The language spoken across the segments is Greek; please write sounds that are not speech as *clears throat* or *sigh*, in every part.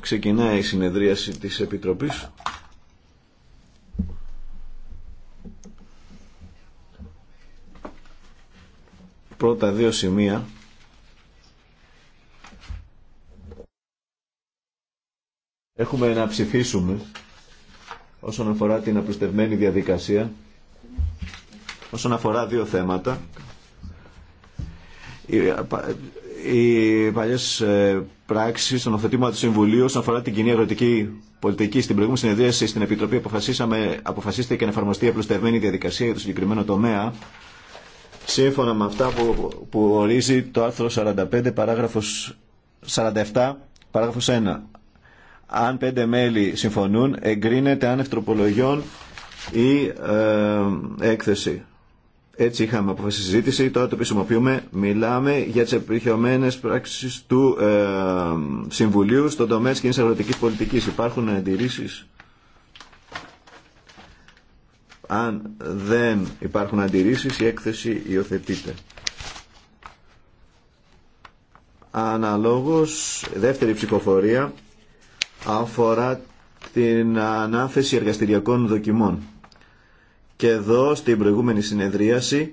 Ξεκινάει η συνεδρίαση της Επιτροπής. Πρώτα δύο σημεία έχουμε να ψηφίσουμε όσον αφορά την απλουστευμένη διαδικασία όσον αφορά δύο θέματα. Οι παλιές ε, πράξεις στον οθετήμα του Συμβουλίου όσον αφορά την κοινή αγροτική πολιτική στην προηγούμενη συνεδρίαση στην Επιτροπή αποφασίσαμε, αποφασίστηκε να εφαρμοστεί απλουστευμένη διαδικασία για το συγκεκριμένο τομέα σύμφωνα με αυτά που, ορίζει το άρθρο 45 παράγραφος 47 παράγραφος 1 αν πέντε μέλη συμφωνούν εγκρίνεται άνευ η ε, έκθεση έτσι είχαμε αποφασίσει συζήτηση, τώρα το χρησιμοποιούμε. Μιλάμε για τι επιτυχημένε πράξει του ε, Συμβουλίου στον τομέα τη κοινή αγροτική πολιτική. Υπάρχουν αντιρρήσει. Αν δεν υπάρχουν αντιρρήσει, η έκθεση υιοθετείται. Αναλόγως, δεύτερη ψηφοφορία αφορά την ανάθεση εργαστηριακών δοκιμών. Και εδώ στην προηγούμενη συνεδρίαση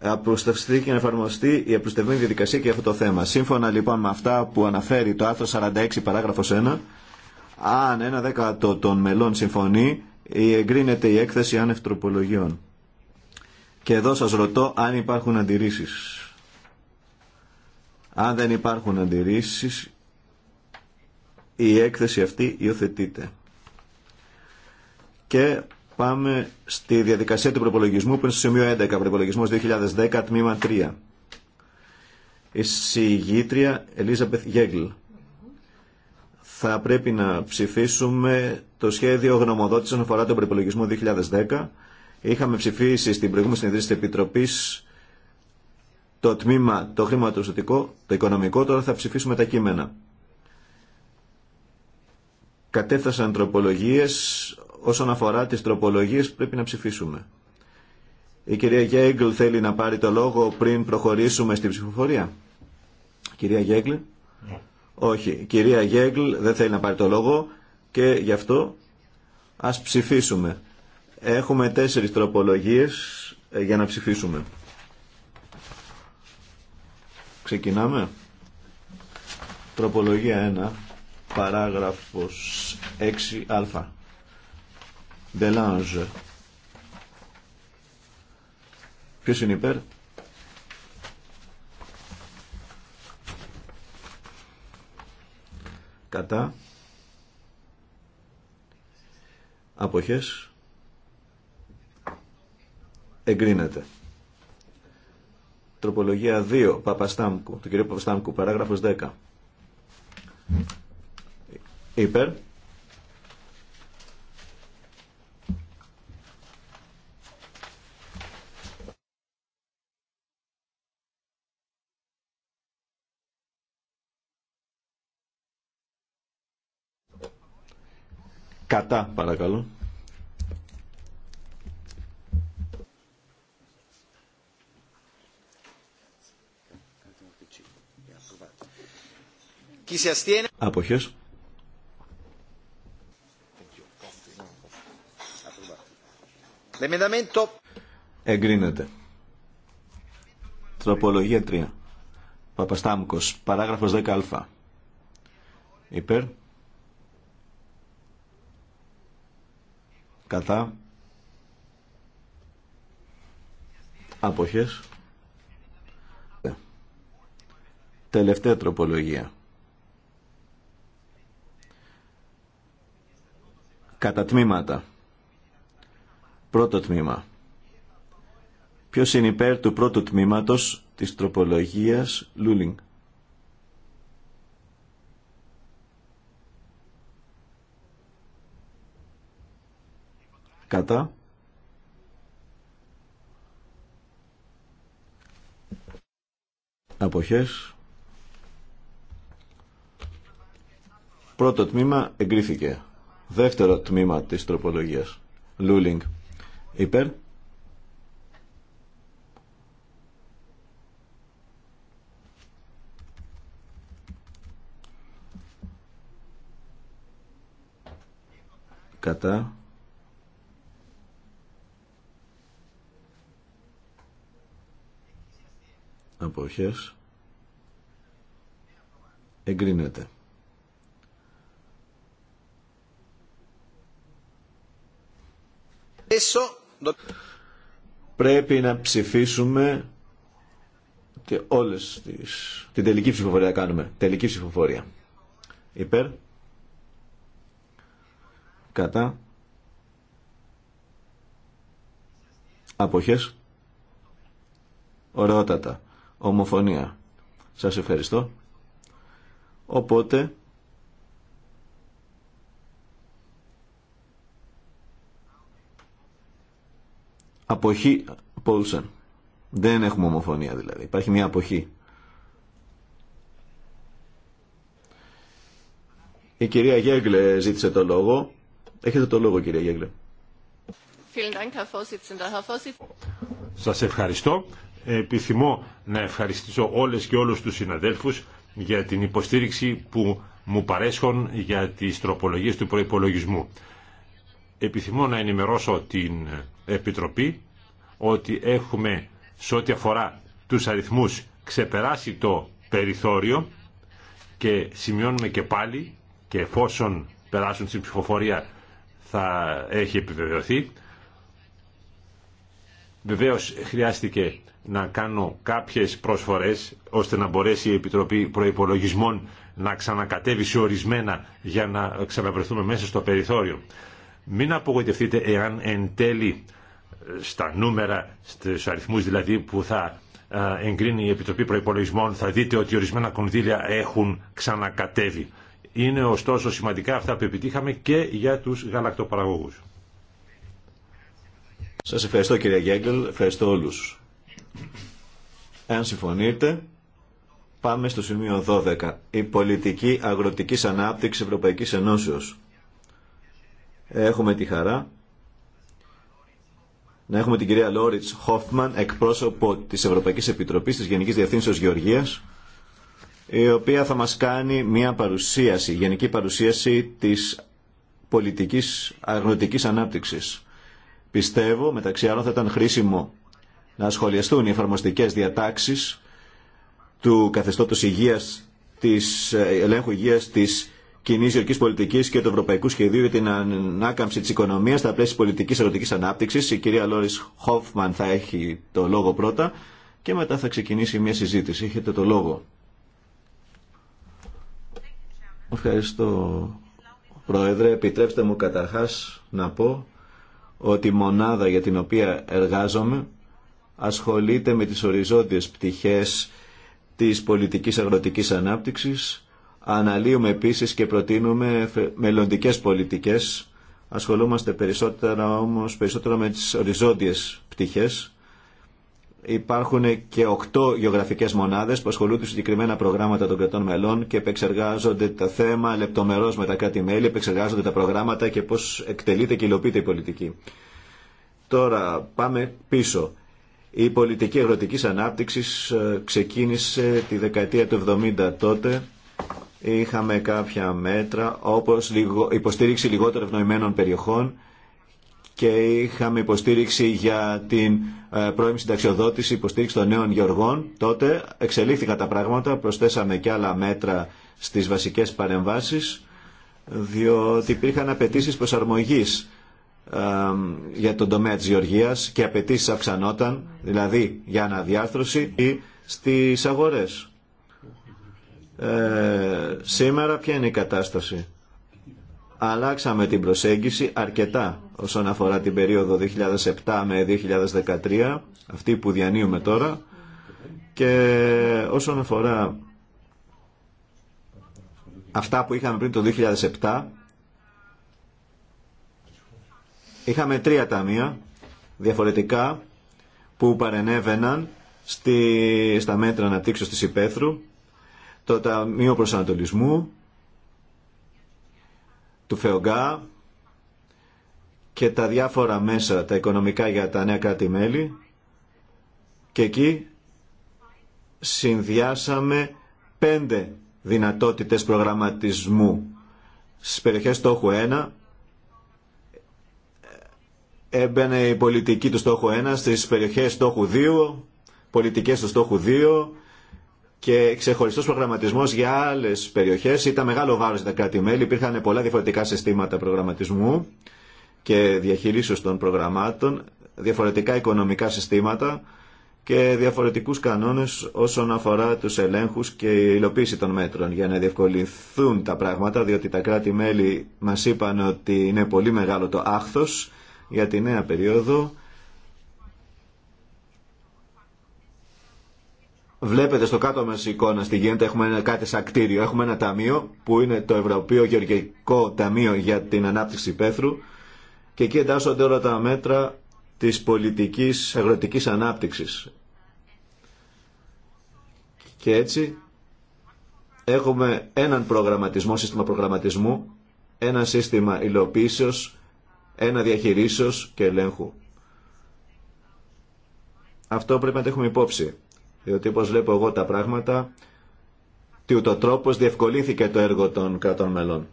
απλουστευτεί και να εφαρμοστεί η απλουστευμένη διαδικασία και αυτό το θέμα. Σύμφωνα λοιπόν με αυτά που αναφέρει το άρθρο 46 παράγραφος 1, αν ένα δέκατο των μελών συμφωνεί, εγκρίνεται η έκθεση ανευτροπολογιών. Και εδώ σας ρωτώ αν υπάρχουν αντιρρήσεις. Αν δεν υπάρχουν αντιρρήσεις, η έκθεση αυτή υιοθετείται. Και Πάμε στη διαδικασία του προπολογισμού που είναι στο σημείο 11, προπολογισμό 2010, τμήμα 3. Η συγγήτρια Ελίζαμπεθ Γέγκλ. Θα πρέπει να ψηφίσουμε το σχέδιο γνωμοδότηση όσον αφορά τον προπολογισμό 2010. Είχαμε ψηφίσει στην προηγούμενη συνεδρία τη Επιτροπή το τμήμα, το χρηματοδοτικό, το οικονομικό. Τώρα θα ψηφίσουμε τα κείμενα κατέφθασαν τροπολογίες όσον αφορά τις τροπολογίες πρέπει να ψηφίσουμε. Η κυρία Γέγκλ θέλει να πάρει το λόγο πριν προχωρήσουμε στην ψηφοφορία. Κυρία Γέγκλ. Ναι. Όχι. Η κυρία Γέγκλ δεν θέλει να πάρει το λόγο και γι' αυτό ας ψηφίσουμε. Έχουμε τέσσερις τροπολογίες ε, για να ψηφίσουμε. Ξεκινάμε. Τροπολογία 1, παράγραφος 6α. Delange. Ποιο είναι υπέρ? Κατά. Αποχές. Εγκρίνεται. Τροπολογία 2, Παπαστάμκου, του κ. Παπαστάμκου, παράγραφος 10. Υπέρ. Κατά, παρακαλώ. Αποχές. Εγκρίνεται. Τροπολογία 3. Παπαστάμκος. Παράγραφος 10α. Υπέρ. κατά αποχές ναι. τελευταία τροπολογία κατά τμήματα πρώτο τμήμα ποιος είναι υπέρ του πρώτου τμήματος της τροπολογίας Λούλινγκ κατά αποχές πρώτο τμήμα εγκρίθηκε δεύτερο τμήμα της τροπολογίας Λούλινγκ υπέρ κατά αποχές εγκρίνεται. Πρέπει να ψηφίσουμε και όλες τις... την τελική ψηφοφορία κάνουμε. Τελική ψηφοφορία. Υπέρ. Κατά. Αποχές. Ορότατα ομοφωνία. Σας ευχαριστώ. Οπότε... Αποχή Πόλσαν. Δεν έχουμε ομοφωνία δηλαδή. Υπάρχει μια αποχή. Η κυρία Γέγλε ζήτησε το λόγο. Έχετε το λόγο κυρία Γέγλε. Σας ευχαριστώ επιθυμώ να ευχαριστήσω όλες και όλους τους συναδέλφους για την υποστήριξη που μου παρέσχουν για τις τροπολογίες του προϋπολογισμού. Επιθυμώ να ενημερώσω την Επιτροπή ότι έχουμε σε ό,τι αφορά τους αριθμούς ξεπεράσει το περιθώριο και σημειώνουμε και πάλι και εφόσον περάσουν στην ψηφοφορία θα έχει επιβεβαιωθεί Βεβαίω χρειάστηκε να κάνω κάποιες προσφορές ώστε να μπορέσει η Επιτροπή προπολογισμών να ξανακατέβει σε ορισμένα για να ξαναβρεθούμε μέσα στο περιθώριο. Μην απογοητευτείτε εάν εν τέλει στα νούμερα, στους αριθμούς δηλαδή που θα εγκρίνει η Επιτροπή Προϋπολογισμών θα δείτε ότι ορισμένα κονδύλια έχουν ξανακατέβει. Είναι ωστόσο σημαντικά αυτά που επιτύχαμε και για τους γαλακτοπαραγωγούς. Σας ευχαριστώ κυρία Γέγκελ, ευχαριστώ όλους. Εάν συμφωνείτε, πάμε στο σημείο 12. Η πολιτική αγροτικής ανάπτυξης Ευρωπαϊκής Ενώσεως. Έχουμε τη χαρά να έχουμε την κυρία Λόριτς Χόφμαν, εκπρόσωπο της Ευρωπαϊκής Επιτροπής της Γενικής Διευθύνσεως Γεωργίας, η οποία θα μας κάνει μια παρουσίαση, γενική παρουσίαση της πολιτικής αγροτικής ανάπτυξης. Πιστεύω, μεταξύ άλλων, θα ήταν χρήσιμο να σχολιαστούν οι εφαρμοστικές διατάξεις του καθεστώτος υγείας, της ε, ελέγχου υγείας της κοινή γεωργική πολιτική και του Ευρωπαϊκού Σχεδίου για την ανάκαμψη τη οικονομία στα πλαίσια πολιτική ερωτική ανάπτυξη. Η κυρία Λόρι Χόφμαν θα έχει το λόγο πρώτα και μετά θα ξεκινήσει μια συζήτηση. Έχετε το λόγο. Ευχαριστώ, Πρόεδρε. Επιτρέψτε μου καταρχά να πω ότι η μονάδα για την οποία εργάζομαι ασχολείται με τις οριζόντιες πτυχές της πολιτικής αγροτικής ανάπτυξης. Αναλύουμε επίσης και προτείνουμε μελλοντικές πολιτικές. Ασχολούμαστε περισσότερα όμως περισσότερο με τις οριζόντιες πτυχές Υπάρχουν και οκτώ γεωγραφικές μονάδες που ασχολούνται συγκεκριμένα προγράμματα των κρατών μελών και επεξεργάζονται τα θέμα λεπτομερώς με τα κράτη-μέλη, επεξεργάζονται τα προγράμματα και πώς εκτελείται και υλοποιείται η πολιτική. Τώρα πάμε πίσω. Η πολιτική αγροτική ανάπτυξη ε, ξεκίνησε τη δεκαετία του 70 τότε. Είχαμε κάποια μέτρα όπως υποστήριξη λιγότερο ευνοημένων περιοχών και είχαμε υποστήριξη για την ε, πρώιμη συνταξιοδότηση, υποστήριξη των νέων γεωργών. Τότε εξελίχθηκαν τα πράγματα, προσθέσαμε και άλλα μέτρα στις βασικές παρεμβάσεις, διότι υπήρχαν απαιτήσει προσαρμογής ε, για τον τομέα της γεωργίας και απαιτήσει αυξανόταν, δηλαδή για αναδιάρθρωση ή στις αγορές. Ε, σήμερα ποια είναι η κατάσταση αλλάξαμε την προσέγγιση αρκετά όσον αφορά την περίοδο 2007 με 2013, αυτή που διανύουμε τώρα, και όσον αφορά αυτά που είχαμε πριν το 2007, είχαμε τρία ταμεία διαφορετικά που παρενέβαιναν στη, στα μέτρα αναπτύξεως της υπαίθρου, το Ταμείο Προσανατολισμού, του ΦΕΟΓΑ και τα διάφορα μέσα, τα οικονομικά για τα νέα κράτη-μέλη και εκεί συνδυάσαμε πέντε δυνατότητες προγραμματισμού στις περιοχές στόχου 1 έμπαινε η πολιτική του στόχου 1 στις περιοχές στόχου 2 πολιτικές του στόχου 2 και ξεχωριστό προγραμματισμό για άλλε περιοχέ ήταν μεγάλο βάρο για τα κράτη-μέλη. Υπήρχαν πολλά διαφορετικά συστήματα προγραμματισμού και διαχειρίσεω των προγραμμάτων, διαφορετικά οικονομικά συστήματα και διαφορετικούς κανόνες όσον αφορά τους ελέγχους και η υλοποίηση των μέτρων για να διευκολυνθούν τα πράγματα διότι τα κράτη-μέλη μας είπαν ότι είναι πολύ μεγάλο το άχθος για τη νέα περίοδο Βλέπετε στο κάτω μας εικόνα στη γίνεται έχουμε ένα, κάτι σαν κτίριο. Έχουμε ένα ταμείο που είναι το Ευρωπαϊκό Γεωργικό Ταμείο για την Ανάπτυξη Πέθρου και εκεί εντάσσονται όλα τα μέτρα της πολιτικής αγροτικής ανάπτυξης. Και έτσι έχουμε έναν προγραμματισμό, σύστημα προγραμματισμού, ένα σύστημα υλοποίησεως, ένα διαχειρίσεως και ελέγχου. Αυτό πρέπει να το έχουμε υπόψη διότι όπως βλέπω εγώ τα πράγματα, το τρόπος διευκολύθηκε το έργο των κρατών μελών.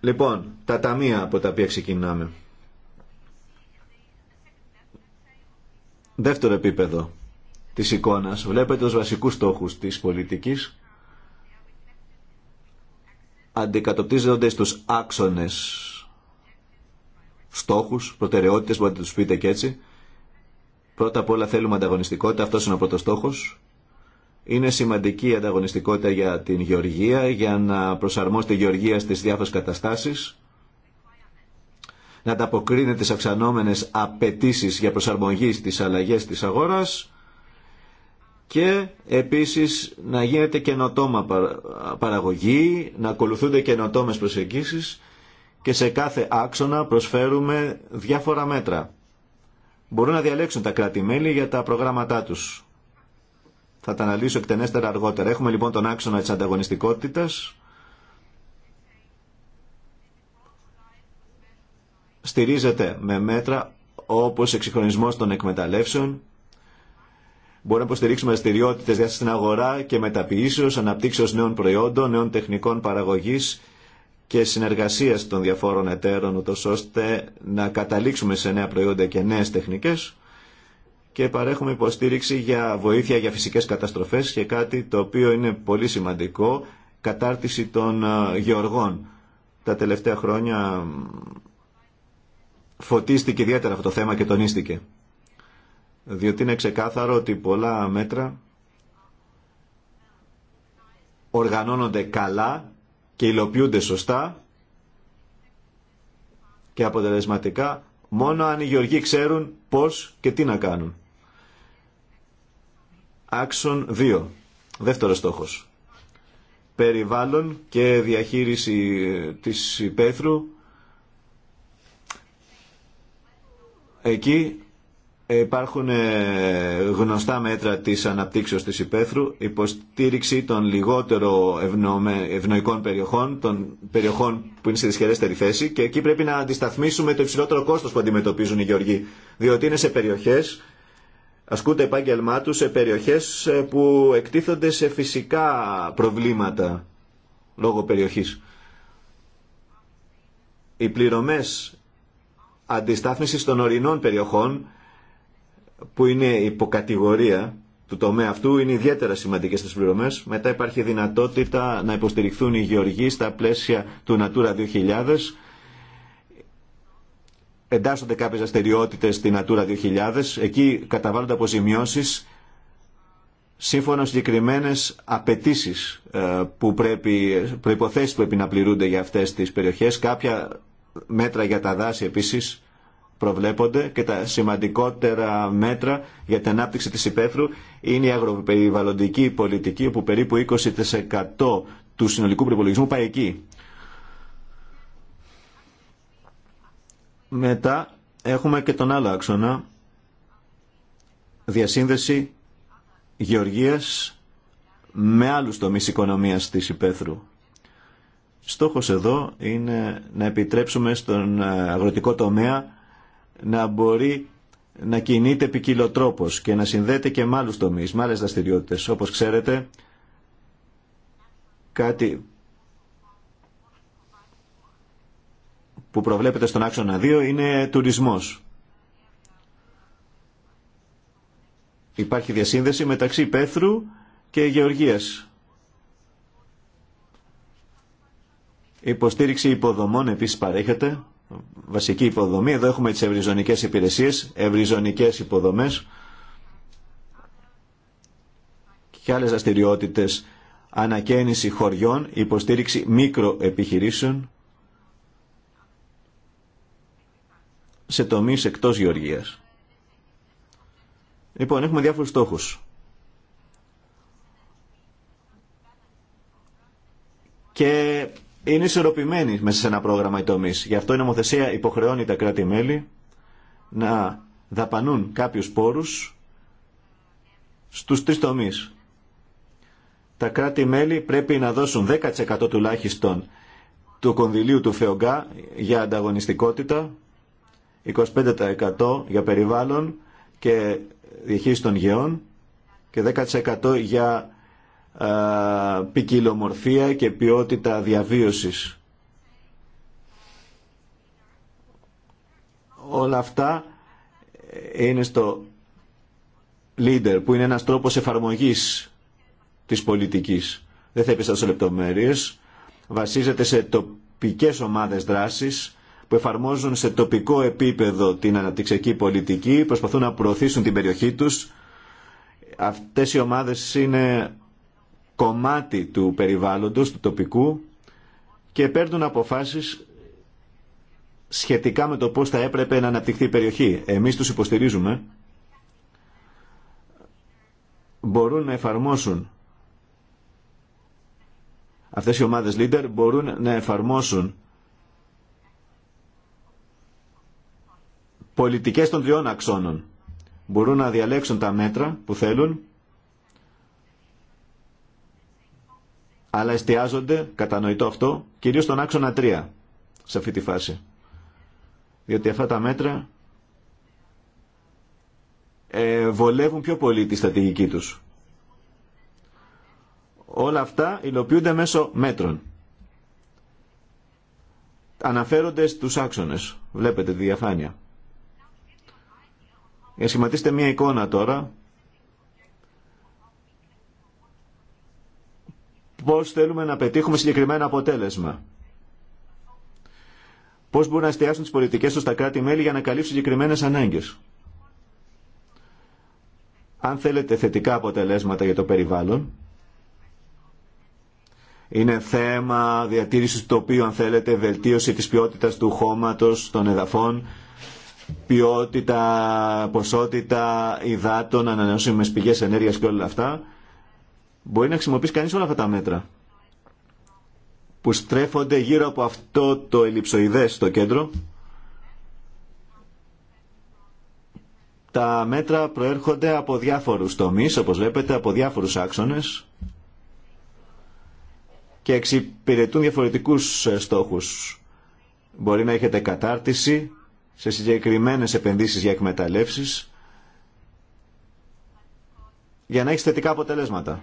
Λοιπόν, τα ταμεία από τα οποία ξεκινάμε. Δεύτερο επίπεδο της εικόνας. Βλέπετε τους βασικούς στόχους της πολιτικής. Αντικατοπτίζονται στους άξονες στόχους, προτεραιότητες, μπορείτε να τους πείτε και έτσι. Πρώτα απ' όλα θέλουμε ανταγωνιστικότητα, αυτός είναι ο πρώτος στόχος. Είναι σημαντική η ανταγωνιστικότητα για την γεωργία, για να προσαρμόστε η γεωργία στις διάφορες καταστάσεις, να ανταποκρίνεται στις αυξανόμενες απαιτήσει για προσαρμογή στις αλλαγές της αγοράς και επίσης να γίνεται καινοτόμα παραγωγή, να ακολουθούνται καινοτόμε προσεγγίσεις και σε κάθε άξονα προσφέρουμε διάφορα μέτρα μπορούν να διαλέξουν τα κράτη-μέλη για τα προγράμματά τους. Θα τα αναλύσω εκτενέστερα αργότερα. Έχουμε λοιπόν τον άξονα της ανταγωνιστικότητας. Στηρίζεται με μέτρα όπως εξυγχρονισμός των εκμεταλλεύσεων. Μπορούμε να υποστηρίξουμε δραστηριότητε για στην αγορά και μεταποιήσεως, αναπτύξεως νέων προϊόντων, νέων τεχνικών παραγωγής και συνεργασίας των διαφόρων εταίρων ούτως ώστε να καταλήξουμε σε νέα προϊόντα και νέες τεχνικές και παρέχουμε υποστήριξη για βοήθεια για φυσικές καταστροφές και κάτι το οποίο είναι πολύ σημαντικό, κατάρτιση των ε, γεωργών. Τα τελευταία χρόνια φωτίστηκε ιδιαίτερα αυτό το θέμα και τονίστηκε. Διότι είναι ξεκάθαρο ότι πολλά μέτρα οργανώνονται καλά και υλοποιούνται σωστά και αποτελεσματικά μόνο αν οι γεωργοί ξέρουν πώς και τι να κάνουν. Άξον 2. Δεύτερος στόχος. Περιβάλλον και διαχείριση ε, της υπαίθρου. Εκεί Υπάρχουν ε, γνωστά μέτρα της αναπτύξεως της υπαίθρου, υποστήριξη των λιγότερο ευνοϊκών περιοχών, των περιοχών που είναι σε δυσχερέστερη θέση και εκεί πρέπει να αντισταθμίσουμε το υψηλότερο κόστος που αντιμετωπίζουν οι γεωργοί, διότι είναι σε περιοχές, ασκούνται επάγγελμά του σε περιοχές ε, που εκτίθονται σε φυσικά προβλήματα λόγω περιοχής. Οι πληρωμές αντιστάθμισης των ορεινών περιοχών που είναι υποκατηγορία του τομέα αυτού είναι ιδιαίτερα σημαντικές στις πληρωμές. Μετά υπάρχει δυνατότητα να υποστηριχθούν οι γεωργοί στα πλαίσια του Natura 2000. Εντάσσονται κάποιες αστεριότητες στη Natura 2000. Εκεί καταβάλλονται αποζημιώσεις σύμφωνα με συγκεκριμένε απαιτήσει ε, που πρέπει, προϋποθέσεις που πρέπει να πληρούνται για αυτέ τι περιοχέ, Κάποια μέτρα για τα δάση επίση προβλέπονται και τα σημαντικότερα μέτρα για την ανάπτυξη της υπαίθρου είναι η αγροπεριβαλλοντική πολιτική όπου περίπου 20% του συνολικού προπολογισμού πάει εκεί. Μετά έχουμε και τον άλλο άξονα διασύνδεση γεωργίας με άλλους τομείς οικονομίας της υπαίθρου. Στόχος εδώ είναι να επιτρέψουμε στον αγροτικό τομέα να μπορεί να κινείται τρόπο και να συνδέεται και με άλλου τομεί, με άλλε Όπως ξέρετε, κάτι που προβλέπεται στον άξονα 2 είναι τουρισμός. Υπάρχει διασύνδεση μεταξύ Πέθρου και Γεωργίας. Η υποστήριξη υποδομών επίσης παρέχεται βασική υποδομή. Εδώ έχουμε τις ευρυζωνικές υπηρεσίες, ευρυζωνικές υποδομές και άλλες δραστηριότητε ανακαίνιση χωριών, υποστήριξη μικροεπιχειρήσεων σε τομείς εκτός γεωργίας. Λοιπόν, έχουμε διάφορους στόχους. Και είναι ισορροπημένοι μέσα σε ένα πρόγραμμα οι τομεί. Γι' αυτό η νομοθεσία υποχρεώνει τα κράτη-μέλη να δαπανούν κάποιους πόρους στους τρεις τομείς. Τα κράτη-μέλη πρέπει να δώσουν 10% τουλάχιστον του κονδυλίου του ΦΕΟΓΚΑ για ανταγωνιστικότητα, 25% για περιβάλλον και διαχείριση των γεών και 10% για ποικιλομορφία και ποιότητα διαβίωσης. Όλα αυτά είναι στο leader που είναι ένας τρόπος εφαρμογής της πολιτικής. Δεν θα σε λεπτομέρειες. Βασίζεται σε τοπικές ομάδες δράσης που εφαρμόζουν σε τοπικό επίπεδο την αναπτυξιακή πολιτική, προσπαθούν να προωθήσουν την περιοχή τους. Αυτές οι ομάδες είναι κομμάτι του περιβάλλοντος, του τοπικού και παίρνουν αποφάσεις σχετικά με το πώς θα έπρεπε να αναπτυχθεί η περιοχή. Εμείς τους υποστηρίζουμε. Μπορούν να εφαρμόσουν αυτές οι ομάδες leader μπορούν να εφαρμόσουν πολιτικές των τριών αξώνων. Μπορούν να διαλέξουν τα μέτρα που θέλουν αλλά εστιάζονται, κατανοητό αυτό, κυρίως στον άξονα 3 σε αυτή τη φάση. Διότι αυτά τα μέτρα ε, βολεύουν πιο πολύ τη στρατηγική τους. Όλα αυτά υλοποιούνται μέσω μέτρων. Αναφέρονται στους άξονες. Βλέπετε τη διαφάνεια. Σχηματίστε μία εικόνα τώρα πώς θέλουμε να πετύχουμε συγκεκριμένα αποτέλεσμα. Πώς μπορούν να εστιάσουν τις πολιτικές τους στα κράτη-μέλη για να καλύψουν συγκεκριμένες ανάγκες. Αν θέλετε θετικά αποτελέσματα για το περιβάλλον, είναι θέμα διατήρησης του τοπίου, αν θέλετε, βελτίωση της ποιότητας του χώματος, των εδαφών, ποιότητα, ποσότητα υδάτων, ανανεώσιμες πηγές ενέργειας και όλα αυτά. Μπορεί να χρησιμοποιήσει κανείς όλα αυτά τα μέτρα που στρέφονται γύρω από αυτό το ελλειψοειδές στο κέντρο. Τα μέτρα προέρχονται από διάφορους τομείς, όπως βλέπετε, από διάφορους άξονες και εξυπηρετούν διαφορετικούς ε, στόχους. Μπορεί να έχετε κατάρτιση σε συγκεκριμένες επενδύσεις για εκμεταλλεύσεις για να έχει θετικά αποτελέσματα.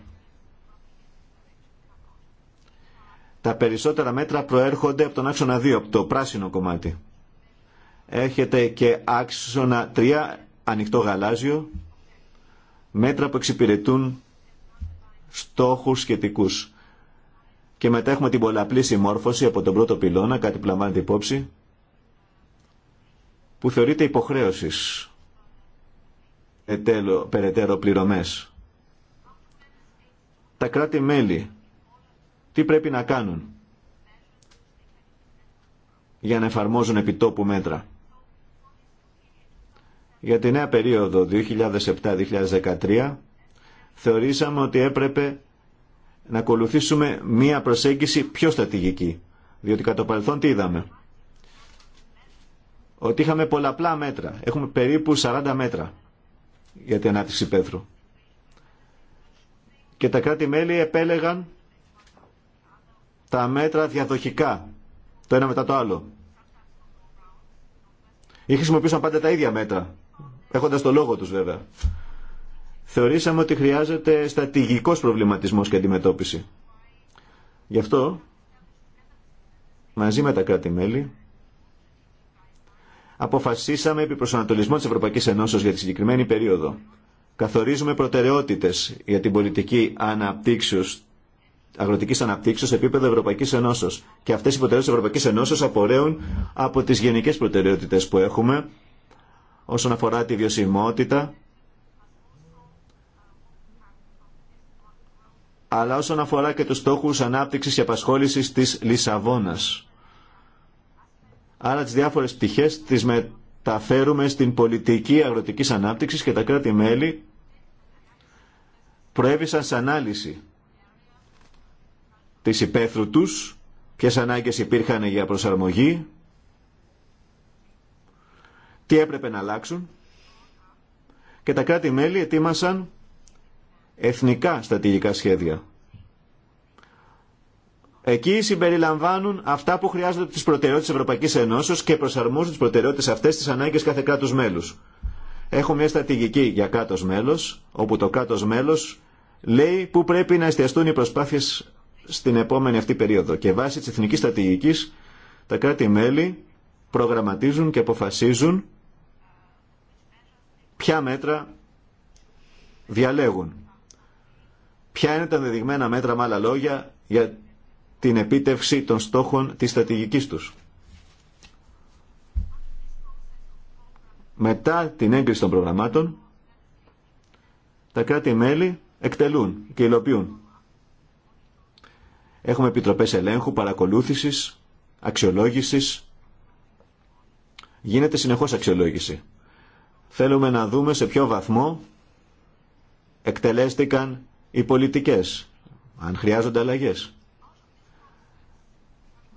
Τα περισσότερα μέτρα προέρχονται από τον άξονα 2, από το πράσινο κομμάτι. Έχετε και άξονα 3, ανοιχτό γαλάζιο, μέτρα που εξυπηρετούν στόχους σχετικούς. Και μετά έχουμε την πολλαπλή συμμόρφωση από τον πρώτο πυλώνα, κάτι που λαμβάνεται υπόψη, που θεωρείται υποχρέωσης ετέλο, περαιτέρω πληρωμές. Τα κράτη-μέλη τι πρέπει να κάνουν για να εφαρμόζουν επιτόπου μέτρα. Για τη νέα περίοδο 2007-2013 θεωρήσαμε ότι έπρεπε να ακολουθήσουμε μία προσέγγιση πιο στρατηγική. Διότι κατά το παρελθόν τι είδαμε. Ότι είχαμε πολλαπλά μέτρα. Έχουμε περίπου 40 μέτρα για την ανάπτυξη πέθρου. Και τα κράτη-μέλη επέλεγαν τα μέτρα διαδοχικά, το ένα μετά το άλλο. Ή χρησιμοποιούσαν πάντα τα ίδια μέτρα, έχοντας το λόγο τους βέβαια. Θεωρήσαμε ότι χρειάζεται στατηγικός προβληματισμός και αντιμετώπιση. Γι' αυτό, μαζί με τα κράτη-μέλη, αποφασίσαμε επί προσανατολισμό της Ευρωπαϊκής Ενώσεως για τη συγκεκριμένη περίοδο. Καθορίζουμε προτεραιότητες για την πολιτική αναπτύξεως αγροτική αναπτύξεω σε επίπεδο Ευρωπαϊκή Ενώσεω. Και αυτέ οι προτεραιότητε τη Ευρωπαϊκή Ενώσεω απορρέουν από τι γενικέ προτεραιότητε που έχουμε όσον αφορά τη βιωσιμότητα, αλλά όσον αφορά και τους στόχους ανάπτυξης και απασχόλησης της Λισαβόνας. Άρα τις διάφορες πτυχές τις μεταφέρουμε στην πολιτική αγροτικής ανάπτυξης και τα κράτη-μέλη προέβησαν σε ανάλυση της υπαίθρου τους, ποιες ανάγκες υπήρχαν για προσαρμογή, τι έπρεπε να αλλάξουν και τα κράτη-μέλη ετοίμασαν εθνικά στρατηγικά σχέδια. Εκεί συμπεριλαμβάνουν αυτά που χρειάζονται τις προτεραιότητες της Ευρωπαϊκής Ενώσεως και προσαρμόζουν τις προτεραιότητες αυτές στις ανάγκες κάθε κράτους μέλους. Έχω μια στρατηγική για κράτος μέλος, όπου το κράτος μέλος λέει πού πρέπει να εστιαστούν οι προσπάθειες στην επόμενη αυτή περίοδο. Και βάσει της εθνική στρατηγική, τα κράτη-μέλη προγραμματίζουν και αποφασίζουν ποια μέτρα διαλέγουν. Ποια είναι τα δεδειγμένα μέτρα, με άλλα λόγια, για την επίτευξη των στόχων της στρατηγικής τους. Μετά την έγκριση των προγραμμάτων, τα κράτη-μέλη εκτελούν και υλοποιούν Έχουμε επιτροπές ελέγχου, παρακολούθησης, αξιολόγησης. Γίνεται συνεχώς αξιολόγηση. Θέλουμε να δούμε σε ποιο βαθμό εκτελέστηκαν οι πολιτικές, αν χρειάζονται αλλαγές.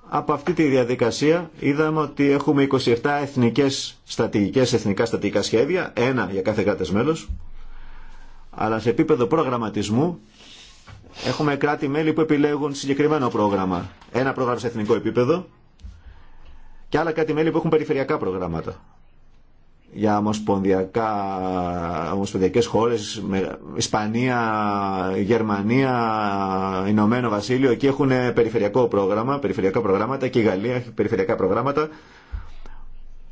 Από αυτή τη διαδικασία είδαμε ότι έχουμε 27 εθνικές στρατηγικές εθνικά στατηγικά σχέδια, ένα για κάθε κράτες μέλος, αλλά σε επίπεδο προγραμματισμού Έχουμε κράτη-μέλη που επιλέγουν συγκεκριμένο πρόγραμμα. Ένα πρόγραμμα σε εθνικό επίπεδο και άλλα κράτη-μέλη που έχουν περιφερειακά προγράμματα. Για ομοσπονδιακές χώρες, Ισπανία, Γερμανία, Ηνωμένο Βασίλειο, εκεί έχουν περιφερειακό πρόγραμμα, περιφερειακά προγράμματα και η Γαλλία έχει περιφερειακά προγράμματα.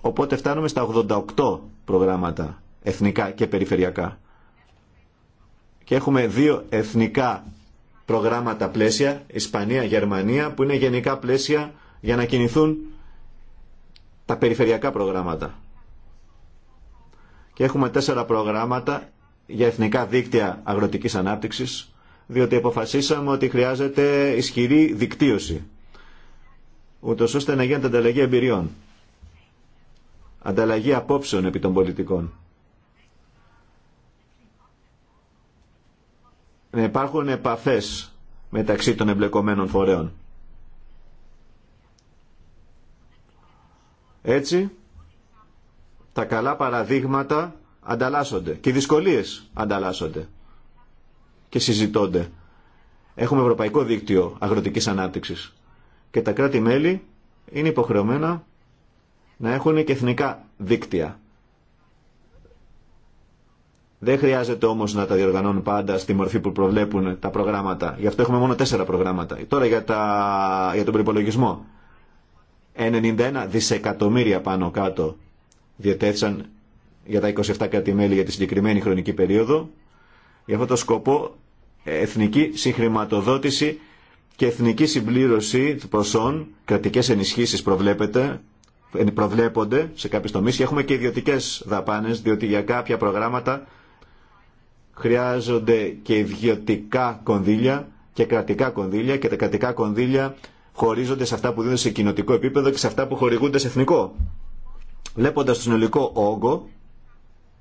Οπότε φτάνουμε στα 88 προγράμματα εθνικά και περιφερειακά. Και έχουμε δύο εθνικά προγράμματα πλαίσια, Ισπανία, Γερμανία, που είναι γενικά πλαίσια για να κινηθούν τα περιφερειακά προγράμματα. Και έχουμε τέσσερα προγράμματα για εθνικά δίκτυα αγροτικής ανάπτυξης, διότι αποφασίσαμε ότι χρειάζεται ισχυρή δικτύωση, ούτως ώστε να γίνεται ανταλλαγή εμπειριών, ανταλλαγή απόψεων επί των πολιτικών. να υπάρχουν επαφές μεταξύ των εμπλεκομένων φορέων. Έτσι, τα καλά παραδείγματα ανταλλάσσονται και οι δυσκολίες ανταλλάσσονται και συζητώνται. Έχουμε Ευρωπαϊκό Δίκτυο Αγροτικής Ανάπτυξης και τα κράτη-μέλη είναι υποχρεωμένα να έχουν και εθνικά δίκτυα δεν χρειάζεται όμως να τα διοργανώνουν πάντα στη μορφή που προβλέπουν τα προγράμματα. Γι' αυτό έχουμε μόνο τέσσερα προγράμματα. Τώρα για, τα... για τον προπολογισμό. 91 δισεκατομμύρια πάνω κάτω διετέθησαν για τα 27 κράτη-μέλη για τη συγκεκριμένη χρονική περίοδο. Για αυτό το σκοπό εθνική συγχρηματοδότηση και εθνική συμπλήρωση ποσών, κρατικέ ενισχύσει, προβλέπονται σε κάποιες τομείς και έχουμε και ιδιωτικές δαπάνες, διότι για κάποια προγράμματα χρειάζονται και ιδιωτικά κονδύλια και κρατικά κονδύλια και τα κρατικά κονδύλια χωρίζονται σε αυτά που δίνονται σε κοινοτικό επίπεδο και σε αυτά που χορηγούνται σε εθνικό. Βλέποντα το συνολικό όγκο,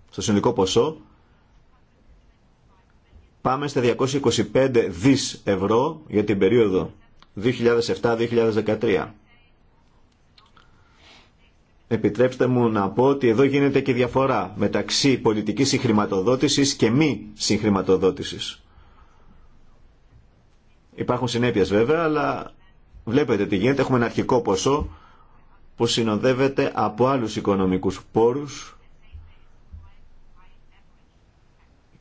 στο συνολικό ποσό, πάμε στα 225 δις ευρώ για την περίοδο 2007-2013. Επιτρέψτε μου να πω ότι εδώ γίνεται και διαφορά μεταξύ πολιτικής συγχρηματοδότησης και μη συγχρηματοδότησης. Υπάρχουν συνέπειες βέβαια, αλλά βλέπετε τι γίνεται. Έχουμε ένα αρχικό ποσό που συνοδεύεται από άλλους οικονομικούς πόρους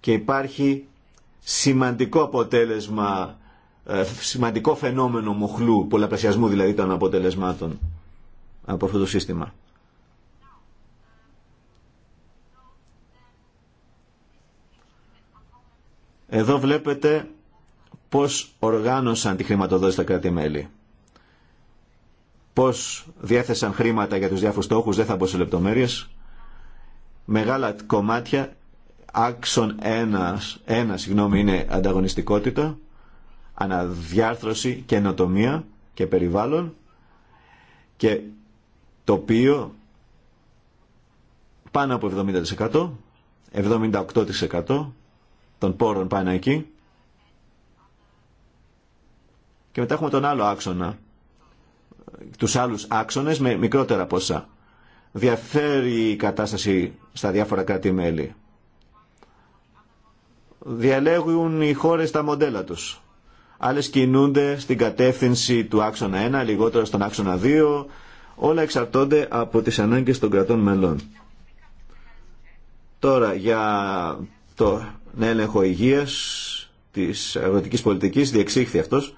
και υπάρχει σημαντικό αποτέλεσμα, ε, σημαντικό φαινόμενο μοχλού, πολλαπλασιασμού δηλαδή των αποτελεσμάτων από αυτό το σύστημα. Εδώ βλέπετε πώς οργάνωσαν τη χρηματοδότηση τα κράτη-μέλη. Πώς διέθεσαν χρήματα για τους διάφορους στόχους, δεν θα μπω σε λεπτομέρειες. Μεγάλα κομμάτια, άξον ένας, ένα συγγνώμη, είναι ανταγωνιστικότητα, αναδιάρθρωση, ενοτομία και περιβάλλον και το οποίο πάνω από 70%, 78% των πόρων πάνω εκεί. Και μετά έχουμε τον άλλο άξονα, τους άλλους άξονες με μικρότερα ποσά. Διαφέρει η κατάσταση στα διάφορα κράτη-μέλη. Διαλέγουν οι χώρες τα μοντέλα τους. Άλλες κινούνται στην κατεύθυνση του άξονα 1, λιγότερο στον άξονα 2. Όλα εξαρτώνται από τις ανάγκες των κρατών μελών. Τώρα για το ναι, έλεγχο υγείας της αγροτικής πολιτικής, διεξήχθη αυτός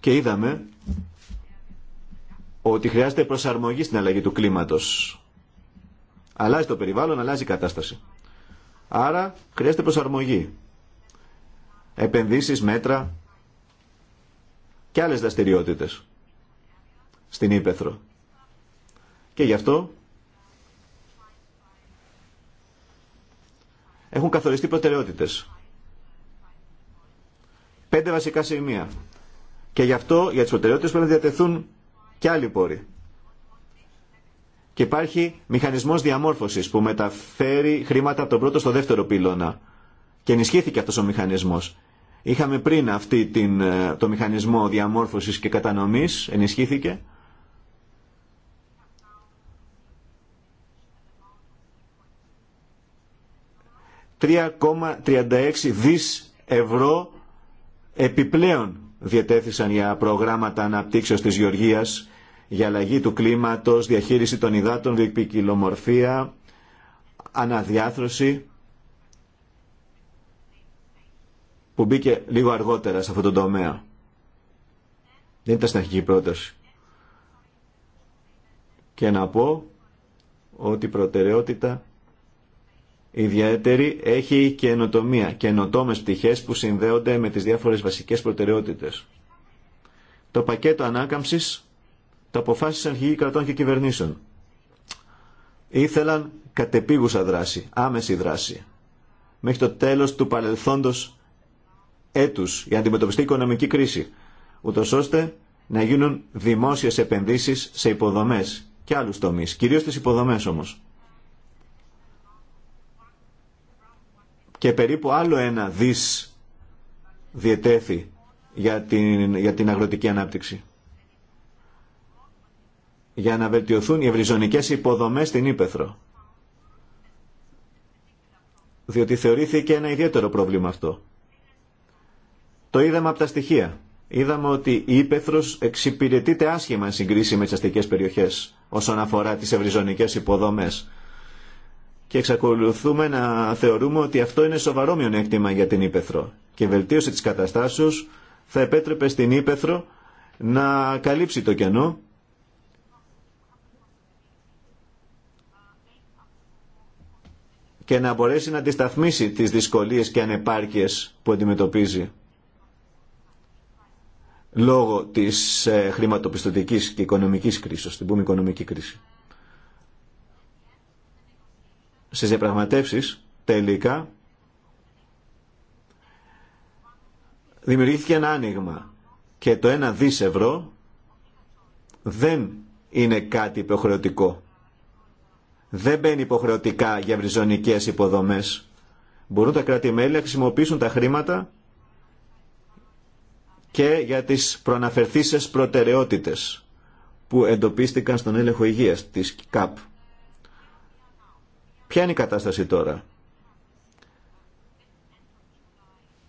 και είδαμε ότι χρειάζεται προσαρμογή στην αλλαγή του κλίματος. Αλλάζει το περιβάλλον, αλλάζει η κατάσταση. Άρα χρειάζεται προσαρμογή. Επενδύσεις, μέτρα και άλλες δραστηριότητε στην Ήπεθρο. Και γι' αυτό Έχουν καθοριστεί προτεραιότητες. Πέντε βασικά σημεία. Και γι' αυτό για τι προτεραιότητε πρέπει να διατεθούν και άλλοι πόροι. Και υπάρχει μηχανισμός διαμόρφωσης που μεταφέρει χρήματα από τον πρώτο στο δεύτερο πύλωνα. Και ενισχύθηκε αυτός ο μηχανισμός. Είχαμε πριν αυτή την, ε, το μηχανισμό διαμόρφωση και κατανομής, ενισχύθηκε. 3,36 δις ευρώ επιπλέον διετέθησαν για προγράμματα αναπτύξεως της Γεωργίας για αλλαγή του κλίματος, διαχείριση των υδάτων, διεκπικυλομορφία, αναδιάθρωση που μπήκε λίγο αργότερα σε αυτό το τομέα. Δεν ήταν στην αρχική πρόταση. Και να πω ότι η προτεραιότητα ιδιαίτερη έχει καινοτομία, καινοτόμε πτυχέ που συνδέονται με τι διάφορε βασικέ προτεραιότητε. Το πακέτο ανάκαμψη το αποφάσισαν αρχηγοί κρατών και κυβερνήσεων. Ήθελαν κατεπίγουσα δράση, άμεση δράση. Μέχρι το τέλο του παρελθόντο έτου για να η οικονομική κρίση. Ούτω ώστε να γίνουν δημόσιε επενδύσει σε υποδομέ και άλλου τομεί, κυρίω τι υποδομέ όμω και περίπου άλλο ένα δις διετέθη για την, για την αγροτική ανάπτυξη. Για να βελτιωθούν οι ευρυζωνικές υποδομές στην Ήπεθρο. Διότι θεωρήθηκε ένα ιδιαίτερο πρόβλημα αυτό. Το είδαμε από τα στοιχεία. Είδαμε ότι η Ήπεθρος εξυπηρετείται άσχημα στην συγκρίση με τις αστικές περιοχές όσον αφορά τις ευρυζωνικές υποδομές και εξακολουθούμε να θεωρούμε ότι αυτό είναι σοβαρό μειονέκτημα για την Ήπεθρο. Και η βελτίωση της καταστάσεως θα επέτρεπε στην Ήπεθρο να καλύψει το κενό και να μπορέσει να αντισταθμίσει τις δυσκολίες και ανεπάρκειες που αντιμετωπίζει λόγω της ε, χρηματοπιστωτικής και οικονομικής κρίσης, την πούμε οικονομική κρίση στις διαπραγματεύσεις τελικά δημιουργήθηκε ένα άνοιγμα και το ένα δις ευρώ δεν είναι κάτι υποχρεωτικό. Δεν μπαίνει υποχρεωτικά για βριζονικές υποδομές. Μπορούν τα κράτη-μέλη να χρησιμοποιήσουν τα χρήματα και για τις προαναφερθήσεις προτεραιότητες που εντοπίστηκαν στον έλεγχο υγείας της ΚΑΠ. Ποια είναι η κατάσταση τώρα.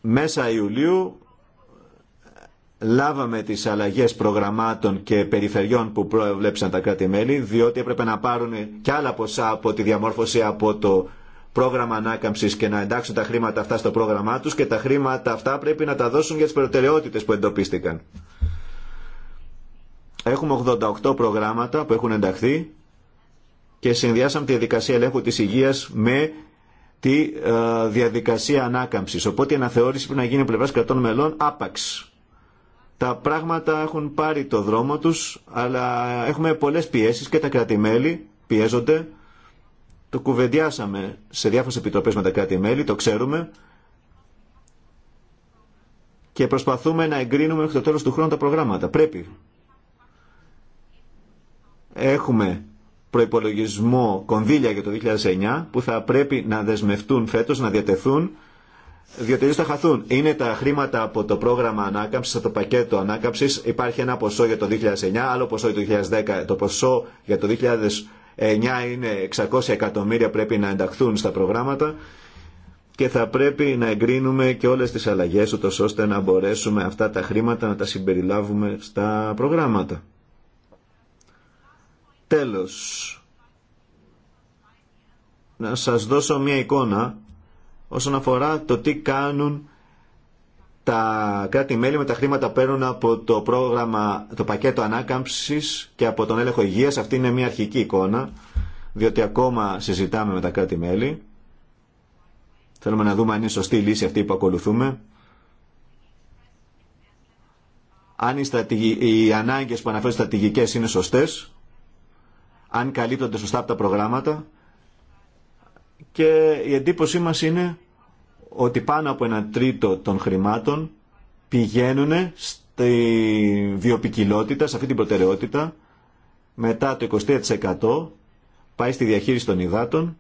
Μέσα Ιουλίου λάβαμε τις αλλαγές προγραμμάτων και περιφερειών που προβλέψαν τα κράτη-μέλη, διότι έπρεπε να πάρουν και άλλα ποσά από τη διαμόρφωση από το πρόγραμμα ανάκαμψη και να εντάξουν τα χρήματα αυτά στο πρόγραμμά του και τα χρήματα αυτά πρέπει να τα δώσουν για τι προτεραιότητε που εντοπίστηκαν. Έχουμε 88 προγράμματα που έχουν ενταχθεί και συνδυάσαμε τη διαδικασία ελέγχου της υγείας με τη ε, διαδικασία ανάκαμψης. Οπότε η αναθεώρηση πρέπει να γίνει πλευράς κρατών μελών άπαξ. Τα πράγματα έχουν πάρει το δρόμο τους, αλλά έχουμε πολλές πιέσεις και τα κράτη-μέλη πιέζονται. Το κουβεντιάσαμε σε διάφορες επιτροπές με τα κρατη το ξέρουμε. Και προσπαθούμε να εγκρίνουμε μέχρι το τέλος του χρόνου τα προγράμματα. Πρέπει. Έχουμε προϋπολογισμό κονδύλια για το 2009 που θα πρέπει να δεσμευτούν φέτος, να διατεθούν, διότι αλλιώς θα χαθούν. Είναι τα χρήματα από το πρόγραμμα ανάκαμψης, από το πακέτο ανάκαμψης. Υπάρχει ένα ποσό για το 2009, άλλο ποσό για το 2010. Το ποσό για το 2009 είναι 600 εκατομμύρια πρέπει να ενταχθούν στα προγράμματα και θα πρέπει να εγκρίνουμε και όλες τις αλλαγές ώστε να μπορέσουμε αυτά τα χρήματα να τα συμπεριλάβουμε στα προγράμματα. Τέλος, να σας δώσω μία εικόνα όσον αφορά το τι κάνουν τα κράτη-μέλη με τα χρήματα που παίρνουν από το πρόγραμμα, το πακέτο ανάκαμψης και από τον έλεγχο υγείας. Αυτή είναι μία αρχική εικόνα, διότι ακόμα συζητάμε με τα κράτη-μέλη. Θέλουμε να δούμε αν είναι σωστή η λύση αυτή που ακολουθούμε. Αν οι, οι ανάγκες που αναφέρουν στρατηγικές είναι σωστές, αν καλύπτονται σωστά από τα προγράμματα και η εντύπωσή μας είναι ότι πάνω από ένα τρίτο των χρημάτων πηγαίνουν στη βιοπικιλότητα, σε αυτή την προτεραιότητα, μετά το 23% πάει στη διαχείριση των υδάτων,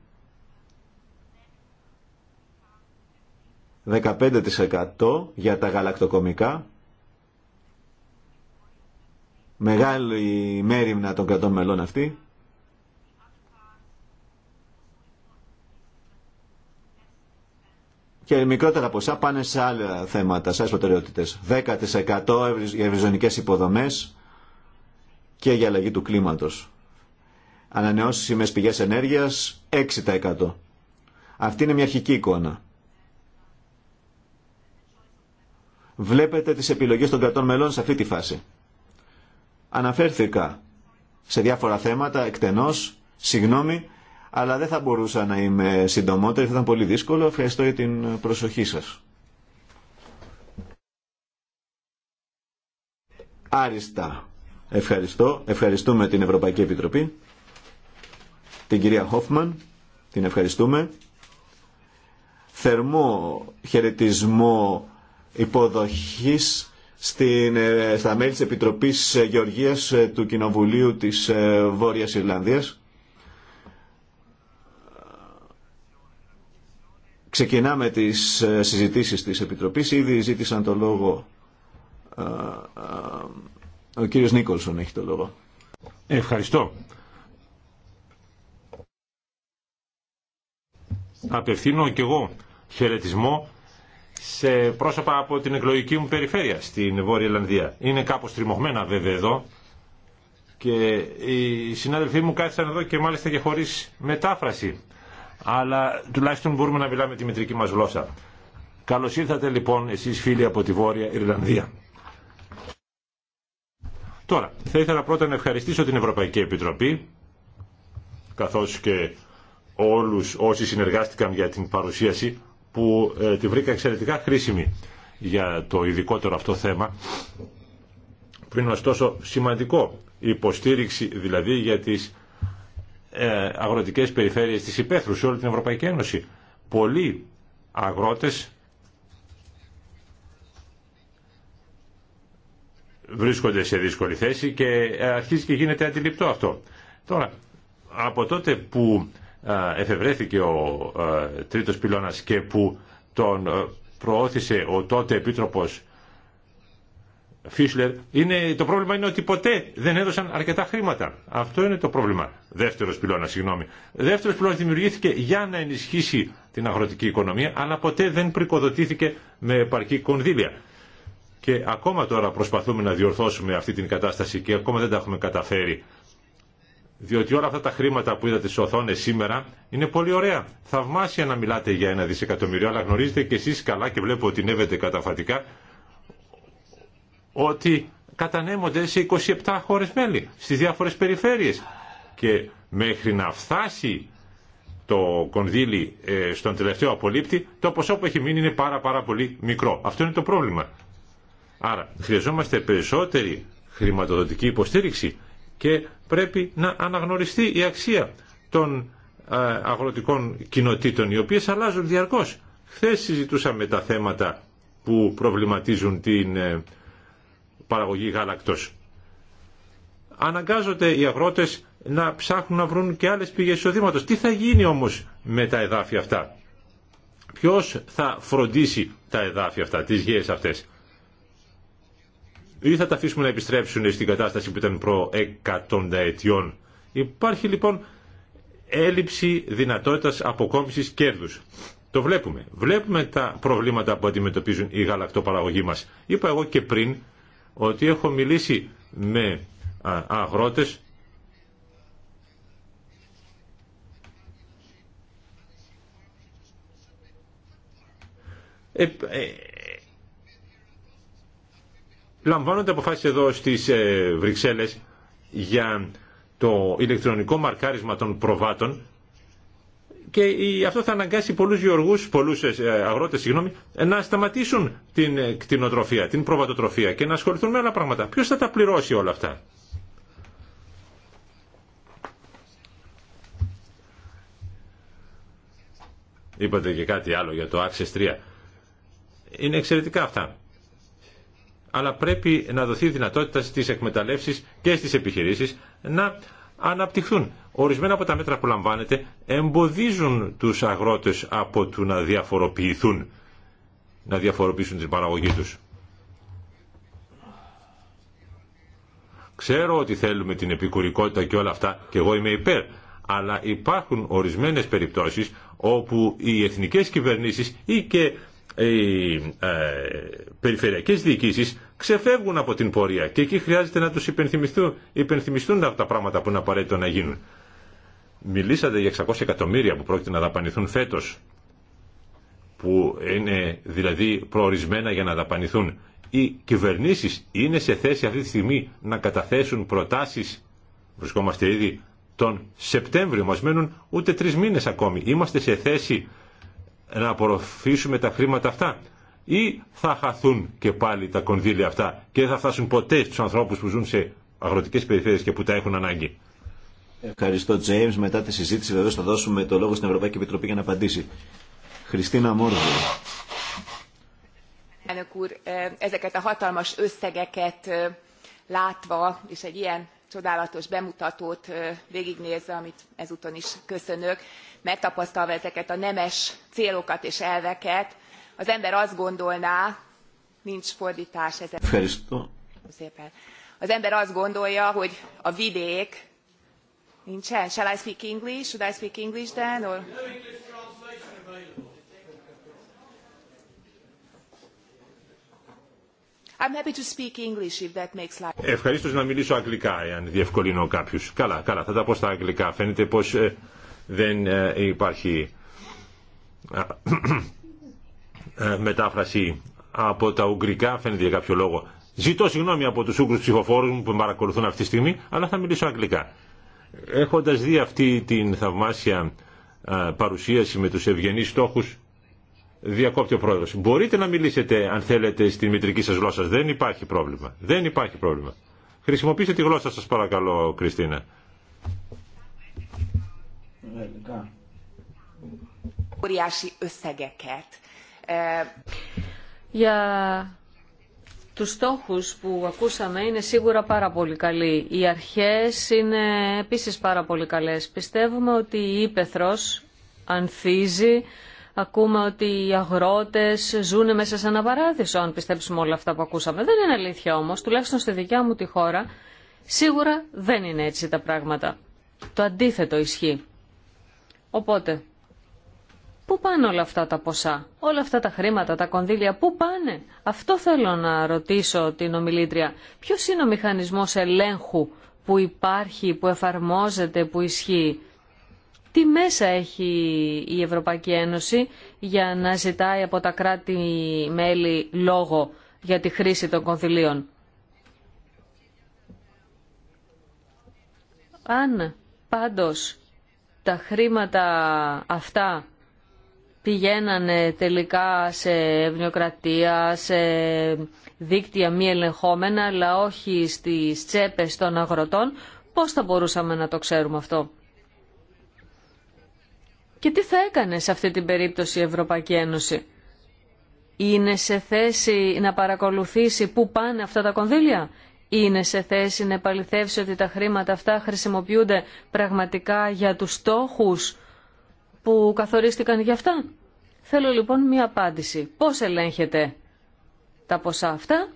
15% για τα γαλακτοκομικά, μεγάλη μέρημνα των κρατών μελών αυτή, και μικρότερα ποσά πάνε σε άλλα θέματα, σε άλλε προτεραιότητε. 10% για ευρυζωνικέ υποδομές και για αλλαγή του κλίματος. Ανανεώσιμες πηγές ενέργειας 6%. Αυτή είναι μια αρχική εικόνα. Βλέπετε τις επιλογές των κρατών μελών σε αυτή τη φάση. Αναφέρθηκα σε διάφορα θέματα εκτενώς, συγγνώμη, αλλά δεν θα μπορούσα να είμαι συντομότερη, θα ήταν πολύ δύσκολο. Ευχαριστώ για την προσοχή σας. Άριστα. Ευχαριστώ. Ευχαριστούμε την Ευρωπαϊκή Επιτροπή, την κυρία Χόφμαν, την ευχαριστούμε. Θερμό χαιρετισμό υποδοχής στην, ε, στα μέλη της Επιτροπής Γεωργίας ε, του Κοινοβουλίου της ε, Βόρειας Ιρλανδίας. Ξεκινάμε τις ε, συζητήσεις της Επιτροπής. Ήδη ζήτησαν το λόγο. Ε, ε, ο κύριος Νίκολσον έχει το λόγο. Ευχαριστώ. Απευθύνω και εγώ χαιρετισμό σε πρόσωπα από την εκλογική μου περιφέρεια στην Βόρεια Ελλανδία. Είναι κάπως τριμωγμένα βέβαια εδώ και οι συνάδελφοί μου κάθισαν εδώ και μάλιστα και χωρίς μετάφραση αλλά τουλάχιστον μπορούμε να μιλάμε τη μητρική μας γλώσσα. Καλώς ήρθατε λοιπόν εσείς φίλοι από τη Βόρεια Ιρλανδία. Τώρα, θα ήθελα πρώτα να ευχαριστήσω την Ευρωπαϊκή Επιτροπή, καθώς και όλους όσοι συνεργάστηκαν για την παρουσίαση, που ε, τη βρήκα εξαιρετικά χρήσιμη για το ειδικότερο αυτό θέμα, που είναι ωστόσο σημαντικό. υποστήριξη δηλαδή για τις ε, αγροτικές περιφέρειες της υπαίθρου σε όλη την Ευρωπαϊκή Ένωση. Πολλοί αγρότες βρίσκονται σε δύσκολη θέση και ε, αρχίζει και γίνεται αντιληπτό αυτό. Τώρα, από τότε που ε, εφευρέθηκε ο τρίτος πυλώνας και που τον προώθησε ο τότε Επίτροπος Φίσλερ, είναι, το πρόβλημα είναι ότι ποτέ δεν έδωσαν αρκετά χρήματα. Αυτό είναι το πρόβλημα. Δεύτερο πυλώνα, συγγνώμη. Δεύτερο πυλώνα δημιουργήθηκε για να ενισχύσει την αγροτική οικονομία, αλλά ποτέ δεν πρικοδοτήθηκε με επαρκή κονδύλια. Και ακόμα τώρα προσπαθούμε να διορθώσουμε αυτή την κατάσταση και ακόμα δεν τα έχουμε καταφέρει. Διότι όλα αυτά τα χρήματα που είδατε στι οθόνε σήμερα είναι πολύ ωραία. Θαυμάσια να μιλάτε για ένα δισεκατομμύριο, αλλά γνωρίζετε κι εσεί καλά και βλέπω ότι νεύετε καταφατικά ότι κατανέμονται σε 27 χώρες μέλη, στις διάφορες περιφέρειες. Και μέχρι να φτάσει το κονδύλι ε, στον τελευταίο απολύπτη, το ποσό που έχει μείνει είναι πάρα πάρα πολύ μικρό. Αυτό είναι το πρόβλημα. Άρα χρειαζόμαστε περισσότερη χρηματοδοτική υποστήριξη και πρέπει να αναγνωριστεί η αξία των ε, αγροτικών κοινοτήτων, οι οποίες αλλάζουν διαρκώς. Χθε συζητούσαμε τα θέματα που προβληματίζουν την ε, παραγωγή γάλακτος. Αναγκάζονται οι αγρότες να ψάχνουν να βρουν και άλλες πηγές εισοδήματος. Τι θα γίνει όμως με τα εδάφια αυτά. Ποιος θα φροντίσει τα εδάφια αυτά, τις γέες αυτές. Ή θα τα αφήσουμε να επιστρέψουν στην κατάσταση που ήταν προ ετιών. Υπάρχει λοιπόν έλλειψη δυνατότητας αποκόμισης κέρδους. Το βλέπουμε. Βλέπουμε τα προβλήματα που αντιμετωπίζουν οι γαλακτοπαραγωγοί μας. Είπα εγώ και πριν ότι έχω μιλήσει με αγρότες ε, ε, λαμβάνονται αποφάσεις εδώ στις ε, Βρυξέλλες για το ηλεκτρονικό μαρκάρισμα των προβάτων και αυτό θα αναγκάσει πολλούς γεωργούς, πολλούς ε, αγρότες, συγγνώμη, να σταματήσουν την ε, κτηνοτροφία, την προβατοτροφία και να ασχοληθούν με άλλα πράγματα. Ποιος θα τα πληρώσει όλα αυτά. Είπατε και κάτι άλλο για το Access 3. Είναι εξαιρετικά αυτά. Αλλά πρέπει να δοθεί δυνατότητα στις εκμεταλλεύσεις και στις επιχειρήσεις να αναπτυχθούν. Ορισμένα από τα μέτρα που λαμβάνετε εμποδίζουν τους αγρότες από το να διαφοροποιηθούν, να διαφοροποιήσουν την παραγωγή τους. Ξέρω ότι θέλουμε την επικουρικότητα και όλα αυτά και εγώ είμαι υπέρ, αλλά υπάρχουν ορισμένες περιπτώσεις όπου οι εθνικές κυβερνήσεις ή και οι ε, περιφερειακές διοικήσεις ξεφεύγουν από την πορεία και εκεί χρειάζεται να τους υπενθυμιστούν, υπενθυμιστούν τα πράγματα που είναι απαραίτητο να γίνουν. Μιλήσατε για 600 εκατομμύρια που πρόκειται να δαπανηθούν φέτος, που είναι δηλαδή προορισμένα για να δαπανηθούν. Οι κυβερνήσεις είναι σε θέση αυτή τη στιγμή να καταθέσουν προτάσεις, βρισκόμαστε ήδη τον Σεπτέμβριο, μας μένουν ούτε τρεις μήνες ακόμη. Είμαστε σε θέση να απορροφήσουμε τα χρήματα αυτά ή θα χαθούν και πάλι τα κονδύλια αυτά και δεν θα φτάσουν ποτέ στους ανθρώπους που ζουν σε αγροτικές περιφέρειες και που τα έχουν ανάγκη. Ευχαριστώ, Τζέιμς. Μετά τη συζήτηση βεβαίως θα δώσουμε το λόγο στην Ευρωπαϊκή Επιτροπή για να απαντήσει. Χριστίνα Μόρδο. ezeket a hatalmas összegeket eh, csodálatos bemutatót végignézve amit ezúton is köszönök megtapasztalva ezeket a nemes célokat és elveket az ember azt gondolná nincs fordtás ezen az ember azt gondolja hogy a vidék nincsen shall i speak english should i speak english then or I'm Ευχαρίστως να μιλήσω αγγλικά εάν διευκολύνω κάποιους. Καλά, καλά, θα τα πω στα αγγλικά. Φαίνεται πως ε, δεν ε, υπάρχει ε, μετάφραση από τα ουγγρικά, φαίνεται για κάποιο λόγο. Ζητώ συγγνώμη από τους Ούγγρους ψηφοφόρους μου που με παρακολουθούν αυτή τη στιγμή, αλλά θα μιλήσω αγγλικά. Έχοντας δει αυτή την θαυμάσια παρουσίαση με τους ευγενείς στόχους, Διακόπτει ο πρόεδρος. Μπορείτε να μιλήσετε αν θέλετε στη μητρική σας γλώσσα. Δεν υπάρχει πρόβλημα. Δεν υπάρχει πρόβλημα. Χρησιμοποιήστε τη γλώσσα σας παρακαλώ Κριστίνα. Ε, Για τους στόχους που ακούσαμε είναι σίγουρα πάρα πολύ καλοί. Οι αρχές είναι επίσης πάρα πολύ καλές. Πιστεύουμε ότι η Ήπεθρος ανθίζει Ακούμε ότι οι αγρότες ζουν μέσα σε ένα παράδεισο, αν πιστέψουμε όλα αυτά που ακούσαμε. Δεν είναι αλήθεια όμως, τουλάχιστον στη δικιά μου τη χώρα, σίγουρα δεν είναι έτσι τα πράγματα. Το αντίθετο ισχύει. Οπότε, πού πάνε όλα αυτά τα ποσά, όλα αυτά τα χρήματα, τα κονδύλια, πού πάνε. Αυτό θέλω να ρωτήσω την ομιλήτρια. Ποιος είναι ο μηχανισμός ελέγχου που υπάρχει, που πανε αυτο θελω να ρωτησω την ομιλητρια ποιο ειναι ο μηχανισμος ελεγχου που ισχύει τι μέσα έχει η Ευρωπαϊκή Ένωση για να ζητάει από τα κράτη-μέλη λόγο για τη χρήση των κονδυλίων. Αν πάντως τα χρήματα αυτά πηγαίνανε τελικά σε ευνοιοκρατία, σε δίκτυα μη ελεγχόμενα, αλλά όχι στις τσέπες των αγροτών, πώς θα μπορούσαμε να το ξέρουμε αυτό. Και τι θα έκανε σε αυτή την περίπτωση η Ευρωπαϊκή Ένωση. Είναι σε θέση να παρακολουθήσει πού πάνε αυτά τα κονδύλια. Είναι σε θέση να επαληθεύσει ότι τα χρήματα αυτά χρησιμοποιούνται πραγματικά για τους στόχους που καθορίστηκαν για αυτά. Θέλω λοιπόν μία απάντηση. Πώς ελέγχεται τα ποσά αυτά,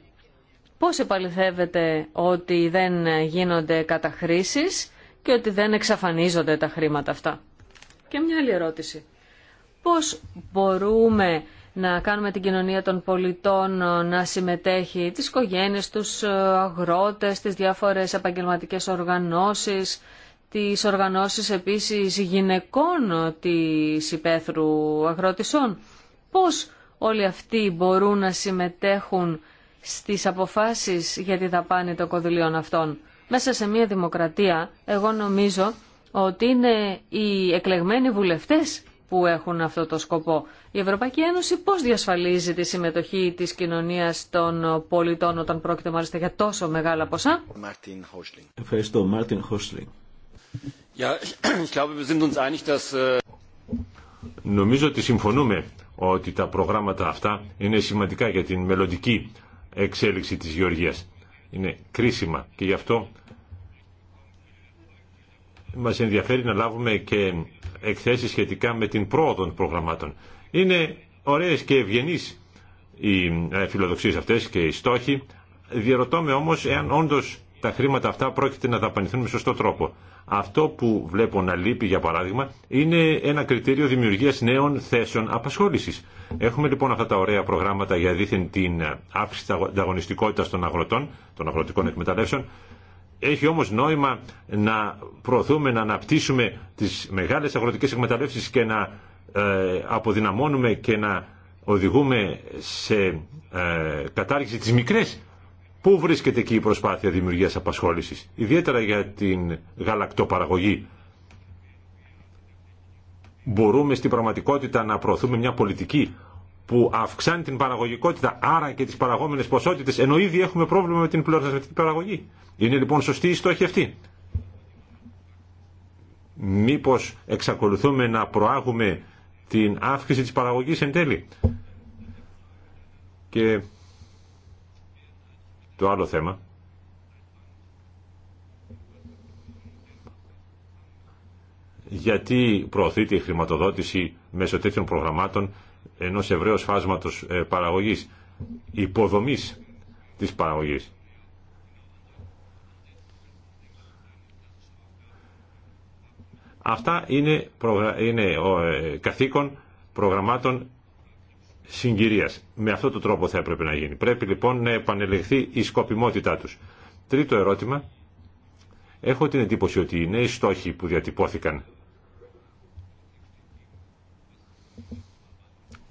πώς επαληθεύεται ότι δεν γίνονται καταχρήσεις και ότι δεν εξαφανίζονται τα χρήματα αυτά. Και μια άλλη ερώτηση. Πώς μπορούμε να κάνουμε την κοινωνία των πολιτών ε, να συμμετέχει, τις οικογένειες, τους ε, αγρότες, τις διάφορες επαγγελματικές οργανώσεις, τις οργανώσεις επίσης γυναικών τη υπαίθρου αγρότησών. Πώς όλοι αυτοί μπορούν να συμμετέχουν στις αποφάσεις για τη δαπάνη των κοδηλίων αυτών. Μέσα σε μια δημοκρατία, εγώ νομίζω ότι είναι οι εκλεγμένοι βουλευτές που έχουν αυτό το σκοπό. Η Ευρωπαϊκή Ένωση πώς διασφαλίζει τη συμμετοχή της κοινωνίας των πολιτών όταν πρόκειται μάλιστα για τόσο μεγάλα ποσά. Ευχαριστώ. Μάρτιν Χόσλινγκ. Äh, Νομίζω ότι συμφωνούμε ότι τα προγράμματα αυτά είναι σημαντικά για την μελλοντική εξέλιξη της γεωργίας. Είναι κρίσιμα και γι' αυτό μας ενδιαφέρει να λάβουμε και εκθέσεις σχετικά με την πρόοδο των προγραμμάτων. Είναι ωραίες και ευγενείς οι ε, φιλοδοξίες αυτές και οι στόχοι. Διερωτώμε όμως εάν όντως τα χρήματα αυτά πρόκειται να δαπανηθούν με σωστό τρόπο. Αυτό που βλέπω να λείπει, για παράδειγμα, είναι ένα κριτήριο δημιουργία νέων θέσεων απασχόληση. Έχουμε λοιπόν αυτά τα ωραία προγράμματα για δίθεν την αύξηση τη ανταγωνιστικότητα των αγροτών, των αγροτικών εκμεταλλεύσεων, έχει όμως νόημα να προωθούμε, να αναπτύσσουμε τις μεγάλες αγροτικές εκμεταλλεύσεις και να ε, αποδυναμώνουμε και να οδηγούμε σε ε, κατάργηση τις μικρές. Πού βρίσκεται εκεί η προσπάθεια δημιουργίας απασχόλησης, ιδιαίτερα για την γαλακτοπαραγωγή. Μπορούμε στην πραγματικότητα να προωθούμε μια πολιτική που αυξάνει την παραγωγικότητα, άρα και τις παραγόμενες ποσότητες, ενώ ήδη έχουμε πρόβλημα με την πλεονασματική παραγωγή. Είναι λοιπόν σωστή η στόχη αυτή. Μήπως εξακολουθούμε να προάγουμε την αύξηση της παραγωγής εν τέλει. Και το άλλο θέμα. Γιατί προωθείται η χρηματοδότηση μέσω τέτοιων προγραμμάτων ενός ευρέως φάσματος ε, παραγωγής, υποδομής της παραγωγής. Αυτά είναι, είναι ε, καθήκον προγραμμάτων συγκυρίας. Με αυτόν τον τρόπο θα έπρεπε να γίνει. Πρέπει λοιπόν να επανελεχθεί η σκοπιμότητά τους. Τρίτο ερώτημα. Έχω την εντύπωση ότι οι νέοι στόχοι που διατυπώθηκαν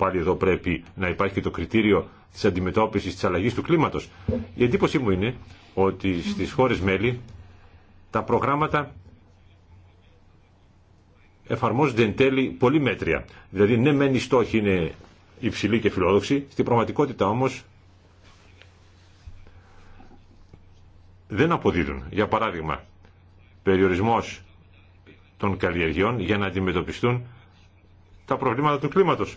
Πάλι εδώ πρέπει να υπάρχει και το κριτήριο τη αντιμετώπιση τη αλλαγή του κλίματο. Η εντύπωσή μου είναι ότι στι χώρε μέλη τα προγράμματα εφαρμόζονται εν τέλει πολύ μέτρια. Δηλαδή, ναι, μεν οι στόχοι είναι υψηλή και φιλόδοξοι, στην πραγματικότητα όμω δεν αποδίδουν. Για παράδειγμα, περιορισμός των καλλιεργειών για να αντιμετωπιστούν τα προβλήματα του κλίματος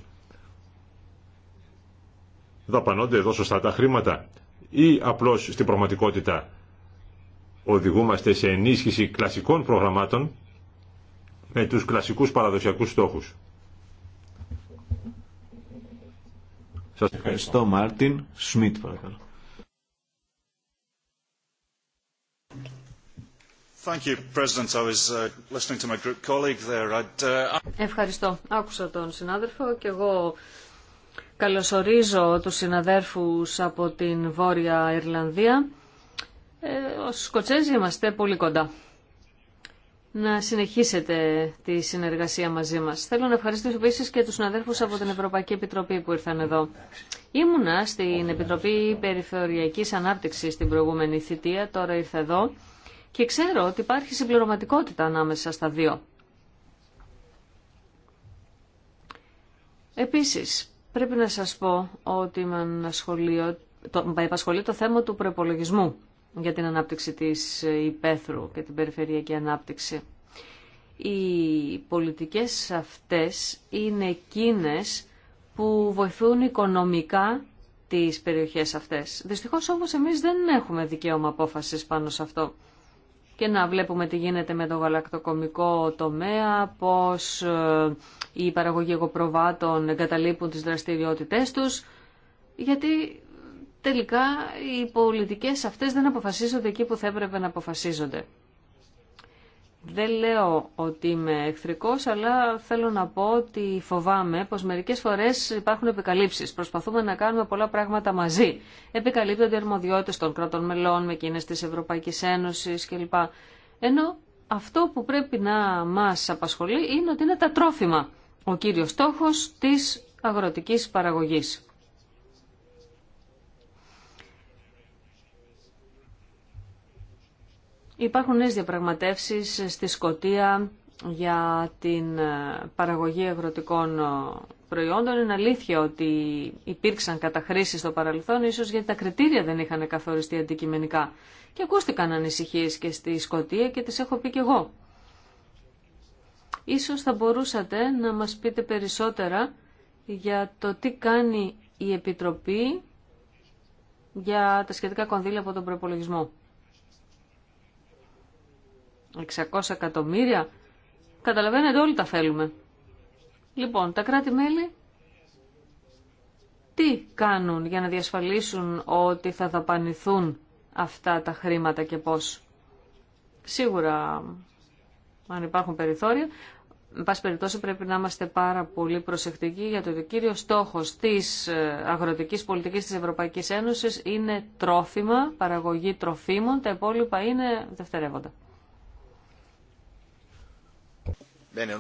δαπανώνται εδώ σωστά τα χρήματα ή απλώς στην πραγματικότητα οδηγούμαστε σε ενίσχυση κλασικών προγραμμάτων με τους κλασικούς παραδοσιακούς στόχους. Σας ευχαριστώ Μάρτιν. Σμιτ παρακαλώ. Ευχαριστώ. Άκουσα τον συνάδελφο και εγώ Καλωσορίζω τους συναδέρφους από την Βόρεια Ιρλανδία. Ε, ως Σκοτσέζοι είμαστε πολύ κοντά. Να συνεχίσετε τη συνεργασία μαζί μας. Θέλω να ευχαριστήσω επίση και τους συναδέρφους από την Ευρωπαϊκή Επιτροπή που ήρθαν εδώ. Ήμουνα στην Επιτροπή Περιφερειακής Ανάπτυξης την προηγούμενη θητεία, τώρα ήρθα εδώ και ξέρω ότι υπάρχει συμπληρωματικότητα ανάμεσα στα δύο. Επίσης, Πρέπει να σας πω ότι με απασχολεί το, το θέμα του προπολογισμού για την ανάπτυξη της υπαίθρου και την περιφερειακή ανάπτυξη. Οι πολιτικές αυτές είναι εκείνες που βοηθούν οικονομικά τις περιοχές αυτές. Δυστυχώς όμως εμείς δεν έχουμε δικαίωμα απόφασης πάνω σε αυτό και να βλέπουμε τι γίνεται με το γαλακτοκομικό τομέα, πώς ε, οι παραγωγοί εγωπροβάτων εγκαταλείπουν τις δραστηριότητές τους, γιατί τελικά οι πολιτικές αυτές δεν αποφασίζονται εκεί που θα έπρεπε να αποφασίζονται. Δεν λέω ότι είμαι εχθρικός, αλλά θέλω να πω ότι φοβάμαι πως μερικές φορές υπάρχουν επικαλύψεις. Προσπαθούμε να κάνουμε πολλά πράγματα μαζί. Επικαλύπτονται αρμοδιότητες των κρατών μελών, με κίνες της Ευρωπαϊκής Ένωσης κλπ. Ενώ αυτό που πρέπει να μας απασχολεί είναι ότι είναι τα τρόφιμα. Ο κύριος στόχος της αγροτικής παραγωγής. Υπάρχουν νέες διαπραγματεύσεις στη Σκοτία για την ε, παραγωγή αγροτικών ε, προϊόντων. Είναι αλήθεια ότι υπήρξαν καταχρήσεις στο παρελθόν, ίσως γιατί τα κριτήρια δεν είχαν καθοριστεί αντικειμενικά. Και ακούστηκαν ανησυχίες και στη Σκοτία και τις έχω πει κι εγώ. Ίσως θα μπορούσατε να μας πείτε περισσότερα για το τι κάνει η Επιτροπή για τα σχετικά κονδύλια από τον προπολογισμό. 600 εκατομμύρια. Καταλαβαίνετε όλοι τα θέλουμε. Λοιπόν, τα κράτη-μέλη τι κάνουν για να διασφαλίσουν ότι θα δαπανηθούν αυτά τα χρήματα και πώς. Σίγουρα, αν υπάρχουν περιθώρια, με πάση περιπτώσει πρέπει να είμαστε πάρα πολύ προσεκτικοί για το ο κύριος στόχος της ε, αγροτικής πολιτικής της Ευρωπαϊκής Ένωσης είναι τρόφιμα, παραγωγή τροφίμων, τα υπόλοιπα είναι δευτερεύοντα. Bene,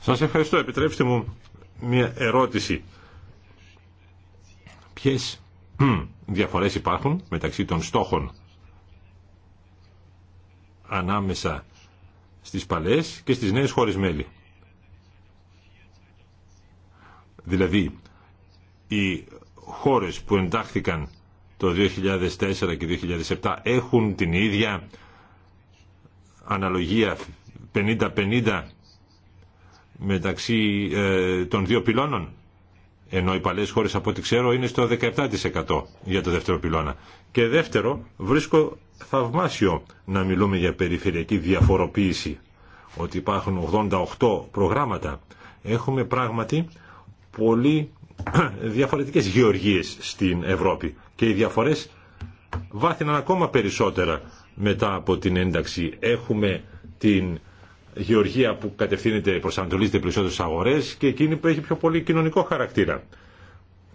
Σας ευχαριστώ. Επιτρέψτε μου μια ερώτηση. Ποιες *clears throat* διαφορές υπάρχουν μεταξύ των στόχων ανάμεσα στις παλές και στις νέες χώρες μέλη. Δηλαδή, οι χώρες που εντάχθηκαν το 2004 και 2007 έχουν την ίδια αναλογία 50-50 μεταξύ ε, των δύο πυλώνων ενώ οι παλές χώρες από ό,τι ξέρω είναι στο 17% για το δεύτερο πυλώνα. Και δεύτερο, βρίσκω θαυμάσιο να μιλούμε για περιφερειακή διαφοροποίηση, ότι υπάρχουν 88 προγράμματα. Έχουμε πράγματι πολύ διαφορετικές γεωργίες στην Ευρώπη και οι διαφορές βάθυναν ακόμα περισσότερα μετά από την ένταξη. Έχουμε την γεωργία που κατευθύνεται, προσανατολίζεται ανατολίζεται περισσότερε αγορές και εκείνη που έχει πιο πολύ κοινωνικό χαρακτήρα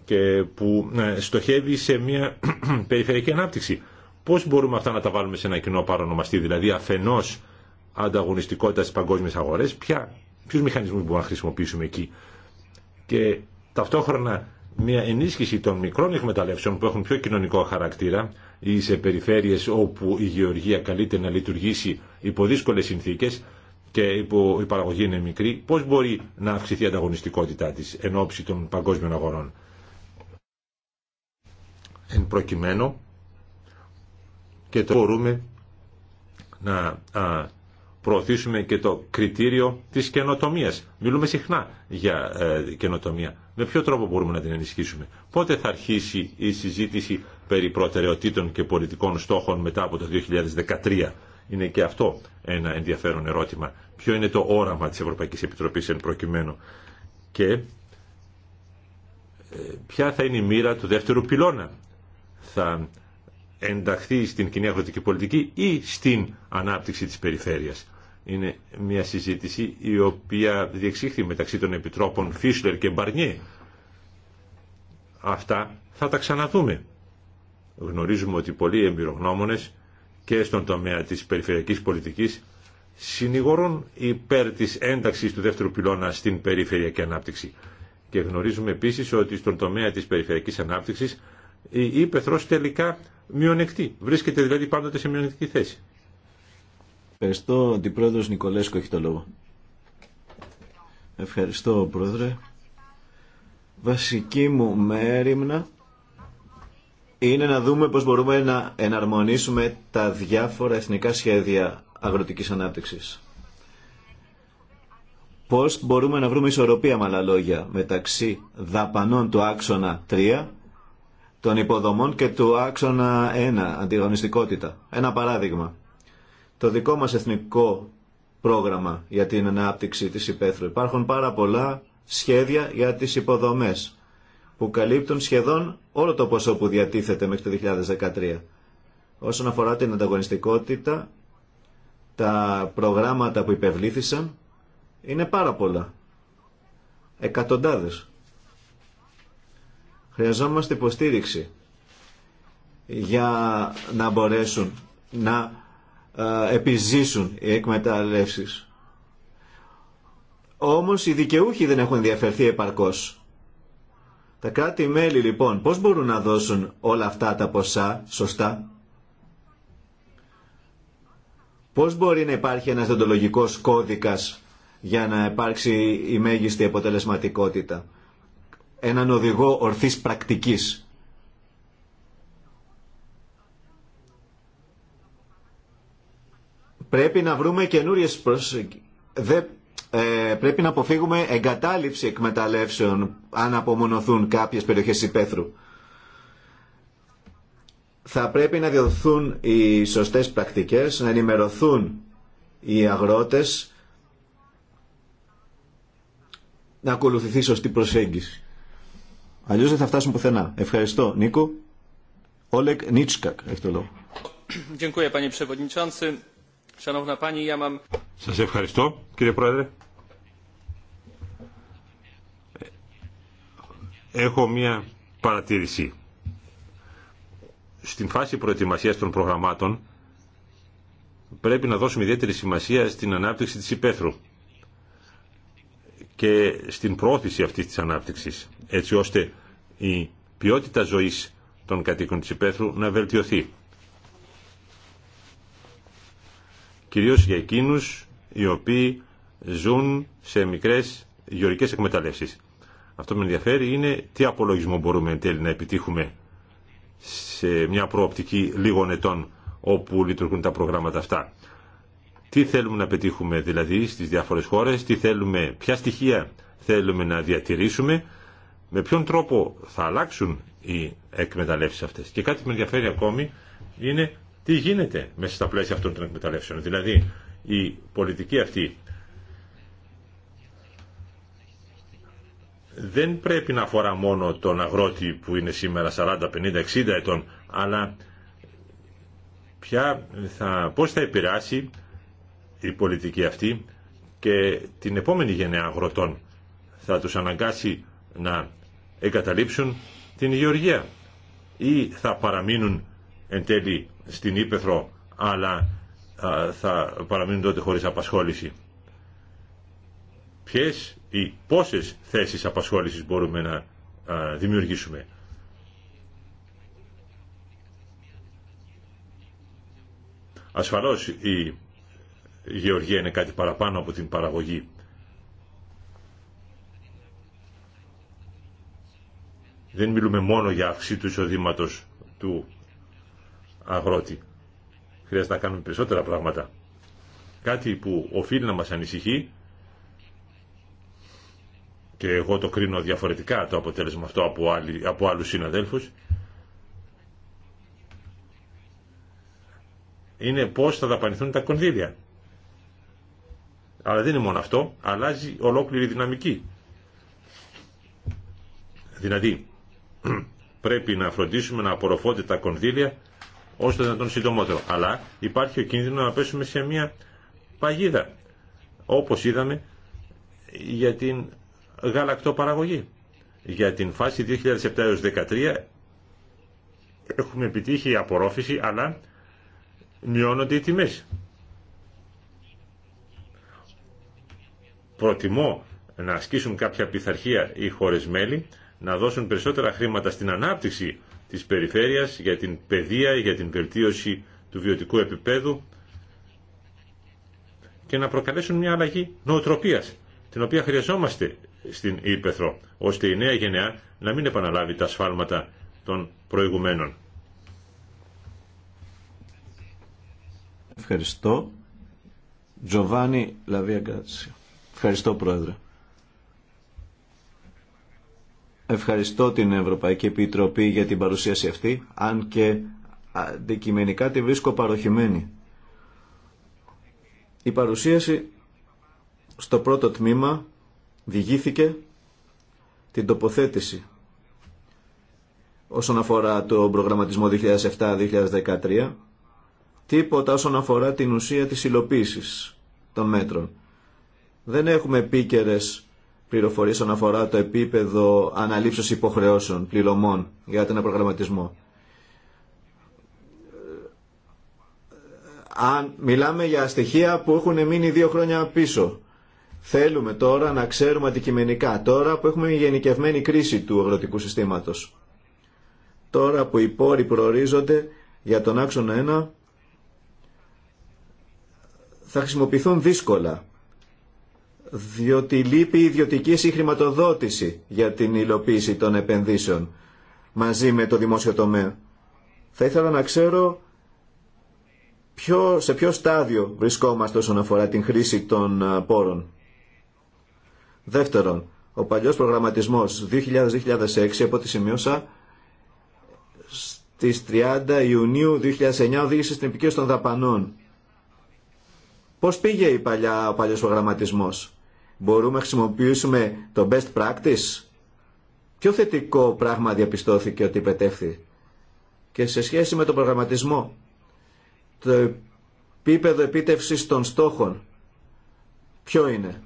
και που ε, στοχεύει σε μια *clears throat* περιφερειακή ανάπτυξη. Πώς μπορούμε αυτά να τα βάλουμε σε ένα κοινό παρονομαστή, δηλαδή αφενός ανταγωνιστικότητα στις παγκόσμιες αγορές, ποια, ποιους μηχανισμούς μπορούμε να χρησιμοποιήσουμε εκεί. Και ταυτόχρονα μια ενίσχυση των μικρών εκμεταλλεύσεων που έχουν πιο κοινωνικό χαρακτήρα ή σε περιφέρειες όπου η γεωργία καλείται να λειτουργήσει υπό δύσκολες συνθήκες και υπό η παραγωγή είναι μικρή, πώς μπορεί να αυξηθεί η ανταγωνιστικότητά της εν ώψη των παγκόσμιων αγορών. Εν προκειμένου και το μπορούμε να προωθήσουμε και το κριτήριο της καινοτομίας. Μιλούμε συχνά για ε, καινοτομία. Με ποιο τρόπο μπορούμε να την ενισχύσουμε. Πότε θα αρχίσει η συζήτηση περί προτεραιοτήτων και πολιτικών στόχων μετά από το 2013. Είναι και αυτό ένα ενδιαφέρον ερώτημα. Ποιο είναι το όραμα της Ευρωπαϊκής Επιτροπής εν προκειμένου. Και ε, ποια θα είναι η μοίρα του δεύτερου πυλώνα. Θα ενταχθεί στην κοινή αγροτική πολιτική ή στην ανάπτυξη της περιφέρειας. Είναι μια συζήτηση η οποία διεξήχθη μεταξύ των επιτρόπων Φίσλερ και Μπαρνιέ. Αυτά θα τα ξαναδούμε. Γνωρίζουμε ότι πολλοί εμπειρογνώμονες και στον τομέα της περιφερειακής πολιτικής συνηγορούν υπέρ της ένταξης του δεύτερου πυλώνα στην περιφερειακή ανάπτυξη. Και γνωρίζουμε επίσης ότι στον τομέα της περιφερειακής ανάπτυξης η Ήπεθρος τελικά μειονεκτή. Βρίσκεται δηλαδή πάντοτε σε μειονεκτική θέση. Ευχαριστώ. Αντιπρόεδρος Νικολέσκο έχει το λόγο. Ευχαριστώ, Πρόεδρε. Βασική μου μέρημνα είναι να δούμε πώς μπορούμε να εναρμονίσουμε τα διάφορα εθνικά σχέδια αγροτικής ανάπτυξης. Πώς μπορούμε να βρούμε ισορροπία με άλλα λόγια μεταξύ δαπανών του άξονα 3 των υποδομών και του άξονα 1, αντιγωνιστικότητα. Ένα παράδειγμα. Το δικό μας εθνικό πρόγραμμα για την ανάπτυξη της υπαίθρου. Υπάρχουν πάρα πολλά σχέδια για τις υποδομές που καλύπτουν σχεδόν όλο το ποσό που διατίθεται μέχρι το 2013. Όσον αφορά την ανταγωνιστικότητα, τα προγράμματα που υπευλήθησαν είναι πάρα πολλά. Εκατοντάδες. Χρειαζόμαστε υποστήριξη για να μπορέσουν να ε, επιζήσουν οι εκμεταλλεύσεις. Όμως οι δικαιούχοι δεν έχουν διαφερθεί επαρκώς. Τα κράτη-μέλη λοιπόν πώς μπορούν να δώσουν όλα αυτά τα ποσά σωστά. Πώς μπορεί να υπάρχει ένας δοντολογικός κώδικας για να υπάρξει η μέγιστη αποτελεσματικότητα έναν οδηγό ορθής πρακτικής. Πρέπει να βρούμε καινούριε προσεγγίσεις. Ε, πρέπει να αποφύγουμε εγκατάλειψη εκμεταλλεύσεων αν απομονωθούν κάποιες περιοχές υπαίθρου. Θα πρέπει να διωθούν οι σωστές πρακτικές, να ενημερωθούν οι αγρότες, να ακολουθηθεί σωστή προσέγγιση. Αλλιώ δεν θα φτάσουμε πουθενά. Ευχαριστώ, Νίκο. Όλεκ Νίτσκακ έχει το λόγο. Σας ευχαριστώ, κύριε Πρόεδρε. Έχω μία παρατήρηση. Στην φάση προετοιμασίας των προγραμμάτων πρέπει να δώσουμε ιδιαίτερη σημασία στην ανάπτυξη της υπαίθρου και στην πρόθεση αυτής της ανάπτυξης, έτσι ώστε η ποιότητα ζωής των κατοίκων της υπαίθρου να βελτιωθεί. Κυρίως για εκείνους οι οποίοι ζουν σε μικρές γεωρικές εκμεταλλεύσεις. Αυτό με ενδιαφέρει είναι τι απολογισμό μπορούμε εν να επιτύχουμε σε μια προοπτική λίγων ετών όπου λειτουργούν τα προγράμματα αυτά. Τι θέλουμε να πετύχουμε δηλαδή στις διάφορες χώρες, θέλουμε, ποια στοιχεία θέλουμε να διατηρήσουμε με ποιον τρόπο θα αλλάξουν οι εκμεταλλεύσει αυτές. Και κάτι που με ενδιαφέρει ακόμη είναι τι γίνεται μέσα στα πλαίσια αυτών των εκμεταλλεύσεων. Δηλαδή η πολιτική αυτή δεν πρέπει να αφορά μόνο τον αγρότη που είναι σήμερα 40, 50, 60 ετών, αλλά ποια θα, πώς θα επηρεάσει η πολιτική αυτή και την επόμενη γενιά αγροτών θα τους αναγκάσει να εγκαταλείψουν την γεωργία ή θα παραμείνουν εν τέλει στην Ήπεθρο αλλά θα παραμείνουν τότε χωρίς απασχόληση. Ποιες ή πόσες θέσεις απασχόλησης μπορούμε να δημιουργήσουμε. Ασφαλώς η γεωργία είναι κάτι παραπάνω από την παραγωγή Δεν μιλούμε μόνο για αυξή του εισοδήματο του αγρότη. Χρειάζεται να κάνουμε περισσότερα πράγματα. Κάτι που οφείλει να μας ανησυχεί και εγώ το κρίνω διαφορετικά το αποτέλεσμα αυτό από, άλλοι, από άλλους συναδέλφους είναι πώς θα δαπανηθούν τα κονδύλια. Αλλά δεν είναι μόνο αυτό, αλλάζει ολόκληρη η δυναμική. Δηλαδή, *clears throat* πρέπει να φροντίσουμε να απορροφώνται τα κονδύλια ώστε να τον συντομότερο. Αλλά υπάρχει ο κίνδυνο να πέσουμε σε μια παγίδα, όπως είδαμε για την γαλακτοπαραγωγή. Για την φάση 2007-2013 έχουμε επιτύχει απορρόφηση, αλλά μειώνονται οι τιμές. Προτιμώ να ασκήσουν κάποια πειθαρχία οι χώρες μέλη, να δώσουν περισσότερα χρήματα στην ανάπτυξη της περιφέρειας, για την παιδεία, για την βελτίωση του βιωτικού επίπεδου και να προκαλέσουν μια αλλαγή νοοτροπίας, την οποία χρειαζόμαστε στην Ήπεθρο, ώστε η νέα γενεά να μην επαναλάβει τα σφάλματα των προηγουμένων. Ευχαριστώ. Τζοβάνι Λαβία Γκάτσι. Ευχαριστώ, Πρόεδρε. Ευχαριστώ την Ευρωπαϊκή Επιτροπή για την παρουσίαση αυτή, αν και αντικειμενικά τη βρίσκω παροχημένη. Η παρουσίαση στο πρώτο τμήμα διηγήθηκε την τοποθέτηση όσον αφορά το προγραμματισμό 2007-2013, τίποτα όσον αφορά την ουσία της υλοποίησης των μέτρων. Δεν έχουμε επίκαιρες πληροφορίε όσον αφορά το επίπεδο αναλήψεως υποχρεώσεων, πληρωμών για τον προγραμματισμό. Αν μιλάμε για στοιχεία που έχουν μείνει δύο χρόνια πίσω, θέλουμε τώρα να ξέρουμε αντικειμενικά, τώρα που έχουμε γενικευμένη κρίση του αγροτικού συστήματος, τώρα που οι πόροι προορίζονται για τον άξονα 1, θα χρησιμοποιηθούν δύσκολα διότι λείπει ιδιωτική συγχρηματοδότηση για την υλοποίηση των επενδύσεων μαζί με το δημόσιο τομέα. Θα ήθελα να ξέρω ποιο, σε ποιο στάδιο βρισκόμαστε όσον αφορά την χρήση των πόρων. Δεύτερον, ο παλιός προγραμματισμός 2000-2006, από ό,τι σημείωσα, στις 30 Ιουνίου 2009 οδήγησε στην επικύρωση των δαπανών. Πώς πήγε η παλιά, ο παλιός προγραμματισμός. Μπορούμε να χρησιμοποιήσουμε το best practice. Ποιο θετικό πράγμα διαπιστώθηκε ότι πετεύθη. Και σε σχέση με τον προγραμματισμό, το επίπεδο επίτευξης των στόχων, ποιο είναι.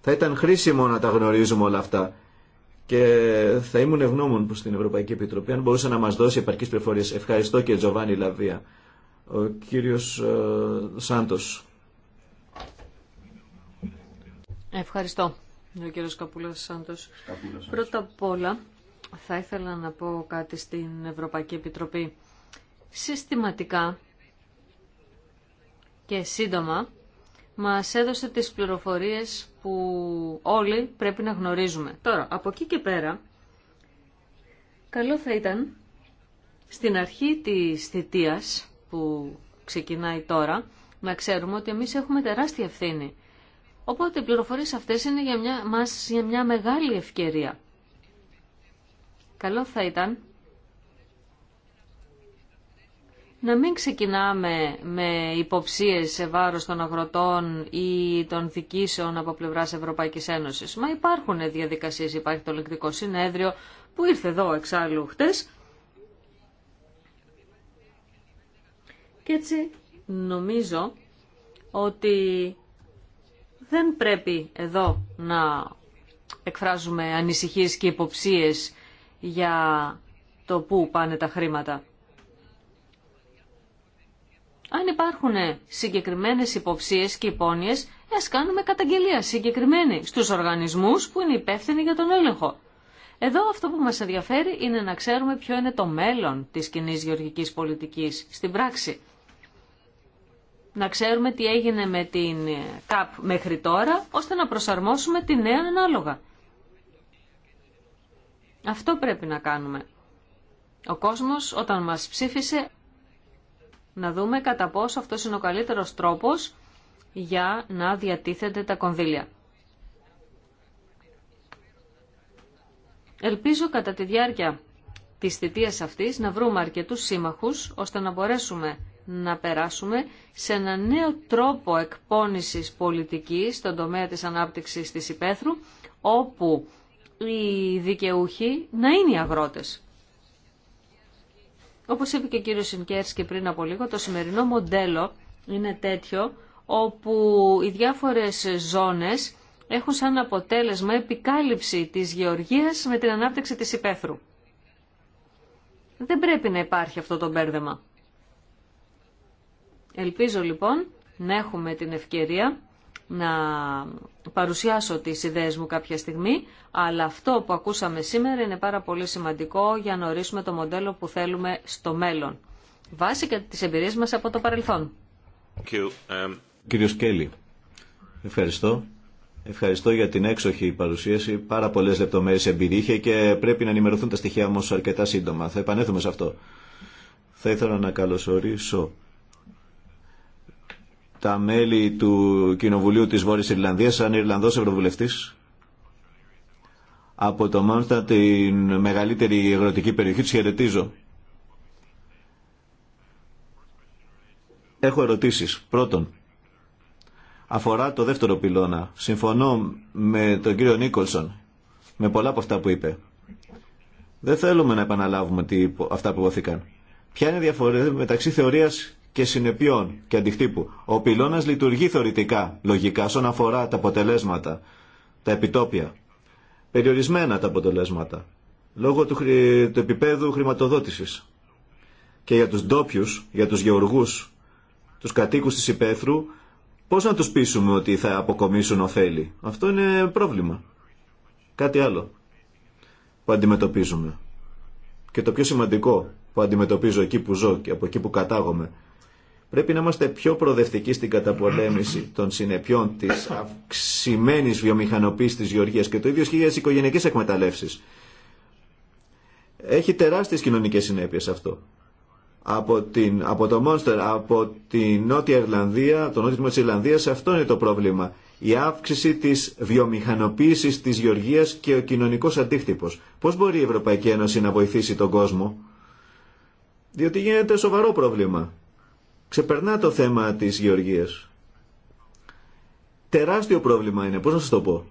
Θα ήταν χρήσιμο να τα γνωρίζουμε όλα αυτά και θα ήμουν ευγνώμων στην στην Ευρωπαϊκή Επιτροπή αν μπορούσε να μας δώσει επαρκείς πληροφορίες. Ευχαριστώ και Τζοβάνι Λαβία. Ο κύριος ε, Σάντος. Ευχαριστώ, ο κύριο Καπούλα Πρώτα απ' όλα, θα ήθελα να πω κάτι στην Ευρωπαϊκή Επιτροπή. Συστηματικά και σύντομα μας έδωσε τις πληροφορίες που όλοι πρέπει να γνωρίζουμε. Τώρα, από εκεί και πέρα, καλό θα ήταν στην αρχή της θητείας που ξεκινάει τώρα, να ξέρουμε ότι εμείς έχουμε τεράστια ευθύνη Οπότε οι πληροφορίε αυτέ είναι για μια, μας για μια μεγάλη ευκαιρία. Καλό θα ήταν να μην ξεκινάμε με υποψίες σε βάρος των αγροτών ή των δικήσεων από πλευράς Ευρωπαϊκής Ένωσης. Μα υπάρχουν διαδικασίες, υπάρχει το Λεκτικό συνέδριο που ήρθε εδώ εξάλλου χτες. Και έτσι νομίζω ότι δεν πρέπει εδώ να εκφράζουμε ανησυχίες και υποψίες για το πού πάνε τα χρήματα. Αν υπάρχουν συγκεκριμένες υποψίες και υπόνοιες, ας κάνουμε καταγγελία συγκεκριμένη στους οργανισμούς που είναι υπεύθυνοι για τον έλεγχο. Εδώ αυτό που μας ενδιαφέρει είναι να ξέρουμε ποιο είναι το μέλλον της κοινή γεωργικής πολιτικής στην πράξη να ξέρουμε τι έγινε με την ΚΑΠ μέχρι τώρα, ώστε να προσαρμόσουμε τη νέα ανάλογα. Αυτό πρέπει να κάνουμε. Ο κόσμος όταν μας ψήφισε να δούμε κατά πόσο αυτό είναι ο καλύτερος τρόπος για να διατίθεται τα κονδύλια. Ελπίζω κατά τη διάρκεια της θητείας αυτής να βρούμε αρκετούς σύμμαχους ώστε να μπορέσουμε να περάσουμε σε ένα νέο τρόπο εκπόνησης πολιτικής στον τομέα της ανάπτυξης της υπαίθρου, όπου οι δικαιούχοι να είναι οι αγρότες. Όπως είπε και ο κύριος και πριν από λίγο, το σημερινό μοντέλο είναι τέτοιο όπου οι διάφορες ζώνες έχουν σαν αποτέλεσμα επικάλυψη της γεωργίας με την ανάπτυξη της υπαίθρου. Δεν πρέπει να υπάρχει αυτό το μπέρδεμα. Ελπίζω λοιπόν να έχουμε την ευκαιρία να παρουσιάσω τις ιδέες μου κάποια στιγμή, αλλά αυτό που ακούσαμε σήμερα είναι πάρα πολύ σημαντικό για να ορίσουμε το μοντέλο που θέλουμε στο μέλλον. Βάσει και τις εμπειρίες μας από το παρελθόν. Um, Κύριο Κέλλη, ευχαριστώ. Ευχαριστώ για την έξοχη παρουσίαση. Πάρα πολλές λεπτομέρειες εμπειρία και πρέπει να ενημερωθούν τα στοιχεία μας αρκετά σύντομα. Θα επανέλθουμε σε αυτό. Θα ήθελα να καλωσορίσω τα μέλη του Κοινοβουλίου της Βόρειας Ιρλανδίας σαν Ιρλανδός Ευρωβουλευτής από το Μάνστα την μεγαλύτερη αγροτική περιοχή της χαιρετίζω. Έχω ερωτήσεις. Πρώτον, αφορά το δεύτερο πυλώνα. Συμφωνώ με τον κύριο Νίκολσον, με πολλά από αυτά που είπε. Δεν θέλουμε να επαναλάβουμε αυτά που υποθήκαν. Ποια είναι η διαφορά μεταξύ θεωρίας και συνεπειών και αντιχτύπου. Ο πυλώνα λειτουργεί θεωρητικά, λογικά, όσον αφορά τα αποτελέσματα, τα επιτόπια. Περιορισμένα τα αποτελέσματα, λόγω του, επίπεδου χρηματοδότηση Και για του ντόπιου, για του γεωργού του κατοίκου τη υπαίθρου, πώ να του πείσουμε ότι θα αποκομίσουν ωφέλη. Αυτό είναι πρόβλημα. Κάτι άλλο που αντιμετωπίζουμε. Και το πιο σημαντικό που αντιμετωπίζω εκεί που ζω και από εκεί που κατάγομαι Πρέπει να είμαστε πιο προοδευτικοί στην καταπολέμηση των συνεπειών τη αυξημένη βιομηχανοποίηση τη γεωργία και το ίδιο ισχύει για τι οικογενειακέ εκμεταλλεύσει. Έχει τεράστιε κοινωνικέ συνέπειε αυτό. Από, την, από το Μόνστερ, από τη Νότια Ιρλανδία, το νότιο τη Ιρλανδία, αυτό είναι το πρόβλημα. Η αύξηση τη βιομηχανοποίηση τη γεωργίας και ο κοινωνικό αντίκτυπο. Πώ μπορεί η Ευρωπαϊκή Ένωση να βοηθήσει τον κόσμο. Διότι γίνεται σοβαρό πρόβλημα ξεπερνά το θέμα της γεωργίας. Τεράστιο πρόβλημα είναι, πώς να σας το πω.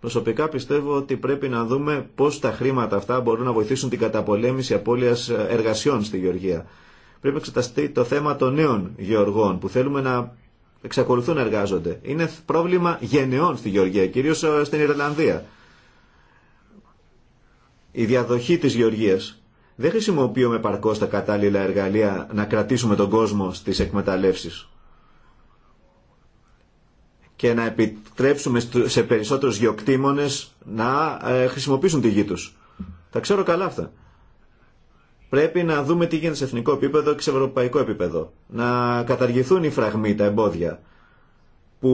Προσωπικά πιστεύω ότι πρέπει να δούμε πώς τα χρήματα αυτά μπορούν να βοηθήσουν την καταπολέμηση απώλειας εργασιών στη Γεωργία. Πρέπει να εξεταστεί το θέμα των νέων γεωργών που θέλουμε να εξακολουθούν να εργάζονται. Είναι πρόβλημα γενεών στη Γεωργία, κυρίως ε, στην Ιρλανδία. Η διαδοχή της Γεωργίας δεν χρησιμοποιούμε παρκώ τα κατάλληλα εργαλεία να κρατήσουμε τον κόσμο στις εκμεταλλεύσεις και να επιτρέψουμε σε περισσότερους γεωκτήμονες να ε, χρησιμοποιήσουν τη γη τους. Τα ξέρω καλά αυτά. Πρέπει να δούμε τι γίνεται σε εθνικό επίπεδο και σε ευρωπαϊκό επίπεδο. Να καταργηθούν οι φραγμοί, τα εμπόδια που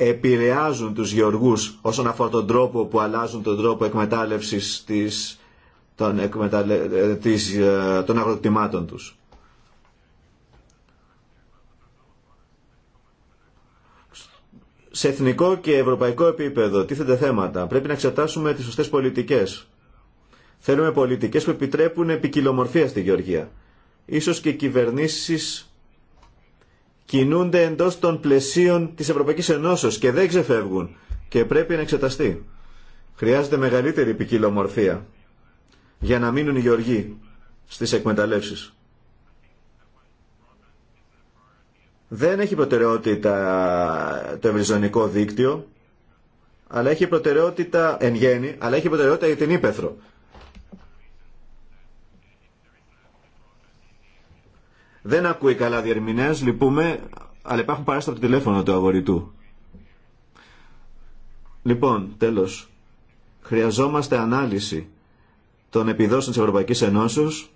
επηρεάζουν τους γεωργούς όσον αφορά τον τρόπο που αλλάζουν τον τρόπο εκμετάλλευσης της, των, εκμεταλλε... Ε, της, ε, των αγροκτημάτων τους. Σε εθνικό και ευρωπαϊκό επίπεδο τίθενται θέματα. Πρέπει να εξετάσουμε τις σωστές πολιτικές. Θέλουμε πολιτικές που επιτρέπουν επικοινομορφία στη Γεωργία. Ίσως και κυβερνήσεις κινούνται εντός των πλαισίων τη Ευρωπαϊκή Ενώσεω και δεν ξεφεύγουν και πρέπει να εξεταστεί. Χρειάζεται μεγαλύτερη ποικιλομορφία για να μείνουν οι γεωργοί στις εκμεταλλεύσεις. Δεν έχει προτεραιότητα το ευρυζωνικό δίκτυο, αλλά έχει προτεραιότητα εν γέννη, αλλά έχει προτεραιότητα για την ύπεθρο. Δεν ακούει καλά διερμηνέας, λυπούμε, αλλά υπάρχουν παράστα από το τηλέφωνο του αγορητού. Λοιπόν, τέλος, χρειαζόμαστε ανάλυση των επιδόσεων της Ευρωπαϊκής Ενώσεως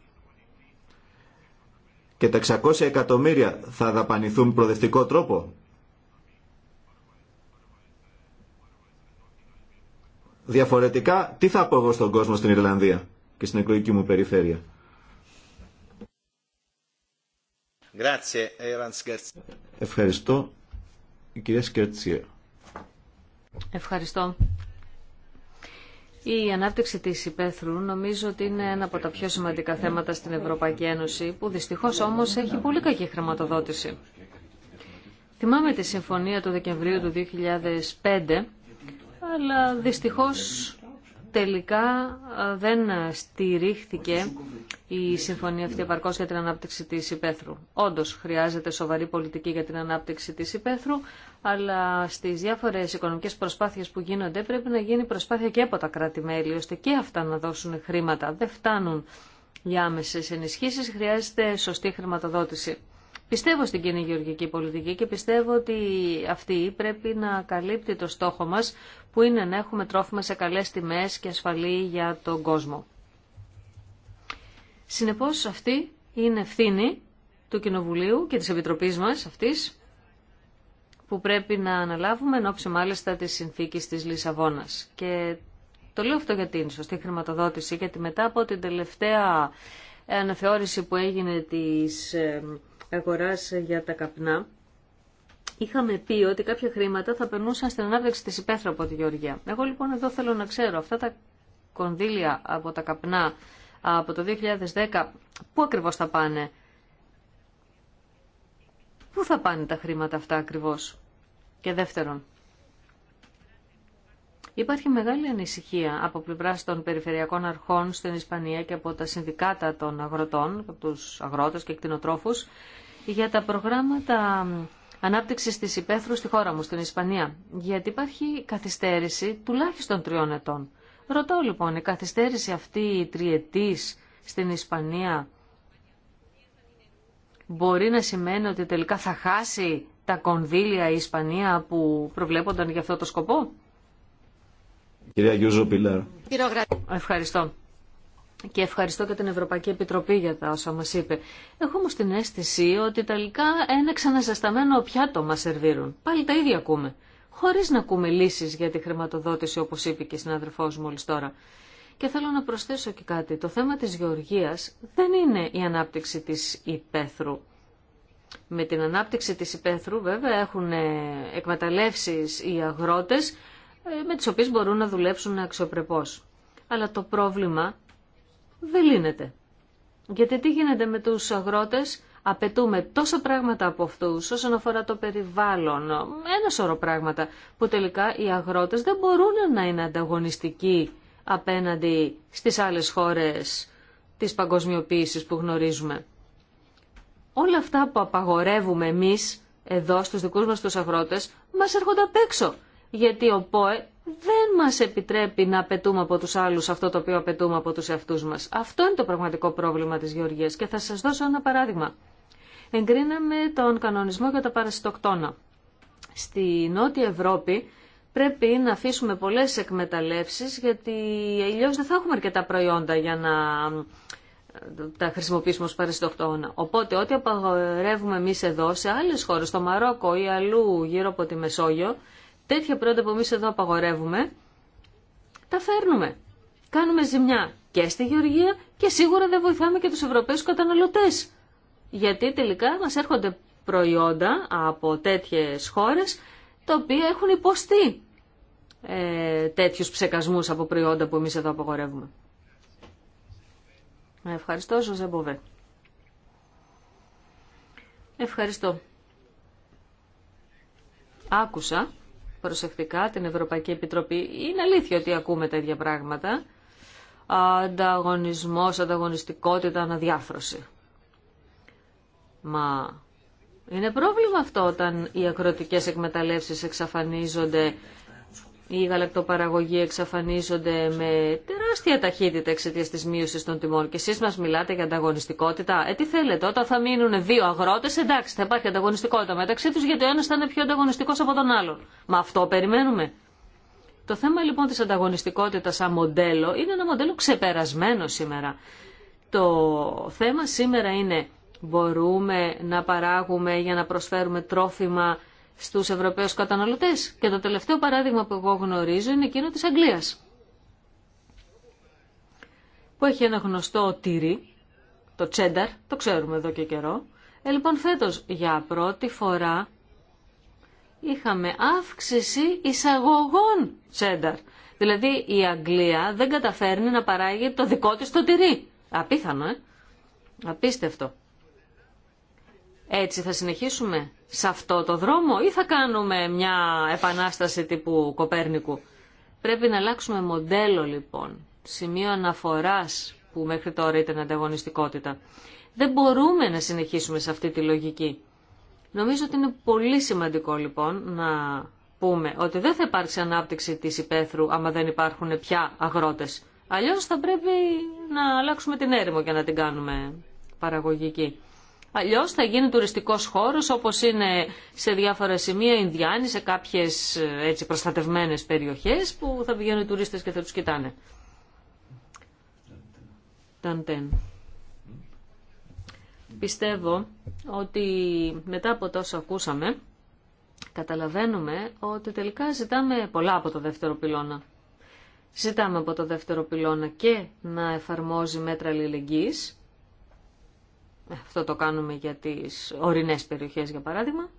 και τα 600 εκατομμύρια θα δαπανηθούν προοδευτικό τρόπο. Διαφορετικά, τι θα πω εγώ στον κόσμο στην Ιρλανδία και στην εκλογική μου περιφέρεια. Ευχαριστώ. Η Ευχαριστώ. Η ανάπτυξη της υπαίθρου νομίζω ότι είναι ένα από τα πιο σημαντικά θέματα στην Ευρωπαϊκή Ένωση, που δυστυχώς όμως έχει πολύ κακή χρηματοδότηση. Θυμάμαι τη συμφωνία του Δεκεμβρίου του 2005, αλλά δυστυχώς τελικά ε, δεν στηρίχθηκε η συμφωνία αυτή επαρκώ για την ανάπτυξη τη υπαίθρου. Όντω χρειάζεται σοβαρή πολιτική για την ανάπτυξη τη υπαίθρου, αλλά στι διάφορε οικονομικέ προσπάθειες που γίνονται πρέπει να γίνει προσπάθεια και από τα κράτη-μέλη, ώστε και αυτά να δώσουν χρήματα. Δεν φτάνουν οι άμεσε ενισχύσει, χρειάζεται σωστή χρηματοδότηση. Πιστεύω στην κοινή γεωργική πολιτική και πιστεύω ότι αυτή πρέπει να καλύπτει το στόχο μας που είναι να έχουμε τρόφιμα σε καλές τιμές και ασφαλή για τον κόσμο. Συνεπώς αυτή είναι ευθύνη του Κοινοβουλίου και της Επιτροπής μας αυτής που πρέπει να αναλάβουμε εν μάλιστα της συνθήκης της Λισαβόνας. Και το λέω αυτό για την σωστή χρηματοδότηση, γιατί μετά από την τελευταία αναθεώρηση που έγινε της ε, αγοράς για τα καπνά, είχαμε πει ότι κάποια χρήματα θα περνούσαν στην ανάπτυξη τη υπαίθρου από τη Γεωργία. Εγώ λοιπόν εδώ θέλω να ξέρω αυτά τα κονδύλια από τα καπνά από το 2010, πού ακριβώς θα πάνε. Πού θα πάνε τα χρήματα αυτά ακριβώς. Και δεύτερον, υπάρχει μεγάλη ανησυχία από πλευρά των περιφερειακών αρχών στην Ισπανία και από τα συνδικάτα των αγροτών, από τους αγρότες και κτηνοτρόφους, για τα προγράμματα Ανάπτυξη τη υπαίθρου στη χώρα μου, στην Ισπανία, γιατί υπάρχει καθυστέρηση τουλάχιστον τριών ετών. Ρωτώ λοιπόν, η καθυστέρηση αυτή η τριετής στην Ισπανία μπορεί να σημαίνει ότι τελικά θα χάσει τα κονδύλια η Ισπανία που προβλέπονταν για αυτό το σκοπό. Κυρία Γιούζο Ευχαριστώ και ευχαριστώ και την Ευρωπαϊκή Επιτροπή για τα όσα μας είπε. Έχω όμως την αίσθηση ότι τελικά ένα ξαναζασταμένο πιάτο μας σερβίρουν. Πάλι τα ίδια ακούμε. Χωρίς να ακούμε λύσεις για τη χρηματοδότηση όπως είπε και η συνάδελφός μόλις τώρα. Και θέλω να προσθέσω και κάτι. Το θέμα της γεωργίας δεν είναι η ανάπτυξη της υπαίθρου. Με την ανάπτυξη της υπαίθρου βέβαια έχουν ε, εκμεταλλεύσεις οι αγρότες ε, με τις οποίες μπορούν να δουλέψουν αξιοπρεπώς. Αλλά το πρόβλημα δεν λύνεται. Γιατί τι γίνεται με τους αγρότες, απαιτούμε τόσα πράγματα από αυτούς όσον αφορά το περιβάλλον, ένα σωρό πράγματα που τελικά οι αγρότες δεν μπορούν να είναι ανταγωνιστικοί απέναντι στις άλλες χώρες της παγκοσμιοποίησης που γνωρίζουμε. Όλα αυτά που απαγορεύουμε εμείς εδώ στους δικούς μας τους αγρότες μας έρχονται απ' έξω. Γιατί ο δεν μας επιτρέπει να απαιτούμε από τους άλλους αυτό το οποίο απαιτούμε από τους εαυτούς μας. Αυτό είναι το πραγματικό πρόβλημα της γεωργίας και θα σας δώσω ένα παράδειγμα. Εγκρίναμε τον κανονισμό για τα παρασιτοκτόνα. Στη Νότια Ευρώπη πρέπει να αφήσουμε πολλές εκμεταλλεύσεις γιατί αλλιώ δεν θα έχουμε αρκετά προϊόντα για να τα χρησιμοποιήσουμε ως παρασιτοκτόνα. Οπότε ό,τι απαγορεύουμε εμείς εδώ σε άλλες χώρες, στο Μαρόκο ή αλλού γύρω από τη Μεσόγειο, τέτοια προϊόντα που εμεί εδώ απαγορεύουμε, τα φέρνουμε. Κάνουμε ζημιά και στη Γεωργία και σίγουρα δεν βοηθάμε και τους Ευρωπαίους καταναλωτές. Γιατί τελικά μας έρχονται προϊόντα από τέτοιε χώρες τα οποία έχουν υποστεί ε, τέτοιους ψεκασμούς από προϊόντα που εμεί εδώ απαγορεύουμε. Ευχαριστώ, Ζωζέ Μποβέ. Ευχαριστώ. Άκουσα προσεκτικά την Ευρωπαϊκή Επιτροπή. Είναι αλήθεια ότι ακούμε τέτοια πράγματα. Ανταγωνισμός, ανταγωνιστικότητα, αναδιάφρωση. Μα είναι πρόβλημα αυτό όταν οι ακροτικές εκμεταλλεύσεις εξαφανίζονται οι γαλακτοπαραγωγοί εξαφανίζονται με τεράστια ταχύτητα εξαιτία τη μείωση των τιμών. Και εσεί μα μιλάτε για ανταγωνιστικότητα. Ε, τι θέλετε, όταν θα μείνουν δύο αγρότε, εντάξει, θα υπάρχει ανταγωνιστικότητα μεταξύ του, γιατί ο ένα θα είναι πιο ανταγωνιστικό από τον άλλον. Μα αυτό περιμένουμε. Το θέμα λοιπόν τη ανταγωνιστικότητα σαν μοντέλο είναι ένα μοντέλο ξεπερασμένο σήμερα. Το θέμα σήμερα είναι μπορούμε να παράγουμε για να προσφέρουμε τρόφιμα στους Ευρωπαίους καταναλωτές. Και το τελευταίο παράδειγμα που εγώ γνωρίζω είναι εκείνο της Αγγλίας, που έχει ένα γνωστό τύρι, το τσένταρ, το ξέρουμε εδώ και καιρό. Ε, λοιπόν, φέτος για πρώτη φορά είχαμε αύξηση εισαγωγών τσένταρ. Δηλαδή η Αγγλία δεν καταφέρνει να παράγει το δικό της το τυρί. Απίθανο, ε. Απίστευτο. Έτσι θα συνεχίσουμε σε αυτό το δρόμο ή θα κάνουμε μια επανάσταση τύπου Κοπέρνικου. Πρέπει να αλλάξουμε μοντέλο λοιπόν, σημείο αναφοράς που μέχρι τώρα ήταν ανταγωνιστικότητα. Δεν μπορούμε να συνεχίσουμε σε αυτή τη λογική. Νομίζω ότι είναι πολύ σημαντικό λοιπόν να πούμε ότι δεν θα υπάρξει ανάπτυξη της υπαίθρου άμα δεν υπάρχουν πια αγρότες. Αλλιώς θα πρέπει να αλλάξουμε την έρημο και να την κάνουμε παραγωγική. Αλλιώ θα γίνει τουριστικός χώρος όπως είναι σε διάφορα σημεία Ινδιάνη, σε κάποιες προστατευμένε προστατευμένες περιοχές που θα πηγαίνουν οι τουρίστες και θα τους κοιτάνε. Ταντέν. Πιστεύω ότι μετά από τόσο ακούσαμε, καταλαβαίνουμε ότι τελικά ζητάμε πολλά από το δεύτερο πυλώνα. Ζητάμε από το δεύτερο πυλώνα και να εφαρμόζει μέτρα αλληλεγγύης, ε, αυτό το κάνουμε για τις ορεινές περιοχές, για παράδειγμα.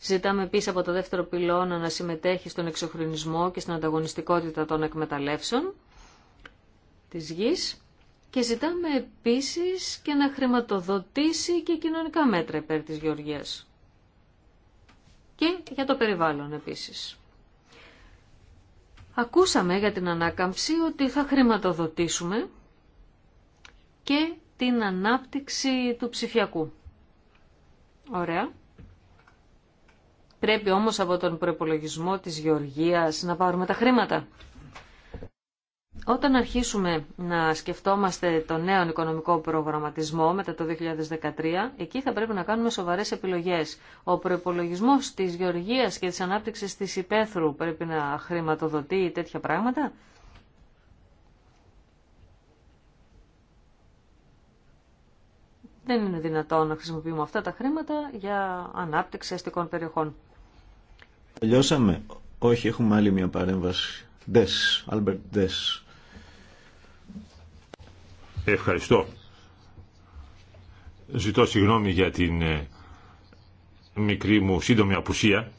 Ζητάμε επίσης από το δεύτερο πυλώνα να συμμετέχει στον εξοχρονισμό και στην ανταγωνιστικότητα των εκμεταλλεύσεων της γης και ζητάμε επίσης και να χρηματοδοτήσει και κοινωνικά μέτρα υπέρ της γεωργίας. Και για το περιβάλλον επίσης. Ακούσαμε για την ανάκαμψη ότι θα χρηματοδοτήσουμε και την ανάπτυξη του ψηφιακού. Ωραία. Πρέπει όμως από τον προπολογισμό της γεωργίας να πάρουμε τα χρήματα. Όταν αρχίσουμε να σκεφτόμαστε το νέο οικονομικό προγραμματισμό μετά το 2013, εκεί θα πρέπει να κάνουμε σοβαρές επιλογές. Ο προϋπολογισμός της γεωργίας και της ανάπτυξης της υπαίθρου πρέπει να χρηματοδοτεί τέτοια πράγματα. Δεν είναι δυνατόν να χρησιμοποιούμε αυτά τα χρήματα για ανάπτυξη αστικών περιοχών. Τελειώσαμε. Όχι, έχουμε άλλη μια παρέμβαση. Δες, Άλμπερτ Δες. Ευχαριστώ. Ζητώ συγγνώμη για την ε, μικρή μου σύντομη απουσία.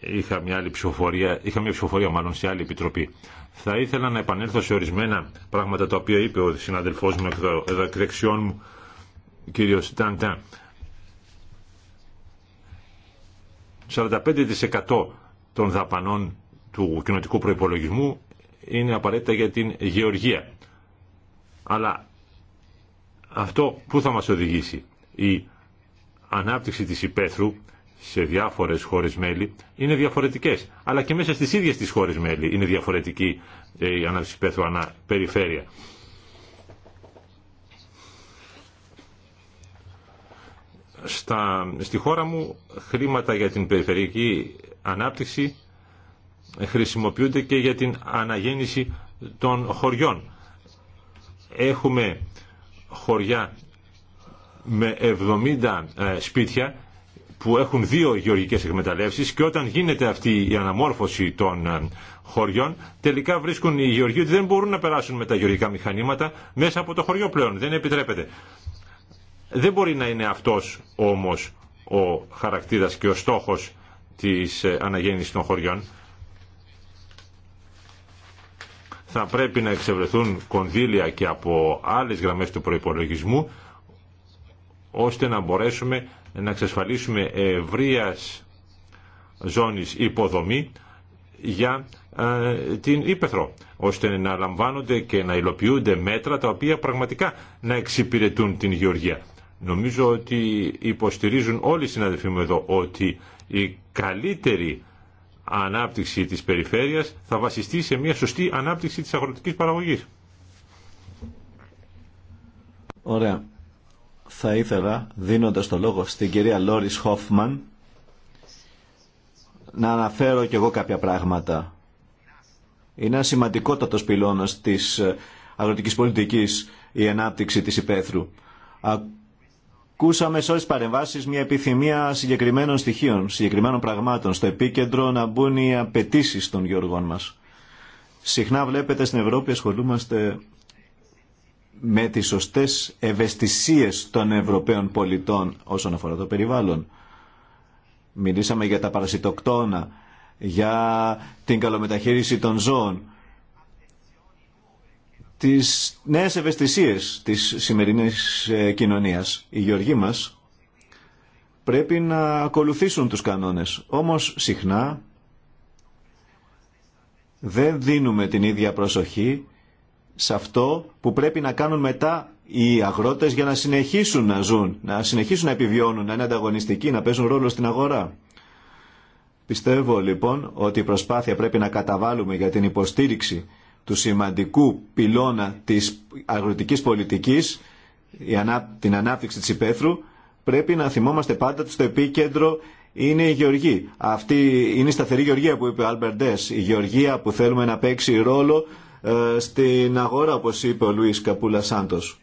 Είχα μια, άλλη ψηφοφορία, είχα μια ψηφοφορία μάλλον σε άλλη επιτροπή. Θα ήθελα να επανέλθω σε ορισμένα πράγματα τα οποία είπε ο συναδελφός μου εδώ μου κύριος Τάντα. 45% των δαπανών του κοινοτικού προϋπολογισμού είναι απαραίτητα για την γεωργία. Αλλά αυτό που θα μας οδηγήσει η ανάπτυξη της υπαίθρου σε διάφορες χώρες μέλη είναι διαφορετικές. Αλλά και μέσα στις ίδιες τις χώρες μέλη είναι διαφορετική ε, η ανάπτυξη υπαίθρου ανά περιφέρεια. Στα, στη χώρα μου χρήματα για την περιφερειακή ανάπτυξη χρησιμοποιούνται και για την αναγέννηση των χωριών. Έχουμε χωριά με 70 ε, σπίτια που έχουν δύο γεωργικές εκμεταλλεύσεις και όταν γίνεται αυτή η αναμόρφωση των ε, χωριών τελικά βρίσκουν οι γεωργοί ότι δεν μπορούν να περάσουν με τα γεωργικά μηχανήματα μέσα από το χωριό πλέον. Δεν επιτρέπεται. Δεν μπορεί να είναι αυτός όμως ο χαρακτήρας και ο στόχος της ε, αναγέννησης των χωριών. Θα πρέπει να εξευρεθούν κονδύλια και από άλλες γραμμές του προϋπολογισμού ώστε να μπορέσουμε να εξασφαλίσουμε ευρείας ζώνης υποδομή για ε, την Ήπεθρο, ώστε να λαμβάνονται και να υλοποιούνται μέτρα τα οποία πραγματικά να εξυπηρετούν την γεωργία. Νομίζω ότι υποστηρίζουν όλοι οι συναδελφοί μου εδώ ότι η καλύτερη ανάπτυξη της περιφέρειας θα βασιστεί σε μια σωστή ανάπτυξη της αγροτικής παραγωγής. Ωραία. Θα ήθελα, δίνοντας το λόγο στην κυρία Λόρις Χόφμαν, να αναφέρω κι εγώ κάποια πράγματα. Είναι ένα σημαντικότατος πυλώνας της αγροτικής πολιτικής η ανάπτυξη της υπαίθρου. Κούσαμε σε όλε τι παρεμβάσει μια επιθυμία συγκεκριμένων στοιχείων, συγκεκριμένων πραγμάτων. Στο επίκεντρο να μπουν οι απαιτήσει των γεωργών μα. Συχνά βλέπετε στην Ευρώπη ασχολούμαστε με τι σωστέ ευαισθησίες των Ευρωπαίων πολιτών όσον αφορά το περιβάλλον. Μιλήσαμε για τα παρασιτοκτόνα, για την καλομεταχείριση των ζώων τις νέες ευαισθησίες της σημερινής ε, κοινωνίας. Οι γεωργοί μας πρέπει να ακολουθήσουν τους κανόνες. Όμως συχνά δεν δίνουμε την ίδια προσοχή σε αυτό που πρέπει να κάνουν μετά οι αγρότες για να συνεχίσουν να ζουν, να συνεχίσουν να επιβιώνουν, να είναι ανταγωνιστικοί, να παίζουν ρόλο στην αγορά. Πιστεύω λοιπόν ότι η προσπάθεια πρέπει να καταβάλουμε για την υποστήριξη του σημαντικού πυλώνα της αγροτικής πολιτικής, την ανάπτυξη της υπαίθρου, πρέπει να θυμόμαστε πάντα ότι στο επίκεντρο είναι η γεωργία. Αυτή είναι η σταθερή γεωργία που είπε ο Αλμπερντές. η γεωργία που θέλουμε να παίξει ρόλο ε, στην αγορά, όπως είπε ο Λουίς Καπούλα Σάντος.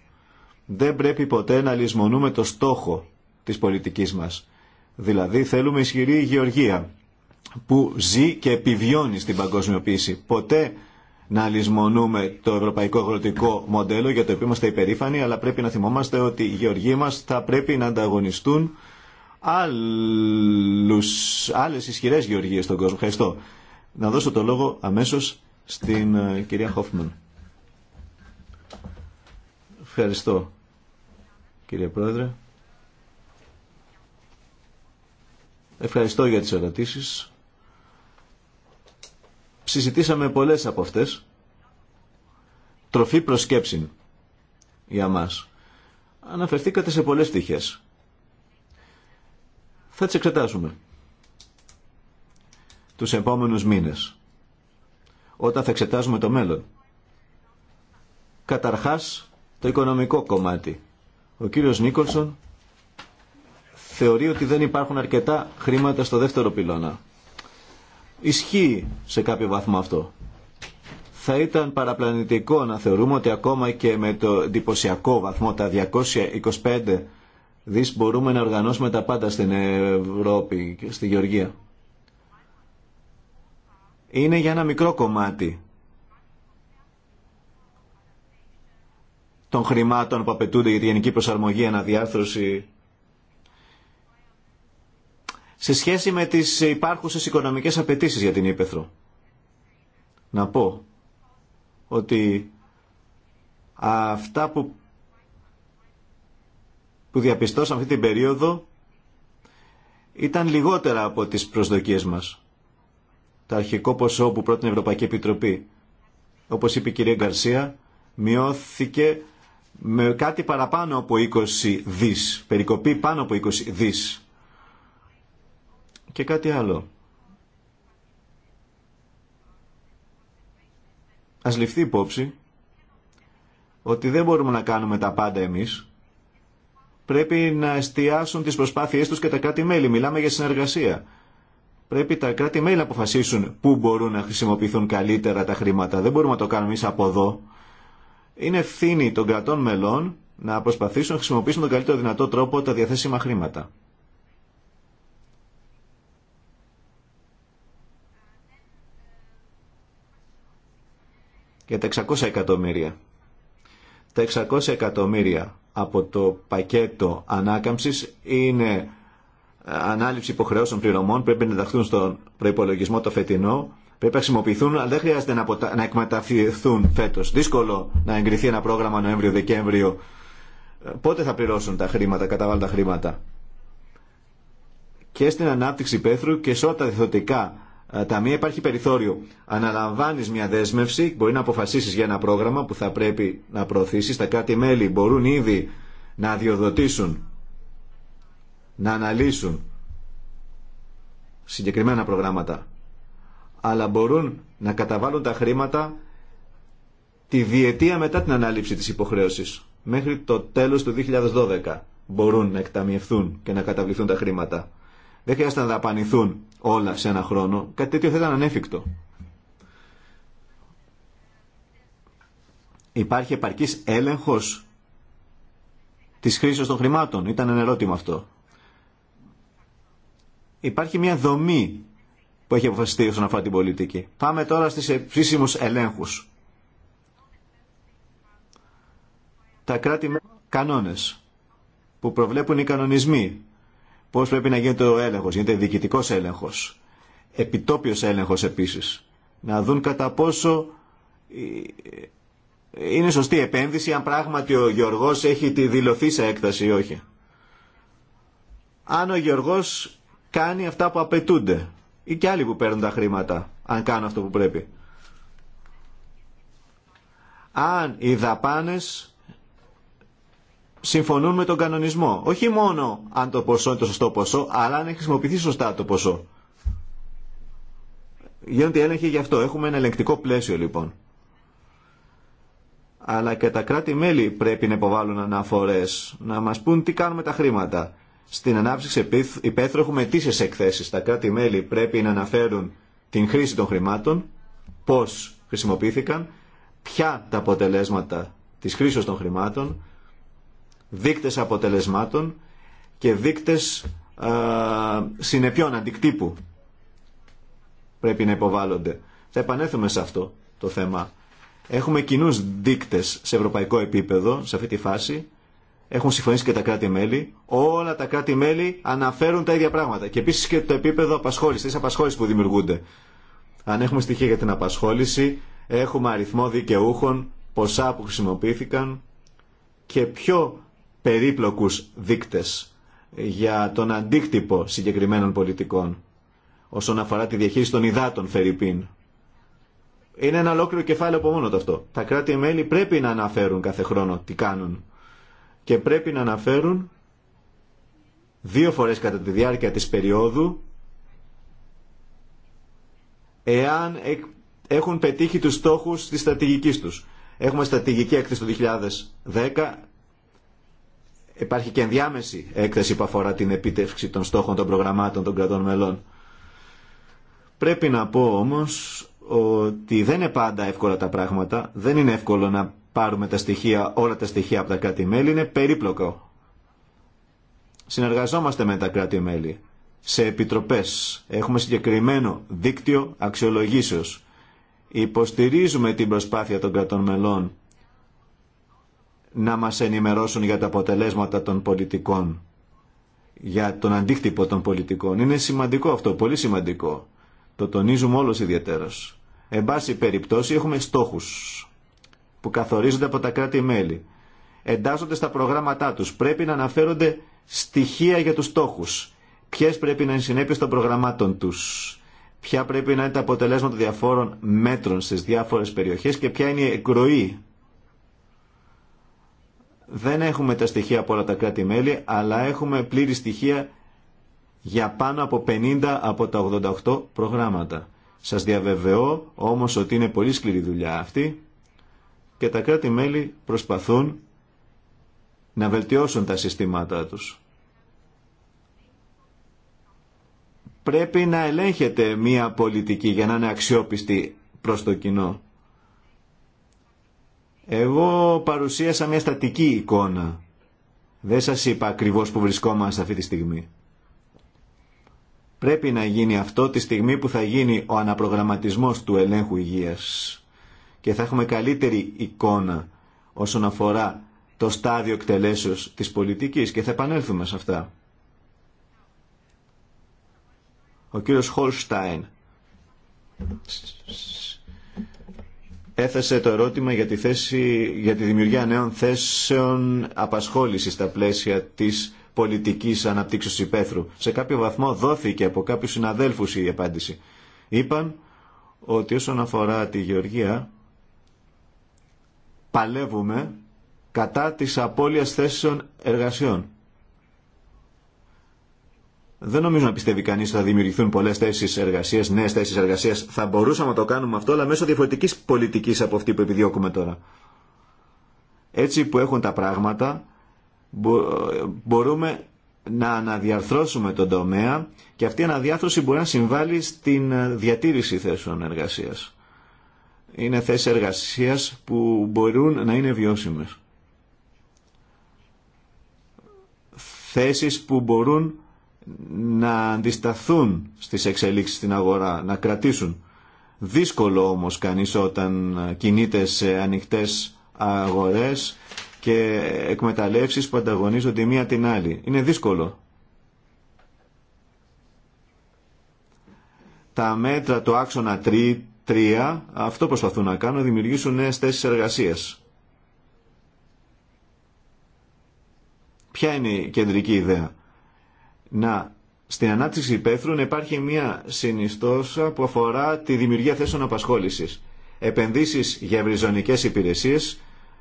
Δεν πρέπει ποτέ να λησμονούμε το στόχο της πολιτικής μας. Δηλαδή θέλουμε ισχυρή γεωργία που ζει και επιβιώνει στην παγκοσμιοποίηση. Ποτέ να λησμονούμε το ευρωπαϊκό αγροτικό μοντέλο για το οποίο είμαστε υπερήφανοι, αλλά πρέπει να θυμόμαστε ότι οι γεωργοί μας θα πρέπει να ανταγωνιστούν άλλους, άλλες ισχυρές γεωργίες στον κόσμο. Ευχαριστώ. Να δώσω το λόγο αμέσως στην ε, κυρία Χόφμαν. Ευχαριστώ, κύριε Πρόεδρε. Ευχαριστώ για τις ερωτήσεις συζητήσαμε πολλές από αυτές. Τροφή προσκέψη για μας. Αναφερθήκατε σε πολλές πτυχές. Θα τις εξετάσουμε τους επόμενους μήνες, όταν θα εξετάζουμε το μέλλον. Καταρχάς, το οικονομικό κομμάτι. Ο κύριος Νίκολσον θεωρεί ότι δεν υπάρχουν αρκετά χρήματα στο δεύτερο πυλώνα. Ισχύει σε κάποιο βαθμό αυτό. Θα ήταν παραπλανητικό να θεωρούμε ότι ακόμα και με το εντυπωσιακό βαθμό, τα 225 δις, μπορούμε να οργανώσουμε τα πάντα στην Ευρώπη και στη Γεωργία. Είναι για ένα μικρό κομμάτι των χρημάτων που απαιτούνται για τη γενική προσαρμογή, αναδιάρθρωση σε σχέση με τις υπάρχουσες οικονομικές απαιτήσεις για την Ήπεθρο. Να πω ότι αυτά που, που διαπιστώσαμε αυτή την περίοδο ήταν λιγότερα από τις προσδοκίες μας. Το αρχικό ποσό που πρότεινε η Ευρωπαϊκή Επιτροπή, όπως είπε η κυρία Γκαρσία, μειώθηκε με κάτι παραπάνω από 20 δις, περικοπή πάνω από 20 δις και κάτι άλλο. Ας ληφθεί υπόψη ότι δεν μπορούμε να κάνουμε τα πάντα εμείς. Πρέπει να εστιάσουν τις προσπάθειές τους και τα κράτη-μέλη. Μιλάμε για συνεργασία. Πρέπει τα κράτη-μέλη να αποφασίσουν πού μπορούν να χρησιμοποιηθούν καλύτερα τα χρήματα. Δεν μπορούμε να το κάνουμε εμείς από εδώ. Είναι ευθύνη των κρατών μελών να προσπαθήσουν να χρησιμοποιήσουν τον καλύτερο δυνατό τρόπο τα διαθέσιμα χρήματα. για τα 600 εκατομμύρια. Τα 600 εκατομμύρια από το πακέτο ανάκαμψης είναι ε, ανάληψη υποχρεώσεων πληρωμών, πρέπει να ενταχθούν στον προϋπολογισμό το φετινό, πρέπει να χρησιμοποιηθούν, αλλά δεν χρειάζεται να, να εκμεταφιεθούν φέτος. Δύσκολο να εγκριθεί ένα πρόγραμμα Νοέμβριο-Δεκέμβριο. Ε, πότε θα πληρώσουν τα χρήματα, καταβάλουν τα χρήματα. Και στην ανάπτυξη πέθρου και σε όλα τα ε, ταμεία υπάρχει περιθώριο. Αναλαμβάνει μια δέσμευση, μπορεί να αποφασίσει για ένα πρόγραμμα που θα πρέπει να προωθήσει. Τα κάτι μελη μπορούν ήδη να αδειοδοτήσουν, να αναλύσουν συγκεκριμένα προγράμματα. Αλλά μπορούν να καταβάλουν τα χρήματα τη διετία μετά την ανάληψη της υποχρέωσης. Μέχρι το τέλος του 2012 μπορούν να εκταμιευθούν και να καταβληθούν τα χρήματα. Δεν χρειάζεται να δαπανηθούν όλα σε ένα χρόνο. Κάτι τέτοιο θα ήταν ανέφικτο. Υπάρχει επαρκή έλεγχος της χρήση των χρημάτων. Ήταν ένα ερώτημα αυτό. Υπάρχει μια δομή που έχει αποφασιστεί όσον αφορά την πολιτική. Πάμε τώρα στις επίσημους ελέγχους. Τα κράτη με κανόνες που προβλέπουν οι κανονισμοί πώς πρέπει να γίνεται ο έλεγχος. Γίνεται διοικητικό έλεγχος, επιτόπιος έλεγχος επίσης. Να δουν κατά πόσο ε, ε, είναι σωστή επένδυση, αν πράγματι ο Γιώργος έχει τη δηλωθεί σε έκταση ή όχι. Αν ο Γιώργος κάνει αυτά που απαιτούνται ή και άλλοι που παίρνουν τα χρήματα, αν κάνουν αυτό που πρέπει. Αν οι δαπάνες συμφωνούν με τον κανονισμό. Όχι μόνο αν το ποσό είναι το σωστό ποσό, αλλά αν έχει χρησιμοποιηθεί σωστά το ποσό. Γίνονται έλεγχοι γι' αυτό. Έχουμε ένα ελεγκτικό πλαίσιο λοιπόν. Αλλά και τα κράτη-μέλη πρέπει να υποβάλουν αναφορέ να μας πούν τι κάνουμε τα χρήματα. Στην ανάπτυξη υπαίθρου έχουμε αιτήσει εκθέσει. Τα κράτη-μέλη πρέπει να αναφέρουν την χρήση των χρημάτων, πώ χρησιμοποιήθηκαν, ποια τα αποτελέσματα τη χρήση των χρημάτων, δείκτες αποτελεσμάτων και δείκτες α, συνεπιών αντικτύπου πρέπει να υποβάλλονται. Θα επανέλθουμε σε αυτό το θέμα. Έχουμε κοινού δείκτες σε ευρωπαϊκό επίπεδο, σε αυτή τη φάση. Έχουν συμφωνήσει και τα κράτη-μέλη. Όλα τα κράτη-μέλη αναφέρουν τα ίδια πράγματα. Και επίση και το επίπεδο απασχόληση, τη απασχόληση που δημιουργούνται. Αν έχουμε στοιχεία για την απασχόληση, έχουμε αριθμό δικαιούχων, ποσά που χρησιμοποιήθηκαν και ποιο περίπλοκους δείκτες για τον αντίκτυπο συγκεκριμένων πολιτικών όσον αφορά τη διαχείριση των υδάτων Φερρυπίν. Είναι ένα ολόκληρο κεφάλαιο από μόνο το αυτό. Τα κράτη-μέλη πρέπει να αναφέρουν κάθε χρόνο τι κάνουν και πρέπει να αναφέρουν δύο φορές κατά τη διάρκεια της περίοδου εάν έχουν πετύχει τους στόχους της στρατηγικής τους. Έχουμε στρατηγική έκθεση το 2010, υπάρχει και ενδιάμεση έκθεση που αφορά την επίτευξη των στόχων των προγραμμάτων των κρατών μελών. Πρέπει να πω όμως ότι δεν είναι πάντα εύκολα τα πράγματα, δεν είναι εύκολο να πάρουμε τα στοιχεία, όλα τα στοιχεία από τα κράτη-μέλη, είναι περίπλοκο. Συνεργαζόμαστε με τα κράτη-μέλη σε επιτροπές. Έχουμε συγκεκριμένο δίκτυο αξιολογήσεως. Υποστηρίζουμε την προσπάθεια των κρατών μελών να μας ενημερώσουν για τα αποτελέσματα των πολιτικών, για τον αντίκτυπο των πολιτικών. Είναι σημαντικό αυτό, πολύ σημαντικό. Το τονίζουμε όλος ιδιαίτερος. Εν πάση περιπτώσει έχουμε στόχους που καθορίζονται από τα κράτη-μέλη. Εντάσσονται στα προγράμματά τους. Πρέπει να αναφέρονται στοιχεία για τους στόχους. Ποιε πρέπει να είναι συνέπειε των προγραμμάτων του, Ποια πρέπει να είναι τα αποτελέσματα διαφόρων μέτρων στι διάφορε περιοχέ και ποια είναι η εκροή δεν έχουμε τα στοιχεία από όλα τα κράτη-μέλη, αλλά έχουμε πλήρη στοιχεία για πάνω από 50 από τα 88 προγράμματα. Σας διαβεβαιώ όμως ότι είναι πολύ σκληρή δουλειά αυτή και τα κράτη-μέλη προσπαθούν να βελτιώσουν τα συστήματά τους. Πρέπει να ελέγχεται μία πολιτική για να είναι αξιόπιστη προς το κοινό. Εγώ παρουσίασα μια στατική εικόνα. Δεν σας είπα ακριβώς που βρισκόμαστε αυτή τη στιγμή. Πρέπει να γίνει αυτό τη στιγμή που θα γίνει ο αναπρογραμματισμός του ελέγχου υγείας και θα έχουμε καλύτερη εικόνα όσον αφορά το στάδιο εκτελέσεως της πολιτικής και θα επανέλθουμε σε αυτά. Ο κύριος Χολστάιν έθεσε το ερώτημα για τη, θέση, για τη δημιουργία νέων θέσεων απασχόλησης στα πλαίσια της πολιτικής αναπτύξεως υπαίθρου. Σε κάποιο βαθμό δόθηκε από κάποιους συναδέλφου η απάντηση. Είπαν ότι όσον αφορά τη γεωργία παλεύουμε κατά της απώλειας θέσεων εργασιών. Δεν νομίζω να πιστεύει κανεί ότι θα δημιουργηθούν πολλέ θέσει εργασία, νέε θέσει εργασία. Θα μπορούσαμε να το κάνουμε αυτό, αλλά μέσω διαφορετική πολιτική από αυτή που επιδιώκουμε τώρα. Έτσι που έχουν τα πράγματα, μπορούμε να αναδιαρθρώσουμε τον τομέα και αυτή η αναδιάρθρωση μπορεί να συμβάλλει στην διατήρηση θέσεων εργασία. Είναι θέσει εργασία που μπορούν να είναι βιώσιμε. Θέσει που μπορούν να αντισταθούν στις εξελίξεις στην αγορά, να κρατήσουν. Δύσκολο όμως κανείς όταν κινείται σε ανοιχτές αγορές και εκμεταλλεύσεις που ανταγωνίζονται μία την άλλη. Είναι δύσκολο. Τα μέτρα του άξονα 3, 3 αυτό προσπαθούν να κάνουν, δημιουργήσουν νέες θέσεις εργασίας. Ποια είναι η κεντρική ιδέα να στην ανάπτυξη υπαίθρου να υπάρχει μια συνιστόσα που αφορά τη δημιουργία θέσεων απασχόληση. Επενδύσεις για ευρυζωνικέ υπηρεσίε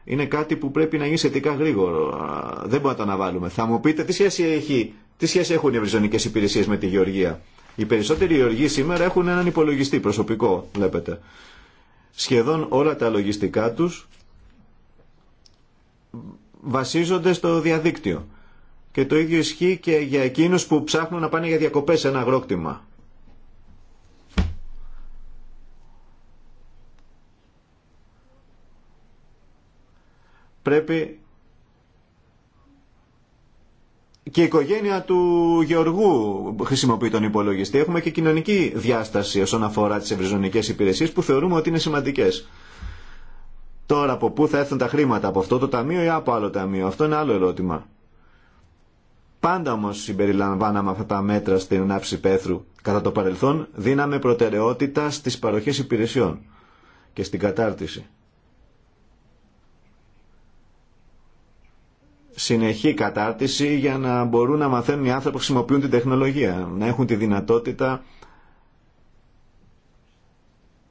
είναι κάτι που πρέπει να γίνει σχετικά γρήγορο. Δεν μπορούμε να το αναβάλουμε. Θα μου πείτε τι σχέση, έχει, τι σχέση έχουν οι ευρυζωνικέ υπηρεσίες με τη γεωργία. Οι περισσότεροι γεωργοί σήμερα έχουν έναν υπολογιστή προσωπικό, βλέπετε. Σχεδόν όλα τα λογιστικά τους βασίζονται στο διαδίκτυο. Και το ίδιο ισχύει και για εκείνους που ψάχνουν να πάνε για διακοπές σε ένα αγρόκτημα. Πρέπει και η οικογένεια του Γεωργού χρησιμοποιεί τον υπολογιστή. Έχουμε και κοινωνική διάσταση όσον αφορά τις ευρυζωνικές υπηρεσίες που θεωρούμε ότι είναι σημαντικές. Τώρα από πού θα έρθουν τα χρήματα, από αυτό το ταμείο ή από άλλο ταμείο, αυτό είναι άλλο ερώτημα. Πάντα όμω συμπεριλαμβάναμε αυτά τα μέτρα στην ανάψη πέθρου. Κατά το παρελθόν δίναμε προτεραιότητα στις παροχές υπηρεσιών και στην κατάρτιση. Συνεχή κατάρτιση για να μπορούν να μαθαίνουν οι άνθρωποι που χρησιμοποιούν την τεχνολογία, να έχουν τη δυνατότητα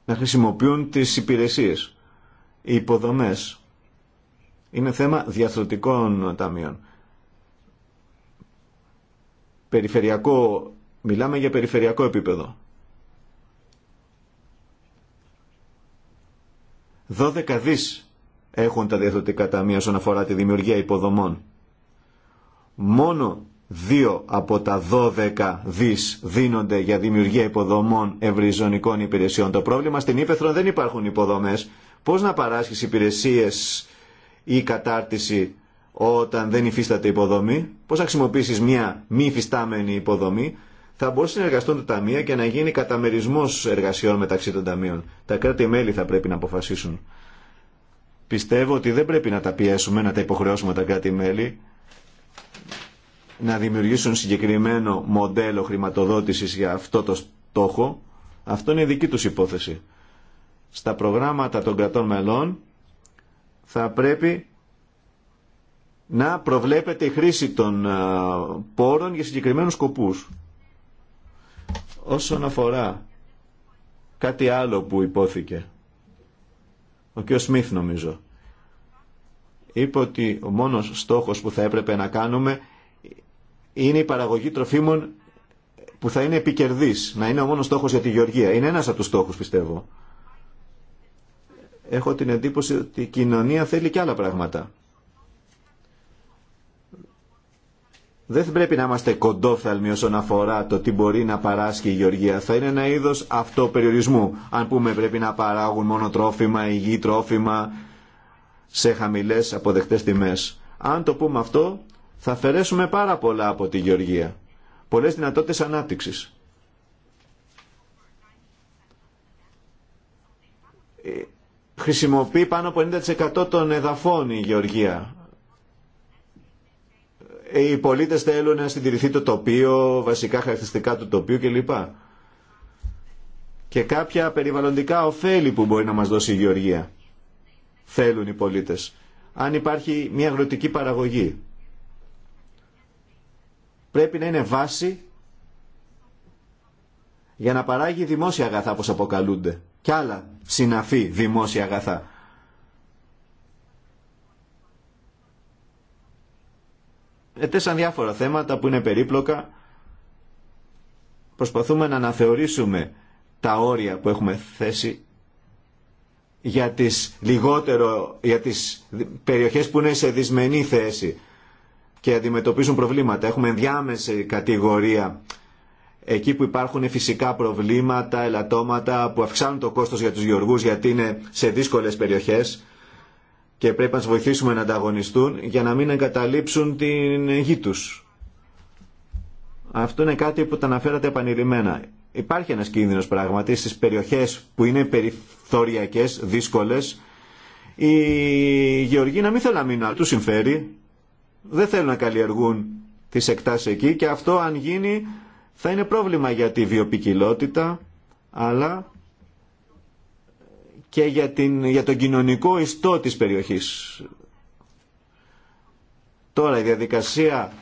να χρησιμοποιούν τις υπηρεσίες. Οι υποδομές είναι θέμα διαθροτικών ταμείων Περιφερειακό, μιλάμε για περιφερειακό επίπεδο. 12 δις έχουν τα κατά ταμεία όσον αφορά τη δημιουργία υποδομών. Μόνο δύο από τα 12 δις δίνονται για δημιουργία υποδομών ευρυζωνικών υπηρεσιών. Το πρόβλημα στην Ήπεθρο δεν υπάρχουν υποδομές. Πώς να παράσχεις υπηρεσίες ή κατάρτιση όταν δεν υφίσταται υποδομή, πώς θα χρησιμοποιήσεις μια μη υφιστάμενη υποδομή, θα μπορούσαν να εργαστούν τα ταμεία και να γίνει καταμερισμός εργασιών μεταξύ των ταμείων. Τα κράτη-μέλη θα πρέπει να αποφασίσουν. Πιστεύω ότι δεν πρέπει να τα πιέσουμε, να τα υποχρεώσουμε τα κράτη-μέλη, να δημιουργήσουν συγκεκριμένο μοντέλο χρηματοδότησης για αυτό το στόχο. Αυτό είναι η δική τους υπόθεση. Στα προγράμματα των κρατών μελών θα πρέπει να προβλέπεται η χρήση των ε, πόρων για συγκεκριμένους σκοπούς. Όσον αφορά κάτι άλλο που υπόθηκε, ο κ. Σμίθ νομίζω, είπε ότι ο μόνος στόχος που θα έπρεπε να κάνουμε είναι η παραγωγή τροφίμων που θα είναι επικερδής, να είναι ο μόνος στόχος για τη γεωργία. Είναι ένας από τους στόχους πιστεύω. Έχω την εντύπωση ότι η κοινωνία θέλει και άλλα πράγματα. δεν πρέπει να είμαστε κοντόφθαλμοι όσον αφορά το τι μπορεί να παράσχει η γεωργία. Θα είναι ένα είδος αυτοπεριορισμού. Αν πούμε πρέπει να παράγουν μόνο τρόφιμα, υγιή τρόφιμα σε χαμηλές αποδεκτές τιμές. Αν το πούμε αυτό θα αφαιρέσουμε πάρα πολλά από τη γεωργία. Πολλές δυνατότητες ανάπτυξης. Ε, χρησιμοποιεί πάνω από 90% των εδαφών η γεωργία ε, οι πολίτες θέλουν να συντηρηθεί το τοπίο, βασικά χαρακτηριστικά του τοπίου κλπ. Και κάποια περιβαλλοντικά ωφέλη που μπορεί να μα δώσει η γεωργία θέλουν οι πολίτες. Αν υπάρχει μια αγροτική παραγωγή πρέπει να είναι βάση για να παράγει δημόσια αγαθά όπως αποκαλούνται και άλλα συναφή δημόσια αγαθά. ετέσαν διάφορα θέματα που είναι περίπλοκα. Προσπαθούμε να αναθεωρήσουμε τα όρια που έχουμε θέσει για τις, λιγότερο, για τις περιοχές που είναι σε δυσμενή θέση και αντιμετωπίζουν προβλήματα. Έχουμε ενδιάμεση κατηγορία εκεί που υπάρχουν φυσικά προβλήματα, ελαττώματα που αυξάνουν το κόστος για τους γεωργούς γιατί είναι σε δύσκολες περιοχές και πρέπει να τους βοηθήσουμε να ανταγωνιστούν για να μην εγκαταλείψουν την γη τους. Αυτό είναι κάτι που τα αναφέρατε επανειλημμένα. Υπάρχει ένας κίνδυνος πράγματι στις περιοχές που είναι περιθωριακές, δύσκολες. Οι γεωργοί να μην θέλουν να μείνουν, αλλά τους συμφέρει. Δεν θέλουν να καλλιεργούν τις εκτάσεις εκεί και αυτό αν γίνει θα είναι πρόβλημα για τη βιοπικιλότητα, αλλά και για, την, για τον κοινωνικό ιστό της περιοχής. Τώρα η διαδικασία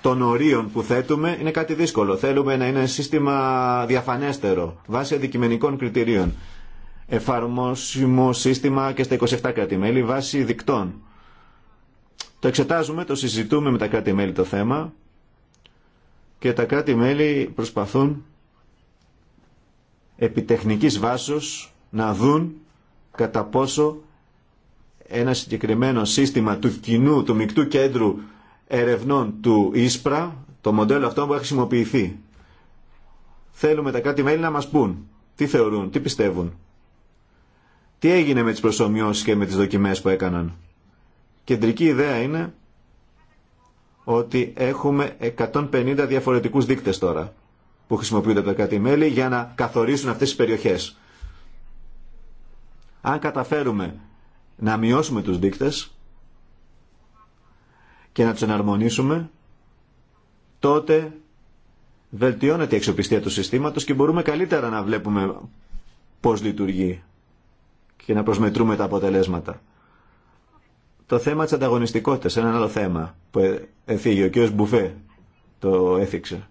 των ορίων που θέτουμε είναι κάτι δύσκολο. Θέλουμε να είναι σύστημα διαφανέστερο, βάσει αντικειμενικών κριτηρίων. Εφαρμόσιμο σύστημα και στα 27 κράτη-μέλη, βάσει δικτών. Το εξετάζουμε, το συζητούμε με τα κράτη-μέλη το θέμα και τα κράτη-μέλη προσπαθούν επιτεχνικής τεχνικής να δουν κατά πόσο ένα συγκεκριμένο σύστημα του κοινού, του μεικτού κέντρου ερευνών του ΙΣΠΡΑ, το μοντέλο αυτό που έχει χρησιμοποιηθεί. Θέλουμε τα κράτη-μέλη να μας πούν τι θεωρούν, τι πιστεύουν. Τι έγινε με τις προσωμιώσεις και με τις δοκιμές που έκαναν. Κεντρική ιδέα είναι ότι έχουμε 150 διαφορετικούς δείκτες τώρα που χρησιμοποιούνται από τα κράτη-μέλη για να καθορίσουν αυτές τις περιοχές. Αν καταφέρουμε να μειώσουμε τους δείκτες και να τους εναρμονίσουμε, τότε βελτιώνεται η αξιοπιστία του συστήματος και μπορούμε καλύτερα να βλέπουμε πώς λειτουργεί και να προσμετρούμε τα αποτελέσματα. Το θέμα της ανταγωνιστικότητας, ένα άλλο θέμα που εφήγει ο κ. Μπουφέ το έθιξε.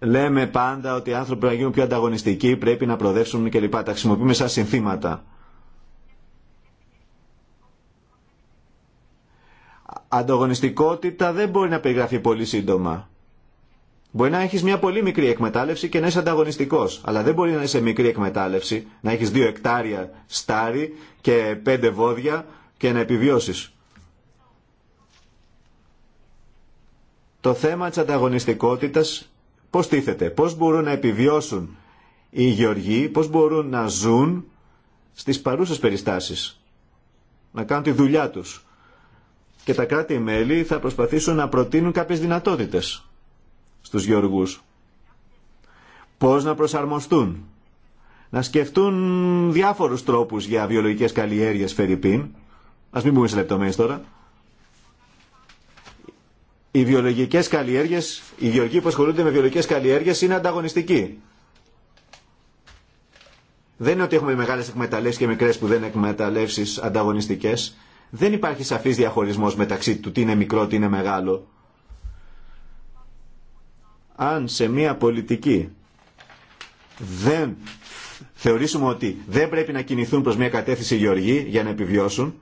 λέμε πάντα ότι οι άνθρωποι να γίνουν πιο ανταγωνιστικοί, πρέπει να προοδεύσουν κλπ. Τα χρησιμοποιούμε σαν συνθήματα. Ανταγωνιστικότητα δεν μπορεί να περιγραφεί πολύ σύντομα. Μπορεί να έχει μια πολύ μικρή εκμετάλλευση και να είσαι ανταγωνιστικό. Αλλά δεν μπορεί να είσαι μικρή εκμετάλλευση, να έχει δύο εκτάρια στάρι και πέντε βόδια και να επιβιώσει. Το θέμα της ανταγωνιστικότητας πώς τίθεται, πώς μπορούν να επιβιώσουν οι γεωργοί, πώς μπορούν να ζουν στις παρούσες περιστάσεις, να κάνουν τη δουλειά τους. Και τα κράτη-μέλη θα προσπαθήσουν να προτείνουν κάποιες δυνατότητες στους γεωργούς. Πώς να προσαρμοστούν, να σκεφτούν διάφορους τρόπους για βιολογικές καλλιέργειες Φερρυπίν, ας μην πούμε σε λεπτομέρειες τώρα, οι βιολογικές καλλιέργειες, οι γεωργοί που ασχολούνται με βιολογικές καλλιέργειες είναι ανταγωνιστικοί. Δεν είναι ότι έχουμε μεγάλες εκμεταλλεύσεις και μικρές που δεν είναι εκμεταλλεύσεις ανταγωνιστικές. Δεν υπάρχει σαφής διαχωρισμός μεταξύ του τι είναι μικρό, τι είναι μεγάλο. Αν σε μία πολιτική δεν θεωρήσουμε ότι δεν πρέπει να κινηθούν προς μία κατεύθυνση οι γεωργοί για να επιβιώσουν,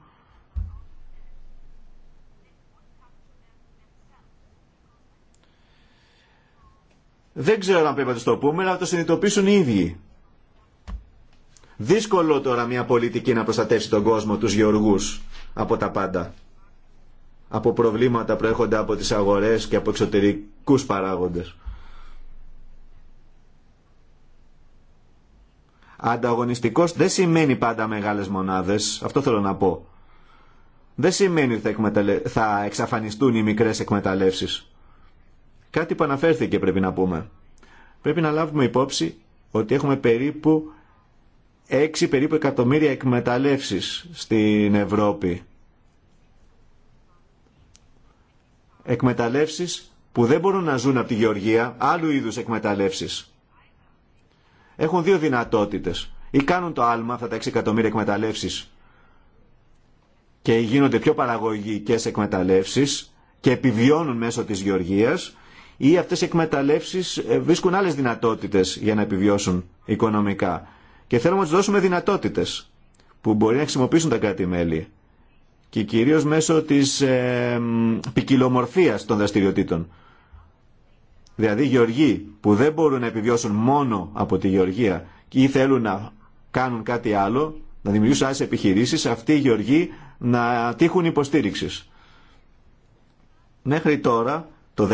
Δεν ξέρω αν πρέπει να το πούμε, αλλά να το συνειδητοποιήσουν οι ίδιοι. Δύσκολο τώρα μια πολιτική να προστατεύσει τον κόσμο, τους γεωργούς, από τα πάντα. Από προβλήματα που έρχονται από τις αγορές και από εξωτερικούς παράγοντες. Ανταγωνιστικός δεν σημαίνει πάντα μεγάλες μονάδες, αυτό θέλω να πω. Δεν σημαίνει ότι θα, θα εξαφανιστούν οι μικρές εκμεταλλεύσεις. Κάτι που αναφέρθηκε πρέπει να πούμε. Πρέπει να λάβουμε υπόψη ότι έχουμε περίπου 6 περίπου εκατομμύρια εκμεταλλεύσεις στην Ευρώπη. Εκμεταλλεύσεις που δεν μπορούν να ζουν από τη γεωργία, άλλου είδους εκμεταλλεύσεις. Έχουν δύο δυνατότητες. Ή κάνουν το άλμα αυτά τα 6 εκατομμύρια εκμεταλλεύσεις και γίνονται πιο παραγωγικές εκμεταλλεύσεις και επιβιώνουν μέσω της γεωργίας ή αυτές οι εκμεταλλεύσεις ε, βρίσκουν άλλες δυνατότητες για να επιβιώσουν οικονομικά. Και θέλουμε να τους δώσουμε δυνατότητες που μπορεί να χρησιμοποιήσουν τα κράτη-μέλη και κυρίως μέσω της ε, των δραστηριοτήτων. Δηλαδή γεωργοί που δεν μπορούν να επιβιώσουν μόνο από τη γεωργία ή θέλουν να κάνουν κάτι άλλο, να δημιουργήσουν άλλες επιχειρήσεις, αυτοί οι γεωργοί να τύχουν υποστήριξης. Μέχρι τώρα το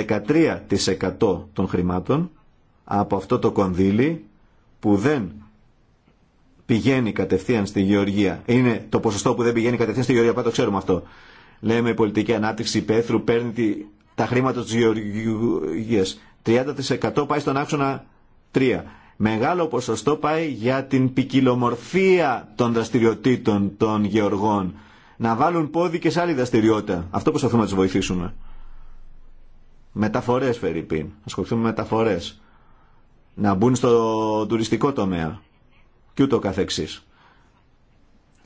13% των χρημάτων από αυτό το κονδύλι που δεν πηγαίνει κατευθείαν στη γεωργία. Είναι το ποσοστό που δεν πηγαίνει κατευθείαν στη γεωργία, πάντα το ξέρουμε αυτό. Λέμε η πολιτική ανάπτυξη υπαίθρου παίρνει τα χρήματα της γεωργίας. 30% πάει στον άξονα 3. Μεγάλο ποσοστό πάει για την ποικιλομορφία των δραστηριοτήτων των γεωργών. Να βάλουν πόδι και σε άλλη δραστηριότητα. Αυτό προσπαθούμε να του βοηθήσουμε. Μεταφορές, Φερρυπίν. Ασχοληθούμε με μεταφορές. Να μπουν στο τουριστικό τομέα. Και ούτω καθεξής.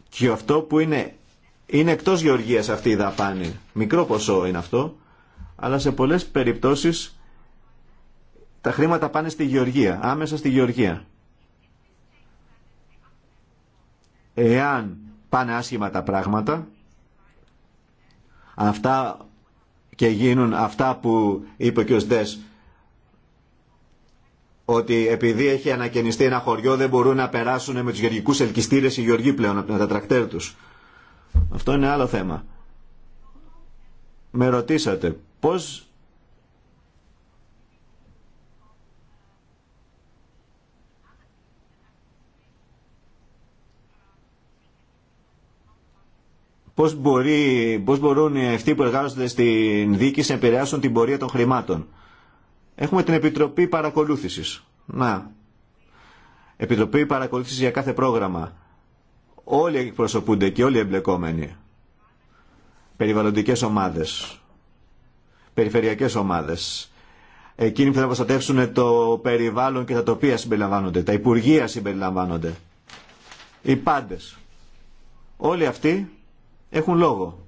Και αυτό που είναι, είναι εκτός γεωργίας αυτή η δαπάνη. Μικρό ποσό είναι αυτό. Αλλά σε πολλές περιπτώσεις τα χρήματα πάνε στη γεωργία. Άμεσα στη γεωργία. Εάν πάνε άσχημα τα πράγματα, αυτά και γίνουν αυτά που είπε και ο κ. ότι επειδή έχει ανακαινιστεί ένα χωριό δεν μπορούν να περάσουν με τους γεωργικούς ελκυστήρες οι γεωργοί πλέον από τα τρακτέρ τους. Αυτό είναι άλλο θέμα. Με ρωτήσατε πώς πώς, μπορεί, πώς μπορούν αυτοί που εργάζονται στην διοίκηση να επηρεάσουν την πορεία των χρημάτων. Έχουμε την Επιτροπή Παρακολούθησης. Να. Επιτροπή Παρακολούθησης για κάθε πρόγραμμα. Όλοι εκπροσωπούνται και όλοι οι εμπλεκόμενοι. Περιβαλλοντικές ομάδες. Περιφερειακές ομάδες. Εκείνοι που θα προστατεύσουν το περιβάλλον και τα τοπία συμπεριλαμβάνονται. Τα υπουργεία συμπεριλαμβάνονται. Οι πάντες. Όλοι αυτοί έχουν λόγο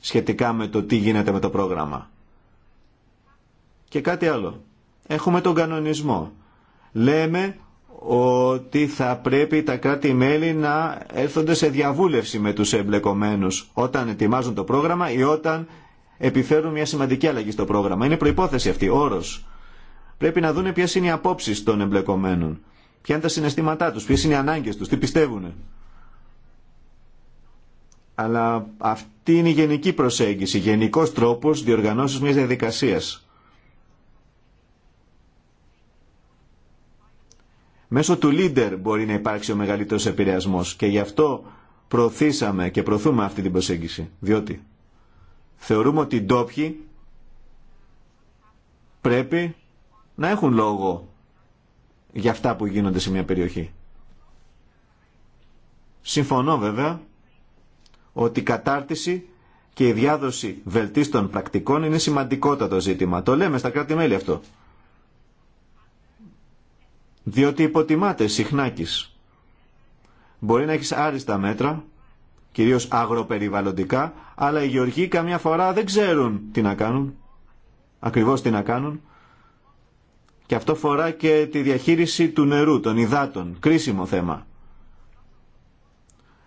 σχετικά με το τι γίνεται με το πρόγραμμα. Και κάτι άλλο. Έχουμε τον κανονισμό. Λέμε ότι θα πρέπει τα κράτη-μέλη να έρθονται σε διαβούλευση με τους εμπλεκομένους όταν ετοιμάζουν το πρόγραμμα ή όταν επιφέρουν μια σημαντική αλλαγή στο πρόγραμμα. Είναι προϋπόθεση αυτή, όρος. Πρέπει να δούνε ποιες είναι οι απόψεις των εμπλεκομένων, ποια είναι τα συναισθήματά τους, ποιες είναι οι ανάγκες τους, τι πιστεύουν. Αλλά αυτή είναι η γενική προσέγγιση, γενικός τρόπος διοργανώσεως μιας διαδικασίας. Μέσω του leader μπορεί να υπάρξει ο μεγαλύτερος επηρεασμό και γι' αυτό προωθήσαμε και προωθούμε αυτή την προσέγγιση. Διότι θεωρούμε ότι οι ντόπιοι πρέπει να έχουν λόγο για αυτά που γίνονται σε μια περιοχή. Συμφωνώ βέβαια ότι η κατάρτιση και η διάδοση βελτίστων πρακτικών είναι σημαντικότατο ζήτημα. Το λέμε στα κράτη-μέλη αυτό. Διότι υποτιμάται συχνάκης. Μπορεί να έχεις άριστα μέτρα, κυρίως αγροπεριβαλλοντικά, αλλά οι γεωργοί καμιά φορά δεν ξέρουν τι να κάνουν, ακριβώς τι να κάνουν. Και αυτό φορά και τη διαχείριση του νερού, των υδάτων, κρίσιμο θέμα.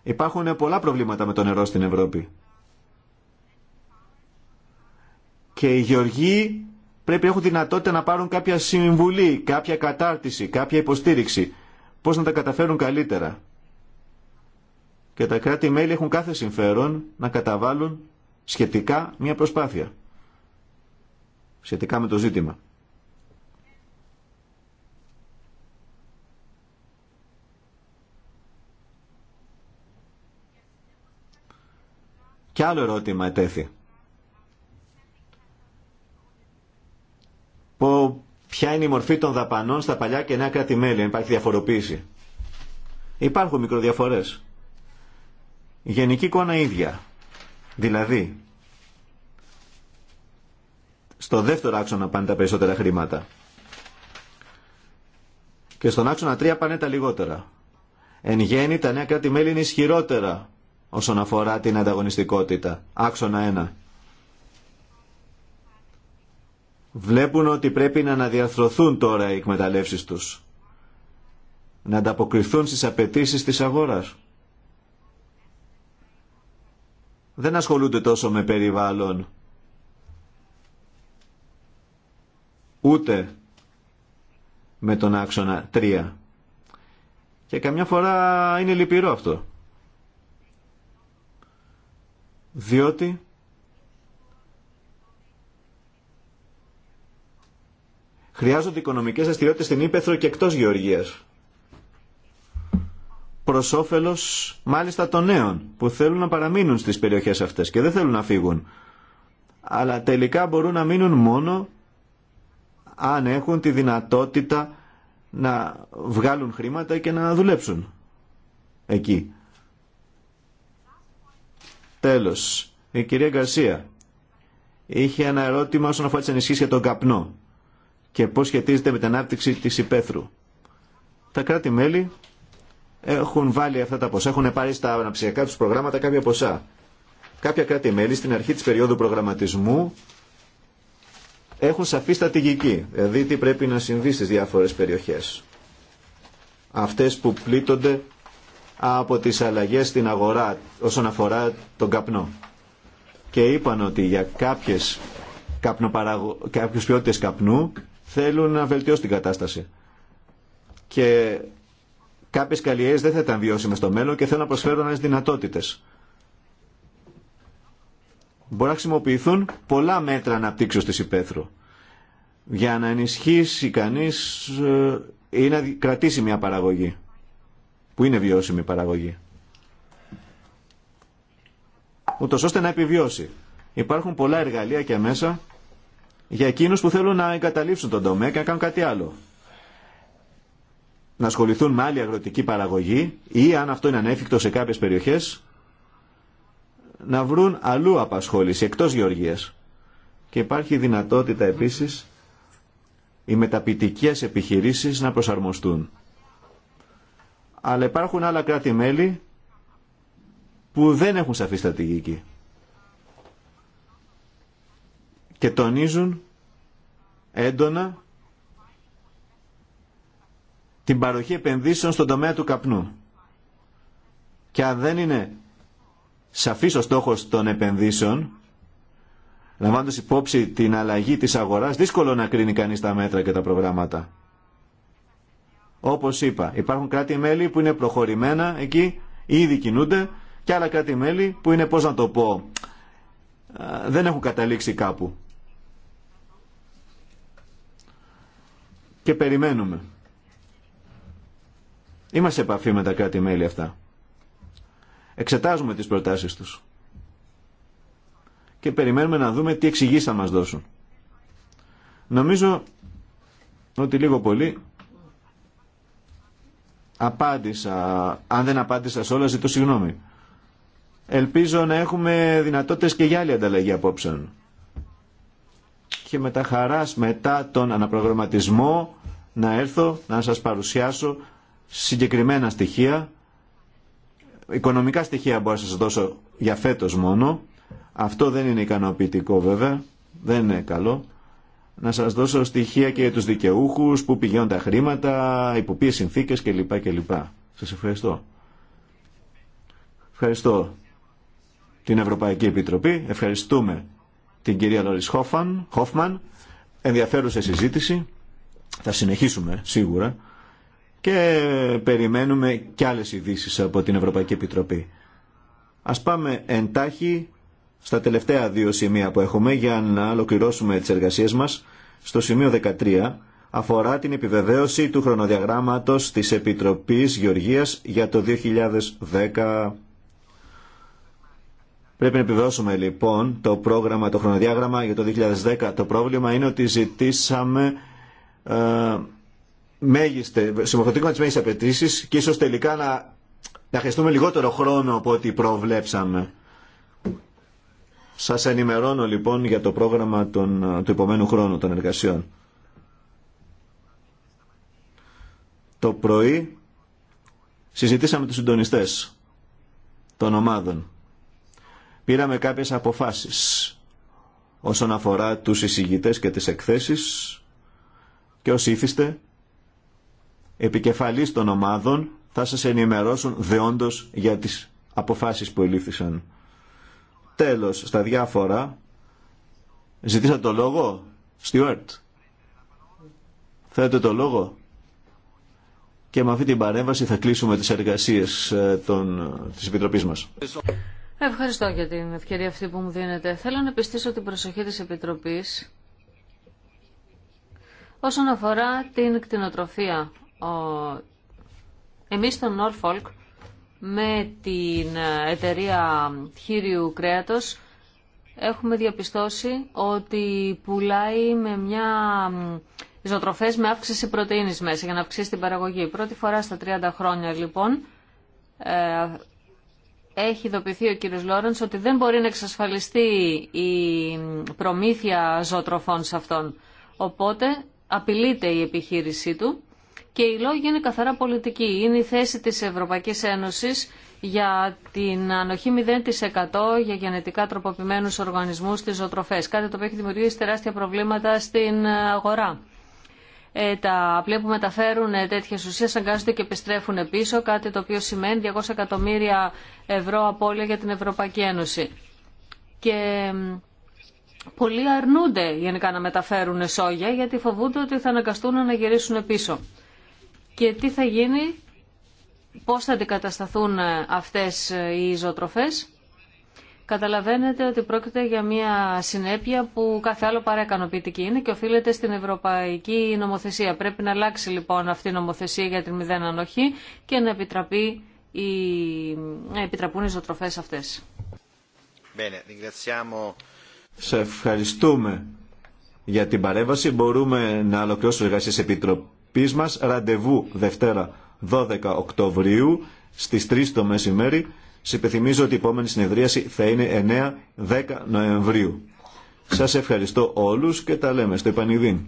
Υπάρχουν πολλά προβλήματα με το νερό στην Ευρώπη. Και οι γεωργοί πρέπει να έχουν δυνατότητα να πάρουν κάποια συμβουλή, κάποια κατάρτιση, κάποια υποστήριξη. Πώς να τα καταφέρουν καλύτερα. Και τα κράτη-μέλη έχουν κάθε συμφέρον να καταβάλουν σχετικά μια προσπάθεια. Σχετικά με το ζήτημα. Και άλλο ερώτημα ετέθη. Ποια είναι η μορφή των δαπανών στα παλιά και νέα κράτη-μέλη, αν υπάρχει διαφοροποίηση. Υπάρχουν μικροδιαφορές. Η γενική εικόνα ίδια. Δηλαδή, στο δεύτερο άξονα πάνε τα περισσότερα χρήματα. Και στον άξονα 3 πάνε τα λιγότερα. Εν γέννη τα νέα κράτη-μέλη είναι ισχυρότερα όσον αφορά την ανταγωνιστικότητα. Άξονα 1. Βλέπουν ότι πρέπει να αναδιαρθρωθούν τώρα οι εκμεταλλεύσεις τους. Να ανταποκριθούν στις απαιτήσει της αγοράς. Δεν ασχολούνται τόσο με περιβάλλον. Ούτε με τον άξονα 3. Και καμιά φορά είναι λυπηρό αυτό διότι χρειάζονται οικονομικές δραστηριότητε στην Ήπεθρο και εκτός Γεωργίας προς όφελος μάλιστα των νέων που θέλουν να παραμείνουν στις περιοχές αυτές και δεν θέλουν να φύγουν αλλά τελικά μπορούν να μείνουν μόνο αν έχουν τη δυνατότητα να βγάλουν χρήματα και να δουλέψουν εκεί. Τέλος, η κυρία Γκαρσία είχε ένα ερώτημα όσον αφορά τι για τον καπνό και πώς σχετίζεται με την ανάπτυξη της υπαίθρου. Τα κράτη-μέλη έχουν βάλει αυτά τα ποσά, έχουν πάρει στα αναψιακά τους προγράμματα κάποια ποσά. Κάποια κράτη-μέλη στην αρχή της περίοδου προγραμματισμού έχουν σαφή στατηγική, δηλαδή τι πρέπει να συμβεί στις διάφορες περιοχές. Αυτές που πλήττονται από τις αλλαγές στην αγορά όσον αφορά τον καπνό. Και είπαν ότι για κάποιες, καπνοπαραγω... κάποιες ποιότητες καπνού θέλουν να βελτιώσουν την κατάσταση. Και κάποιες καλλιέργειες δεν θα ήταν βιώσιμες στο μέλλον και θέλουν να προσφέρουν άλλες δυνατότητες. Μπορεί να χρησιμοποιηθούν πολλά μέτρα αναπτύξεως της υπαίθρου για να ενισχύσει κανείς ε, ή να κρατήσει μια παραγωγή που είναι βιώσιμη παραγωγή. Ούτω ώστε να επιβιώσει. Υπάρχουν πολλά εργαλεία και μέσα για εκείνου που θέλουν να εγκαταλείψουν τον τομέα και να κάνουν κάτι άλλο. Να ασχοληθούν με άλλη αγροτική παραγωγή ή αν αυτό είναι ανέφικτο σε κάποιε περιοχέ να βρουν αλλού απασχόληση εκτός γεωργία. Και υπάρχει δυνατότητα επίση οι μεταπητικέ επιχειρήσει να προσαρμοστούν αλλά υπάρχουν άλλα κράτη-μέλη που δεν έχουν σαφή στρατηγική και τονίζουν έντονα την παροχή επενδύσεων στον τομέα του καπνού. Και αν δεν είναι σαφής ο στόχος των επενδύσεων, λαμβάνοντας υπόψη την αλλαγή της αγοράς, δύσκολο να κρίνει κανείς τα μέτρα και τα προγράμματα. Όπω ειπα είπα, υπάρχουν κράτη-μέλη που είναι προχωρημένα εκεί, ήδη κινούνται και άλλα κράτη-μέλη που είναι, πώ να το πω, δεν έχουν καταλήξει κάπου. Και περιμένουμε. Είμαστε σε επαφή με τα κράτη-μέλη αυτά. Εξετάζουμε τις προτάσεις τους. Και περιμένουμε να δούμε τι εξηγήσει θα μας δώσουν. Νομίζω ότι λίγο πολύ Απάντησα. Αν δεν απάντησα σε όλα, ζητώ συγγνώμη. Ελπίζω να έχουμε δυνατότητες και για άλλη ανταλλαγή απόψεων. Και με τα χαράς, μετά τον αναπρογραμματισμό, να έρθω να σας παρουσιάσω συγκεκριμένα στοιχεία. Οικονομικά στοιχεία μπορώ να σας δώσω για φέτος μόνο. Αυτό δεν είναι ικανοποιητικό βέβαια. Δεν είναι καλό να σας δώσω στοιχεία και για τους δικαιούχους, πού πηγαίνουν τα χρήματα, υπό ποιες συνθήκες κλπ. κλπ. Σας ευχαριστώ. Ευχαριστώ την Ευρωπαϊκή Επιτροπή, ευχαριστούμε την κυρία Λόρις Χόφμαν, Χόφμαν, ενδιαφέρουσα συζήτηση, θα συνεχίσουμε σίγουρα και περιμένουμε κι άλλες ειδήσει από την Ευρωπαϊκή Επιτροπή. Ας πάμε εντάχει στα τελευταία δύο σημεία που έχουμε για να ολοκληρώσουμε τις εργασίες μας. Στο σημείο 13 αφορά την επιβεβαίωση του χρονοδιαγράμματος της Επιτροπής Γεωργίας για το 2010. Πρέπει να επιβεβαιώσουμε λοιπόν το πρόγραμμα, το χρονοδιάγραμμα για το 2010. Το πρόβλημα είναι ότι ζητήσαμε ε, μέγιστε, συμμορφωτήκαμε τις μέγιστες απαιτήσει και ίσως τελικά να, να χρειαστούμε λιγότερο χρόνο από ό,τι προβλέψαμε. Σας ενημερώνω λοιπόν για το πρόγραμμα των, του επομένου χρόνου των εργασιών. Το πρωί συζητήσαμε τους συντονιστές των ομάδων. Πήραμε κάποιες αποφάσεις όσον αφορά τους εισηγητές και τις εκθέσεις και ως ήθιστε επικεφαλής των ομάδων θα σας ενημερώσουν δεόντως για τις αποφάσεις που ελήφθησαν. Τέλος, στα διάφορα, ζητήσατε το λόγο, Στιουαρτ. Θέλετε το λόγο. Και με αυτή την παρέμβαση θα κλείσουμε τις εργασίες ε, των, της Επιτροπής μας. Ευχαριστώ για την ευκαιρία αυτή που μου δίνετε. Θέλω να πιστήσω την προσοχή της Επιτροπής όσον αφορά την κτηνοτροφία. Ο... Εμείς στο Norfolk με την εταιρεία χείριου κρέατος έχουμε διαπιστώσει ότι πουλάει με μια ζωτροφές με αύξηση πρωτεΐνης μέσα για να αυξήσει την παραγωγή. Πρώτη φορά στα 30 χρόνια λοιπόν ε, έχει ειδοποιηθεί ο κύριος Λόρενς ότι δεν μπορεί να εξασφαλιστεί η προμήθεια ζωτροφών σε αυτόν. Οπότε απειλείται η επιχείρησή του και οι λόγοι είναι καθαρά πολιτικοί. Είναι η θέση της Ευρωπαϊκής Ένωσης για την ανοχή 0% για γενετικά τροποποιημένους οργανισμούς στις ζωοτροφές. Κάτι το οποίο έχει δημιουργήσει τεράστια προβλήματα στην αγορά. Ε, τα απλή που μεταφέρουν τέτοιε ουσίε αγκάζονται και επιστρέφουν πίσω, κάτι το οποίο σημαίνει 200 εκατομμύρια ευρώ απώλεια για την Ευρωπαϊκή Ένωση. Και πολλοί αρνούνται γενικά να μεταφέρουν σόγια γιατί φοβούνται ότι θα αναγκαστούν να γυρίσουν πίσω και τι θα γίνει, πώς θα αντικατασταθούν ε, αυτές ε, οι ζωοτροφές. Καταλαβαίνετε ότι πρόκειται για μια συνέπεια που κάθε άλλο παρά είναι και οφείλεται στην ευρωπαϊκή νομοθεσία. Πρέπει να αλλάξει λοιπόν αυτή η νομοθεσία για την μηδέν ανοχή και να, επιτραπεί η επιτραπούν οι ζωοτροφές αυτές. Σε ευχαριστούμε για την παρέμβαση. Μπορούμε να ολοκληρώσουμε εργασίες επιτροπή πείς μας ραντεβού Δευτέρα 12 Οκτωβρίου στις 3 το μεσημέρι. υπενθυμίζω ότι η επόμενη συνεδρίαση θα είναι 9-10 Νοεμβρίου. Σας ευχαριστώ όλους και τα λέμε στο επανειδήν.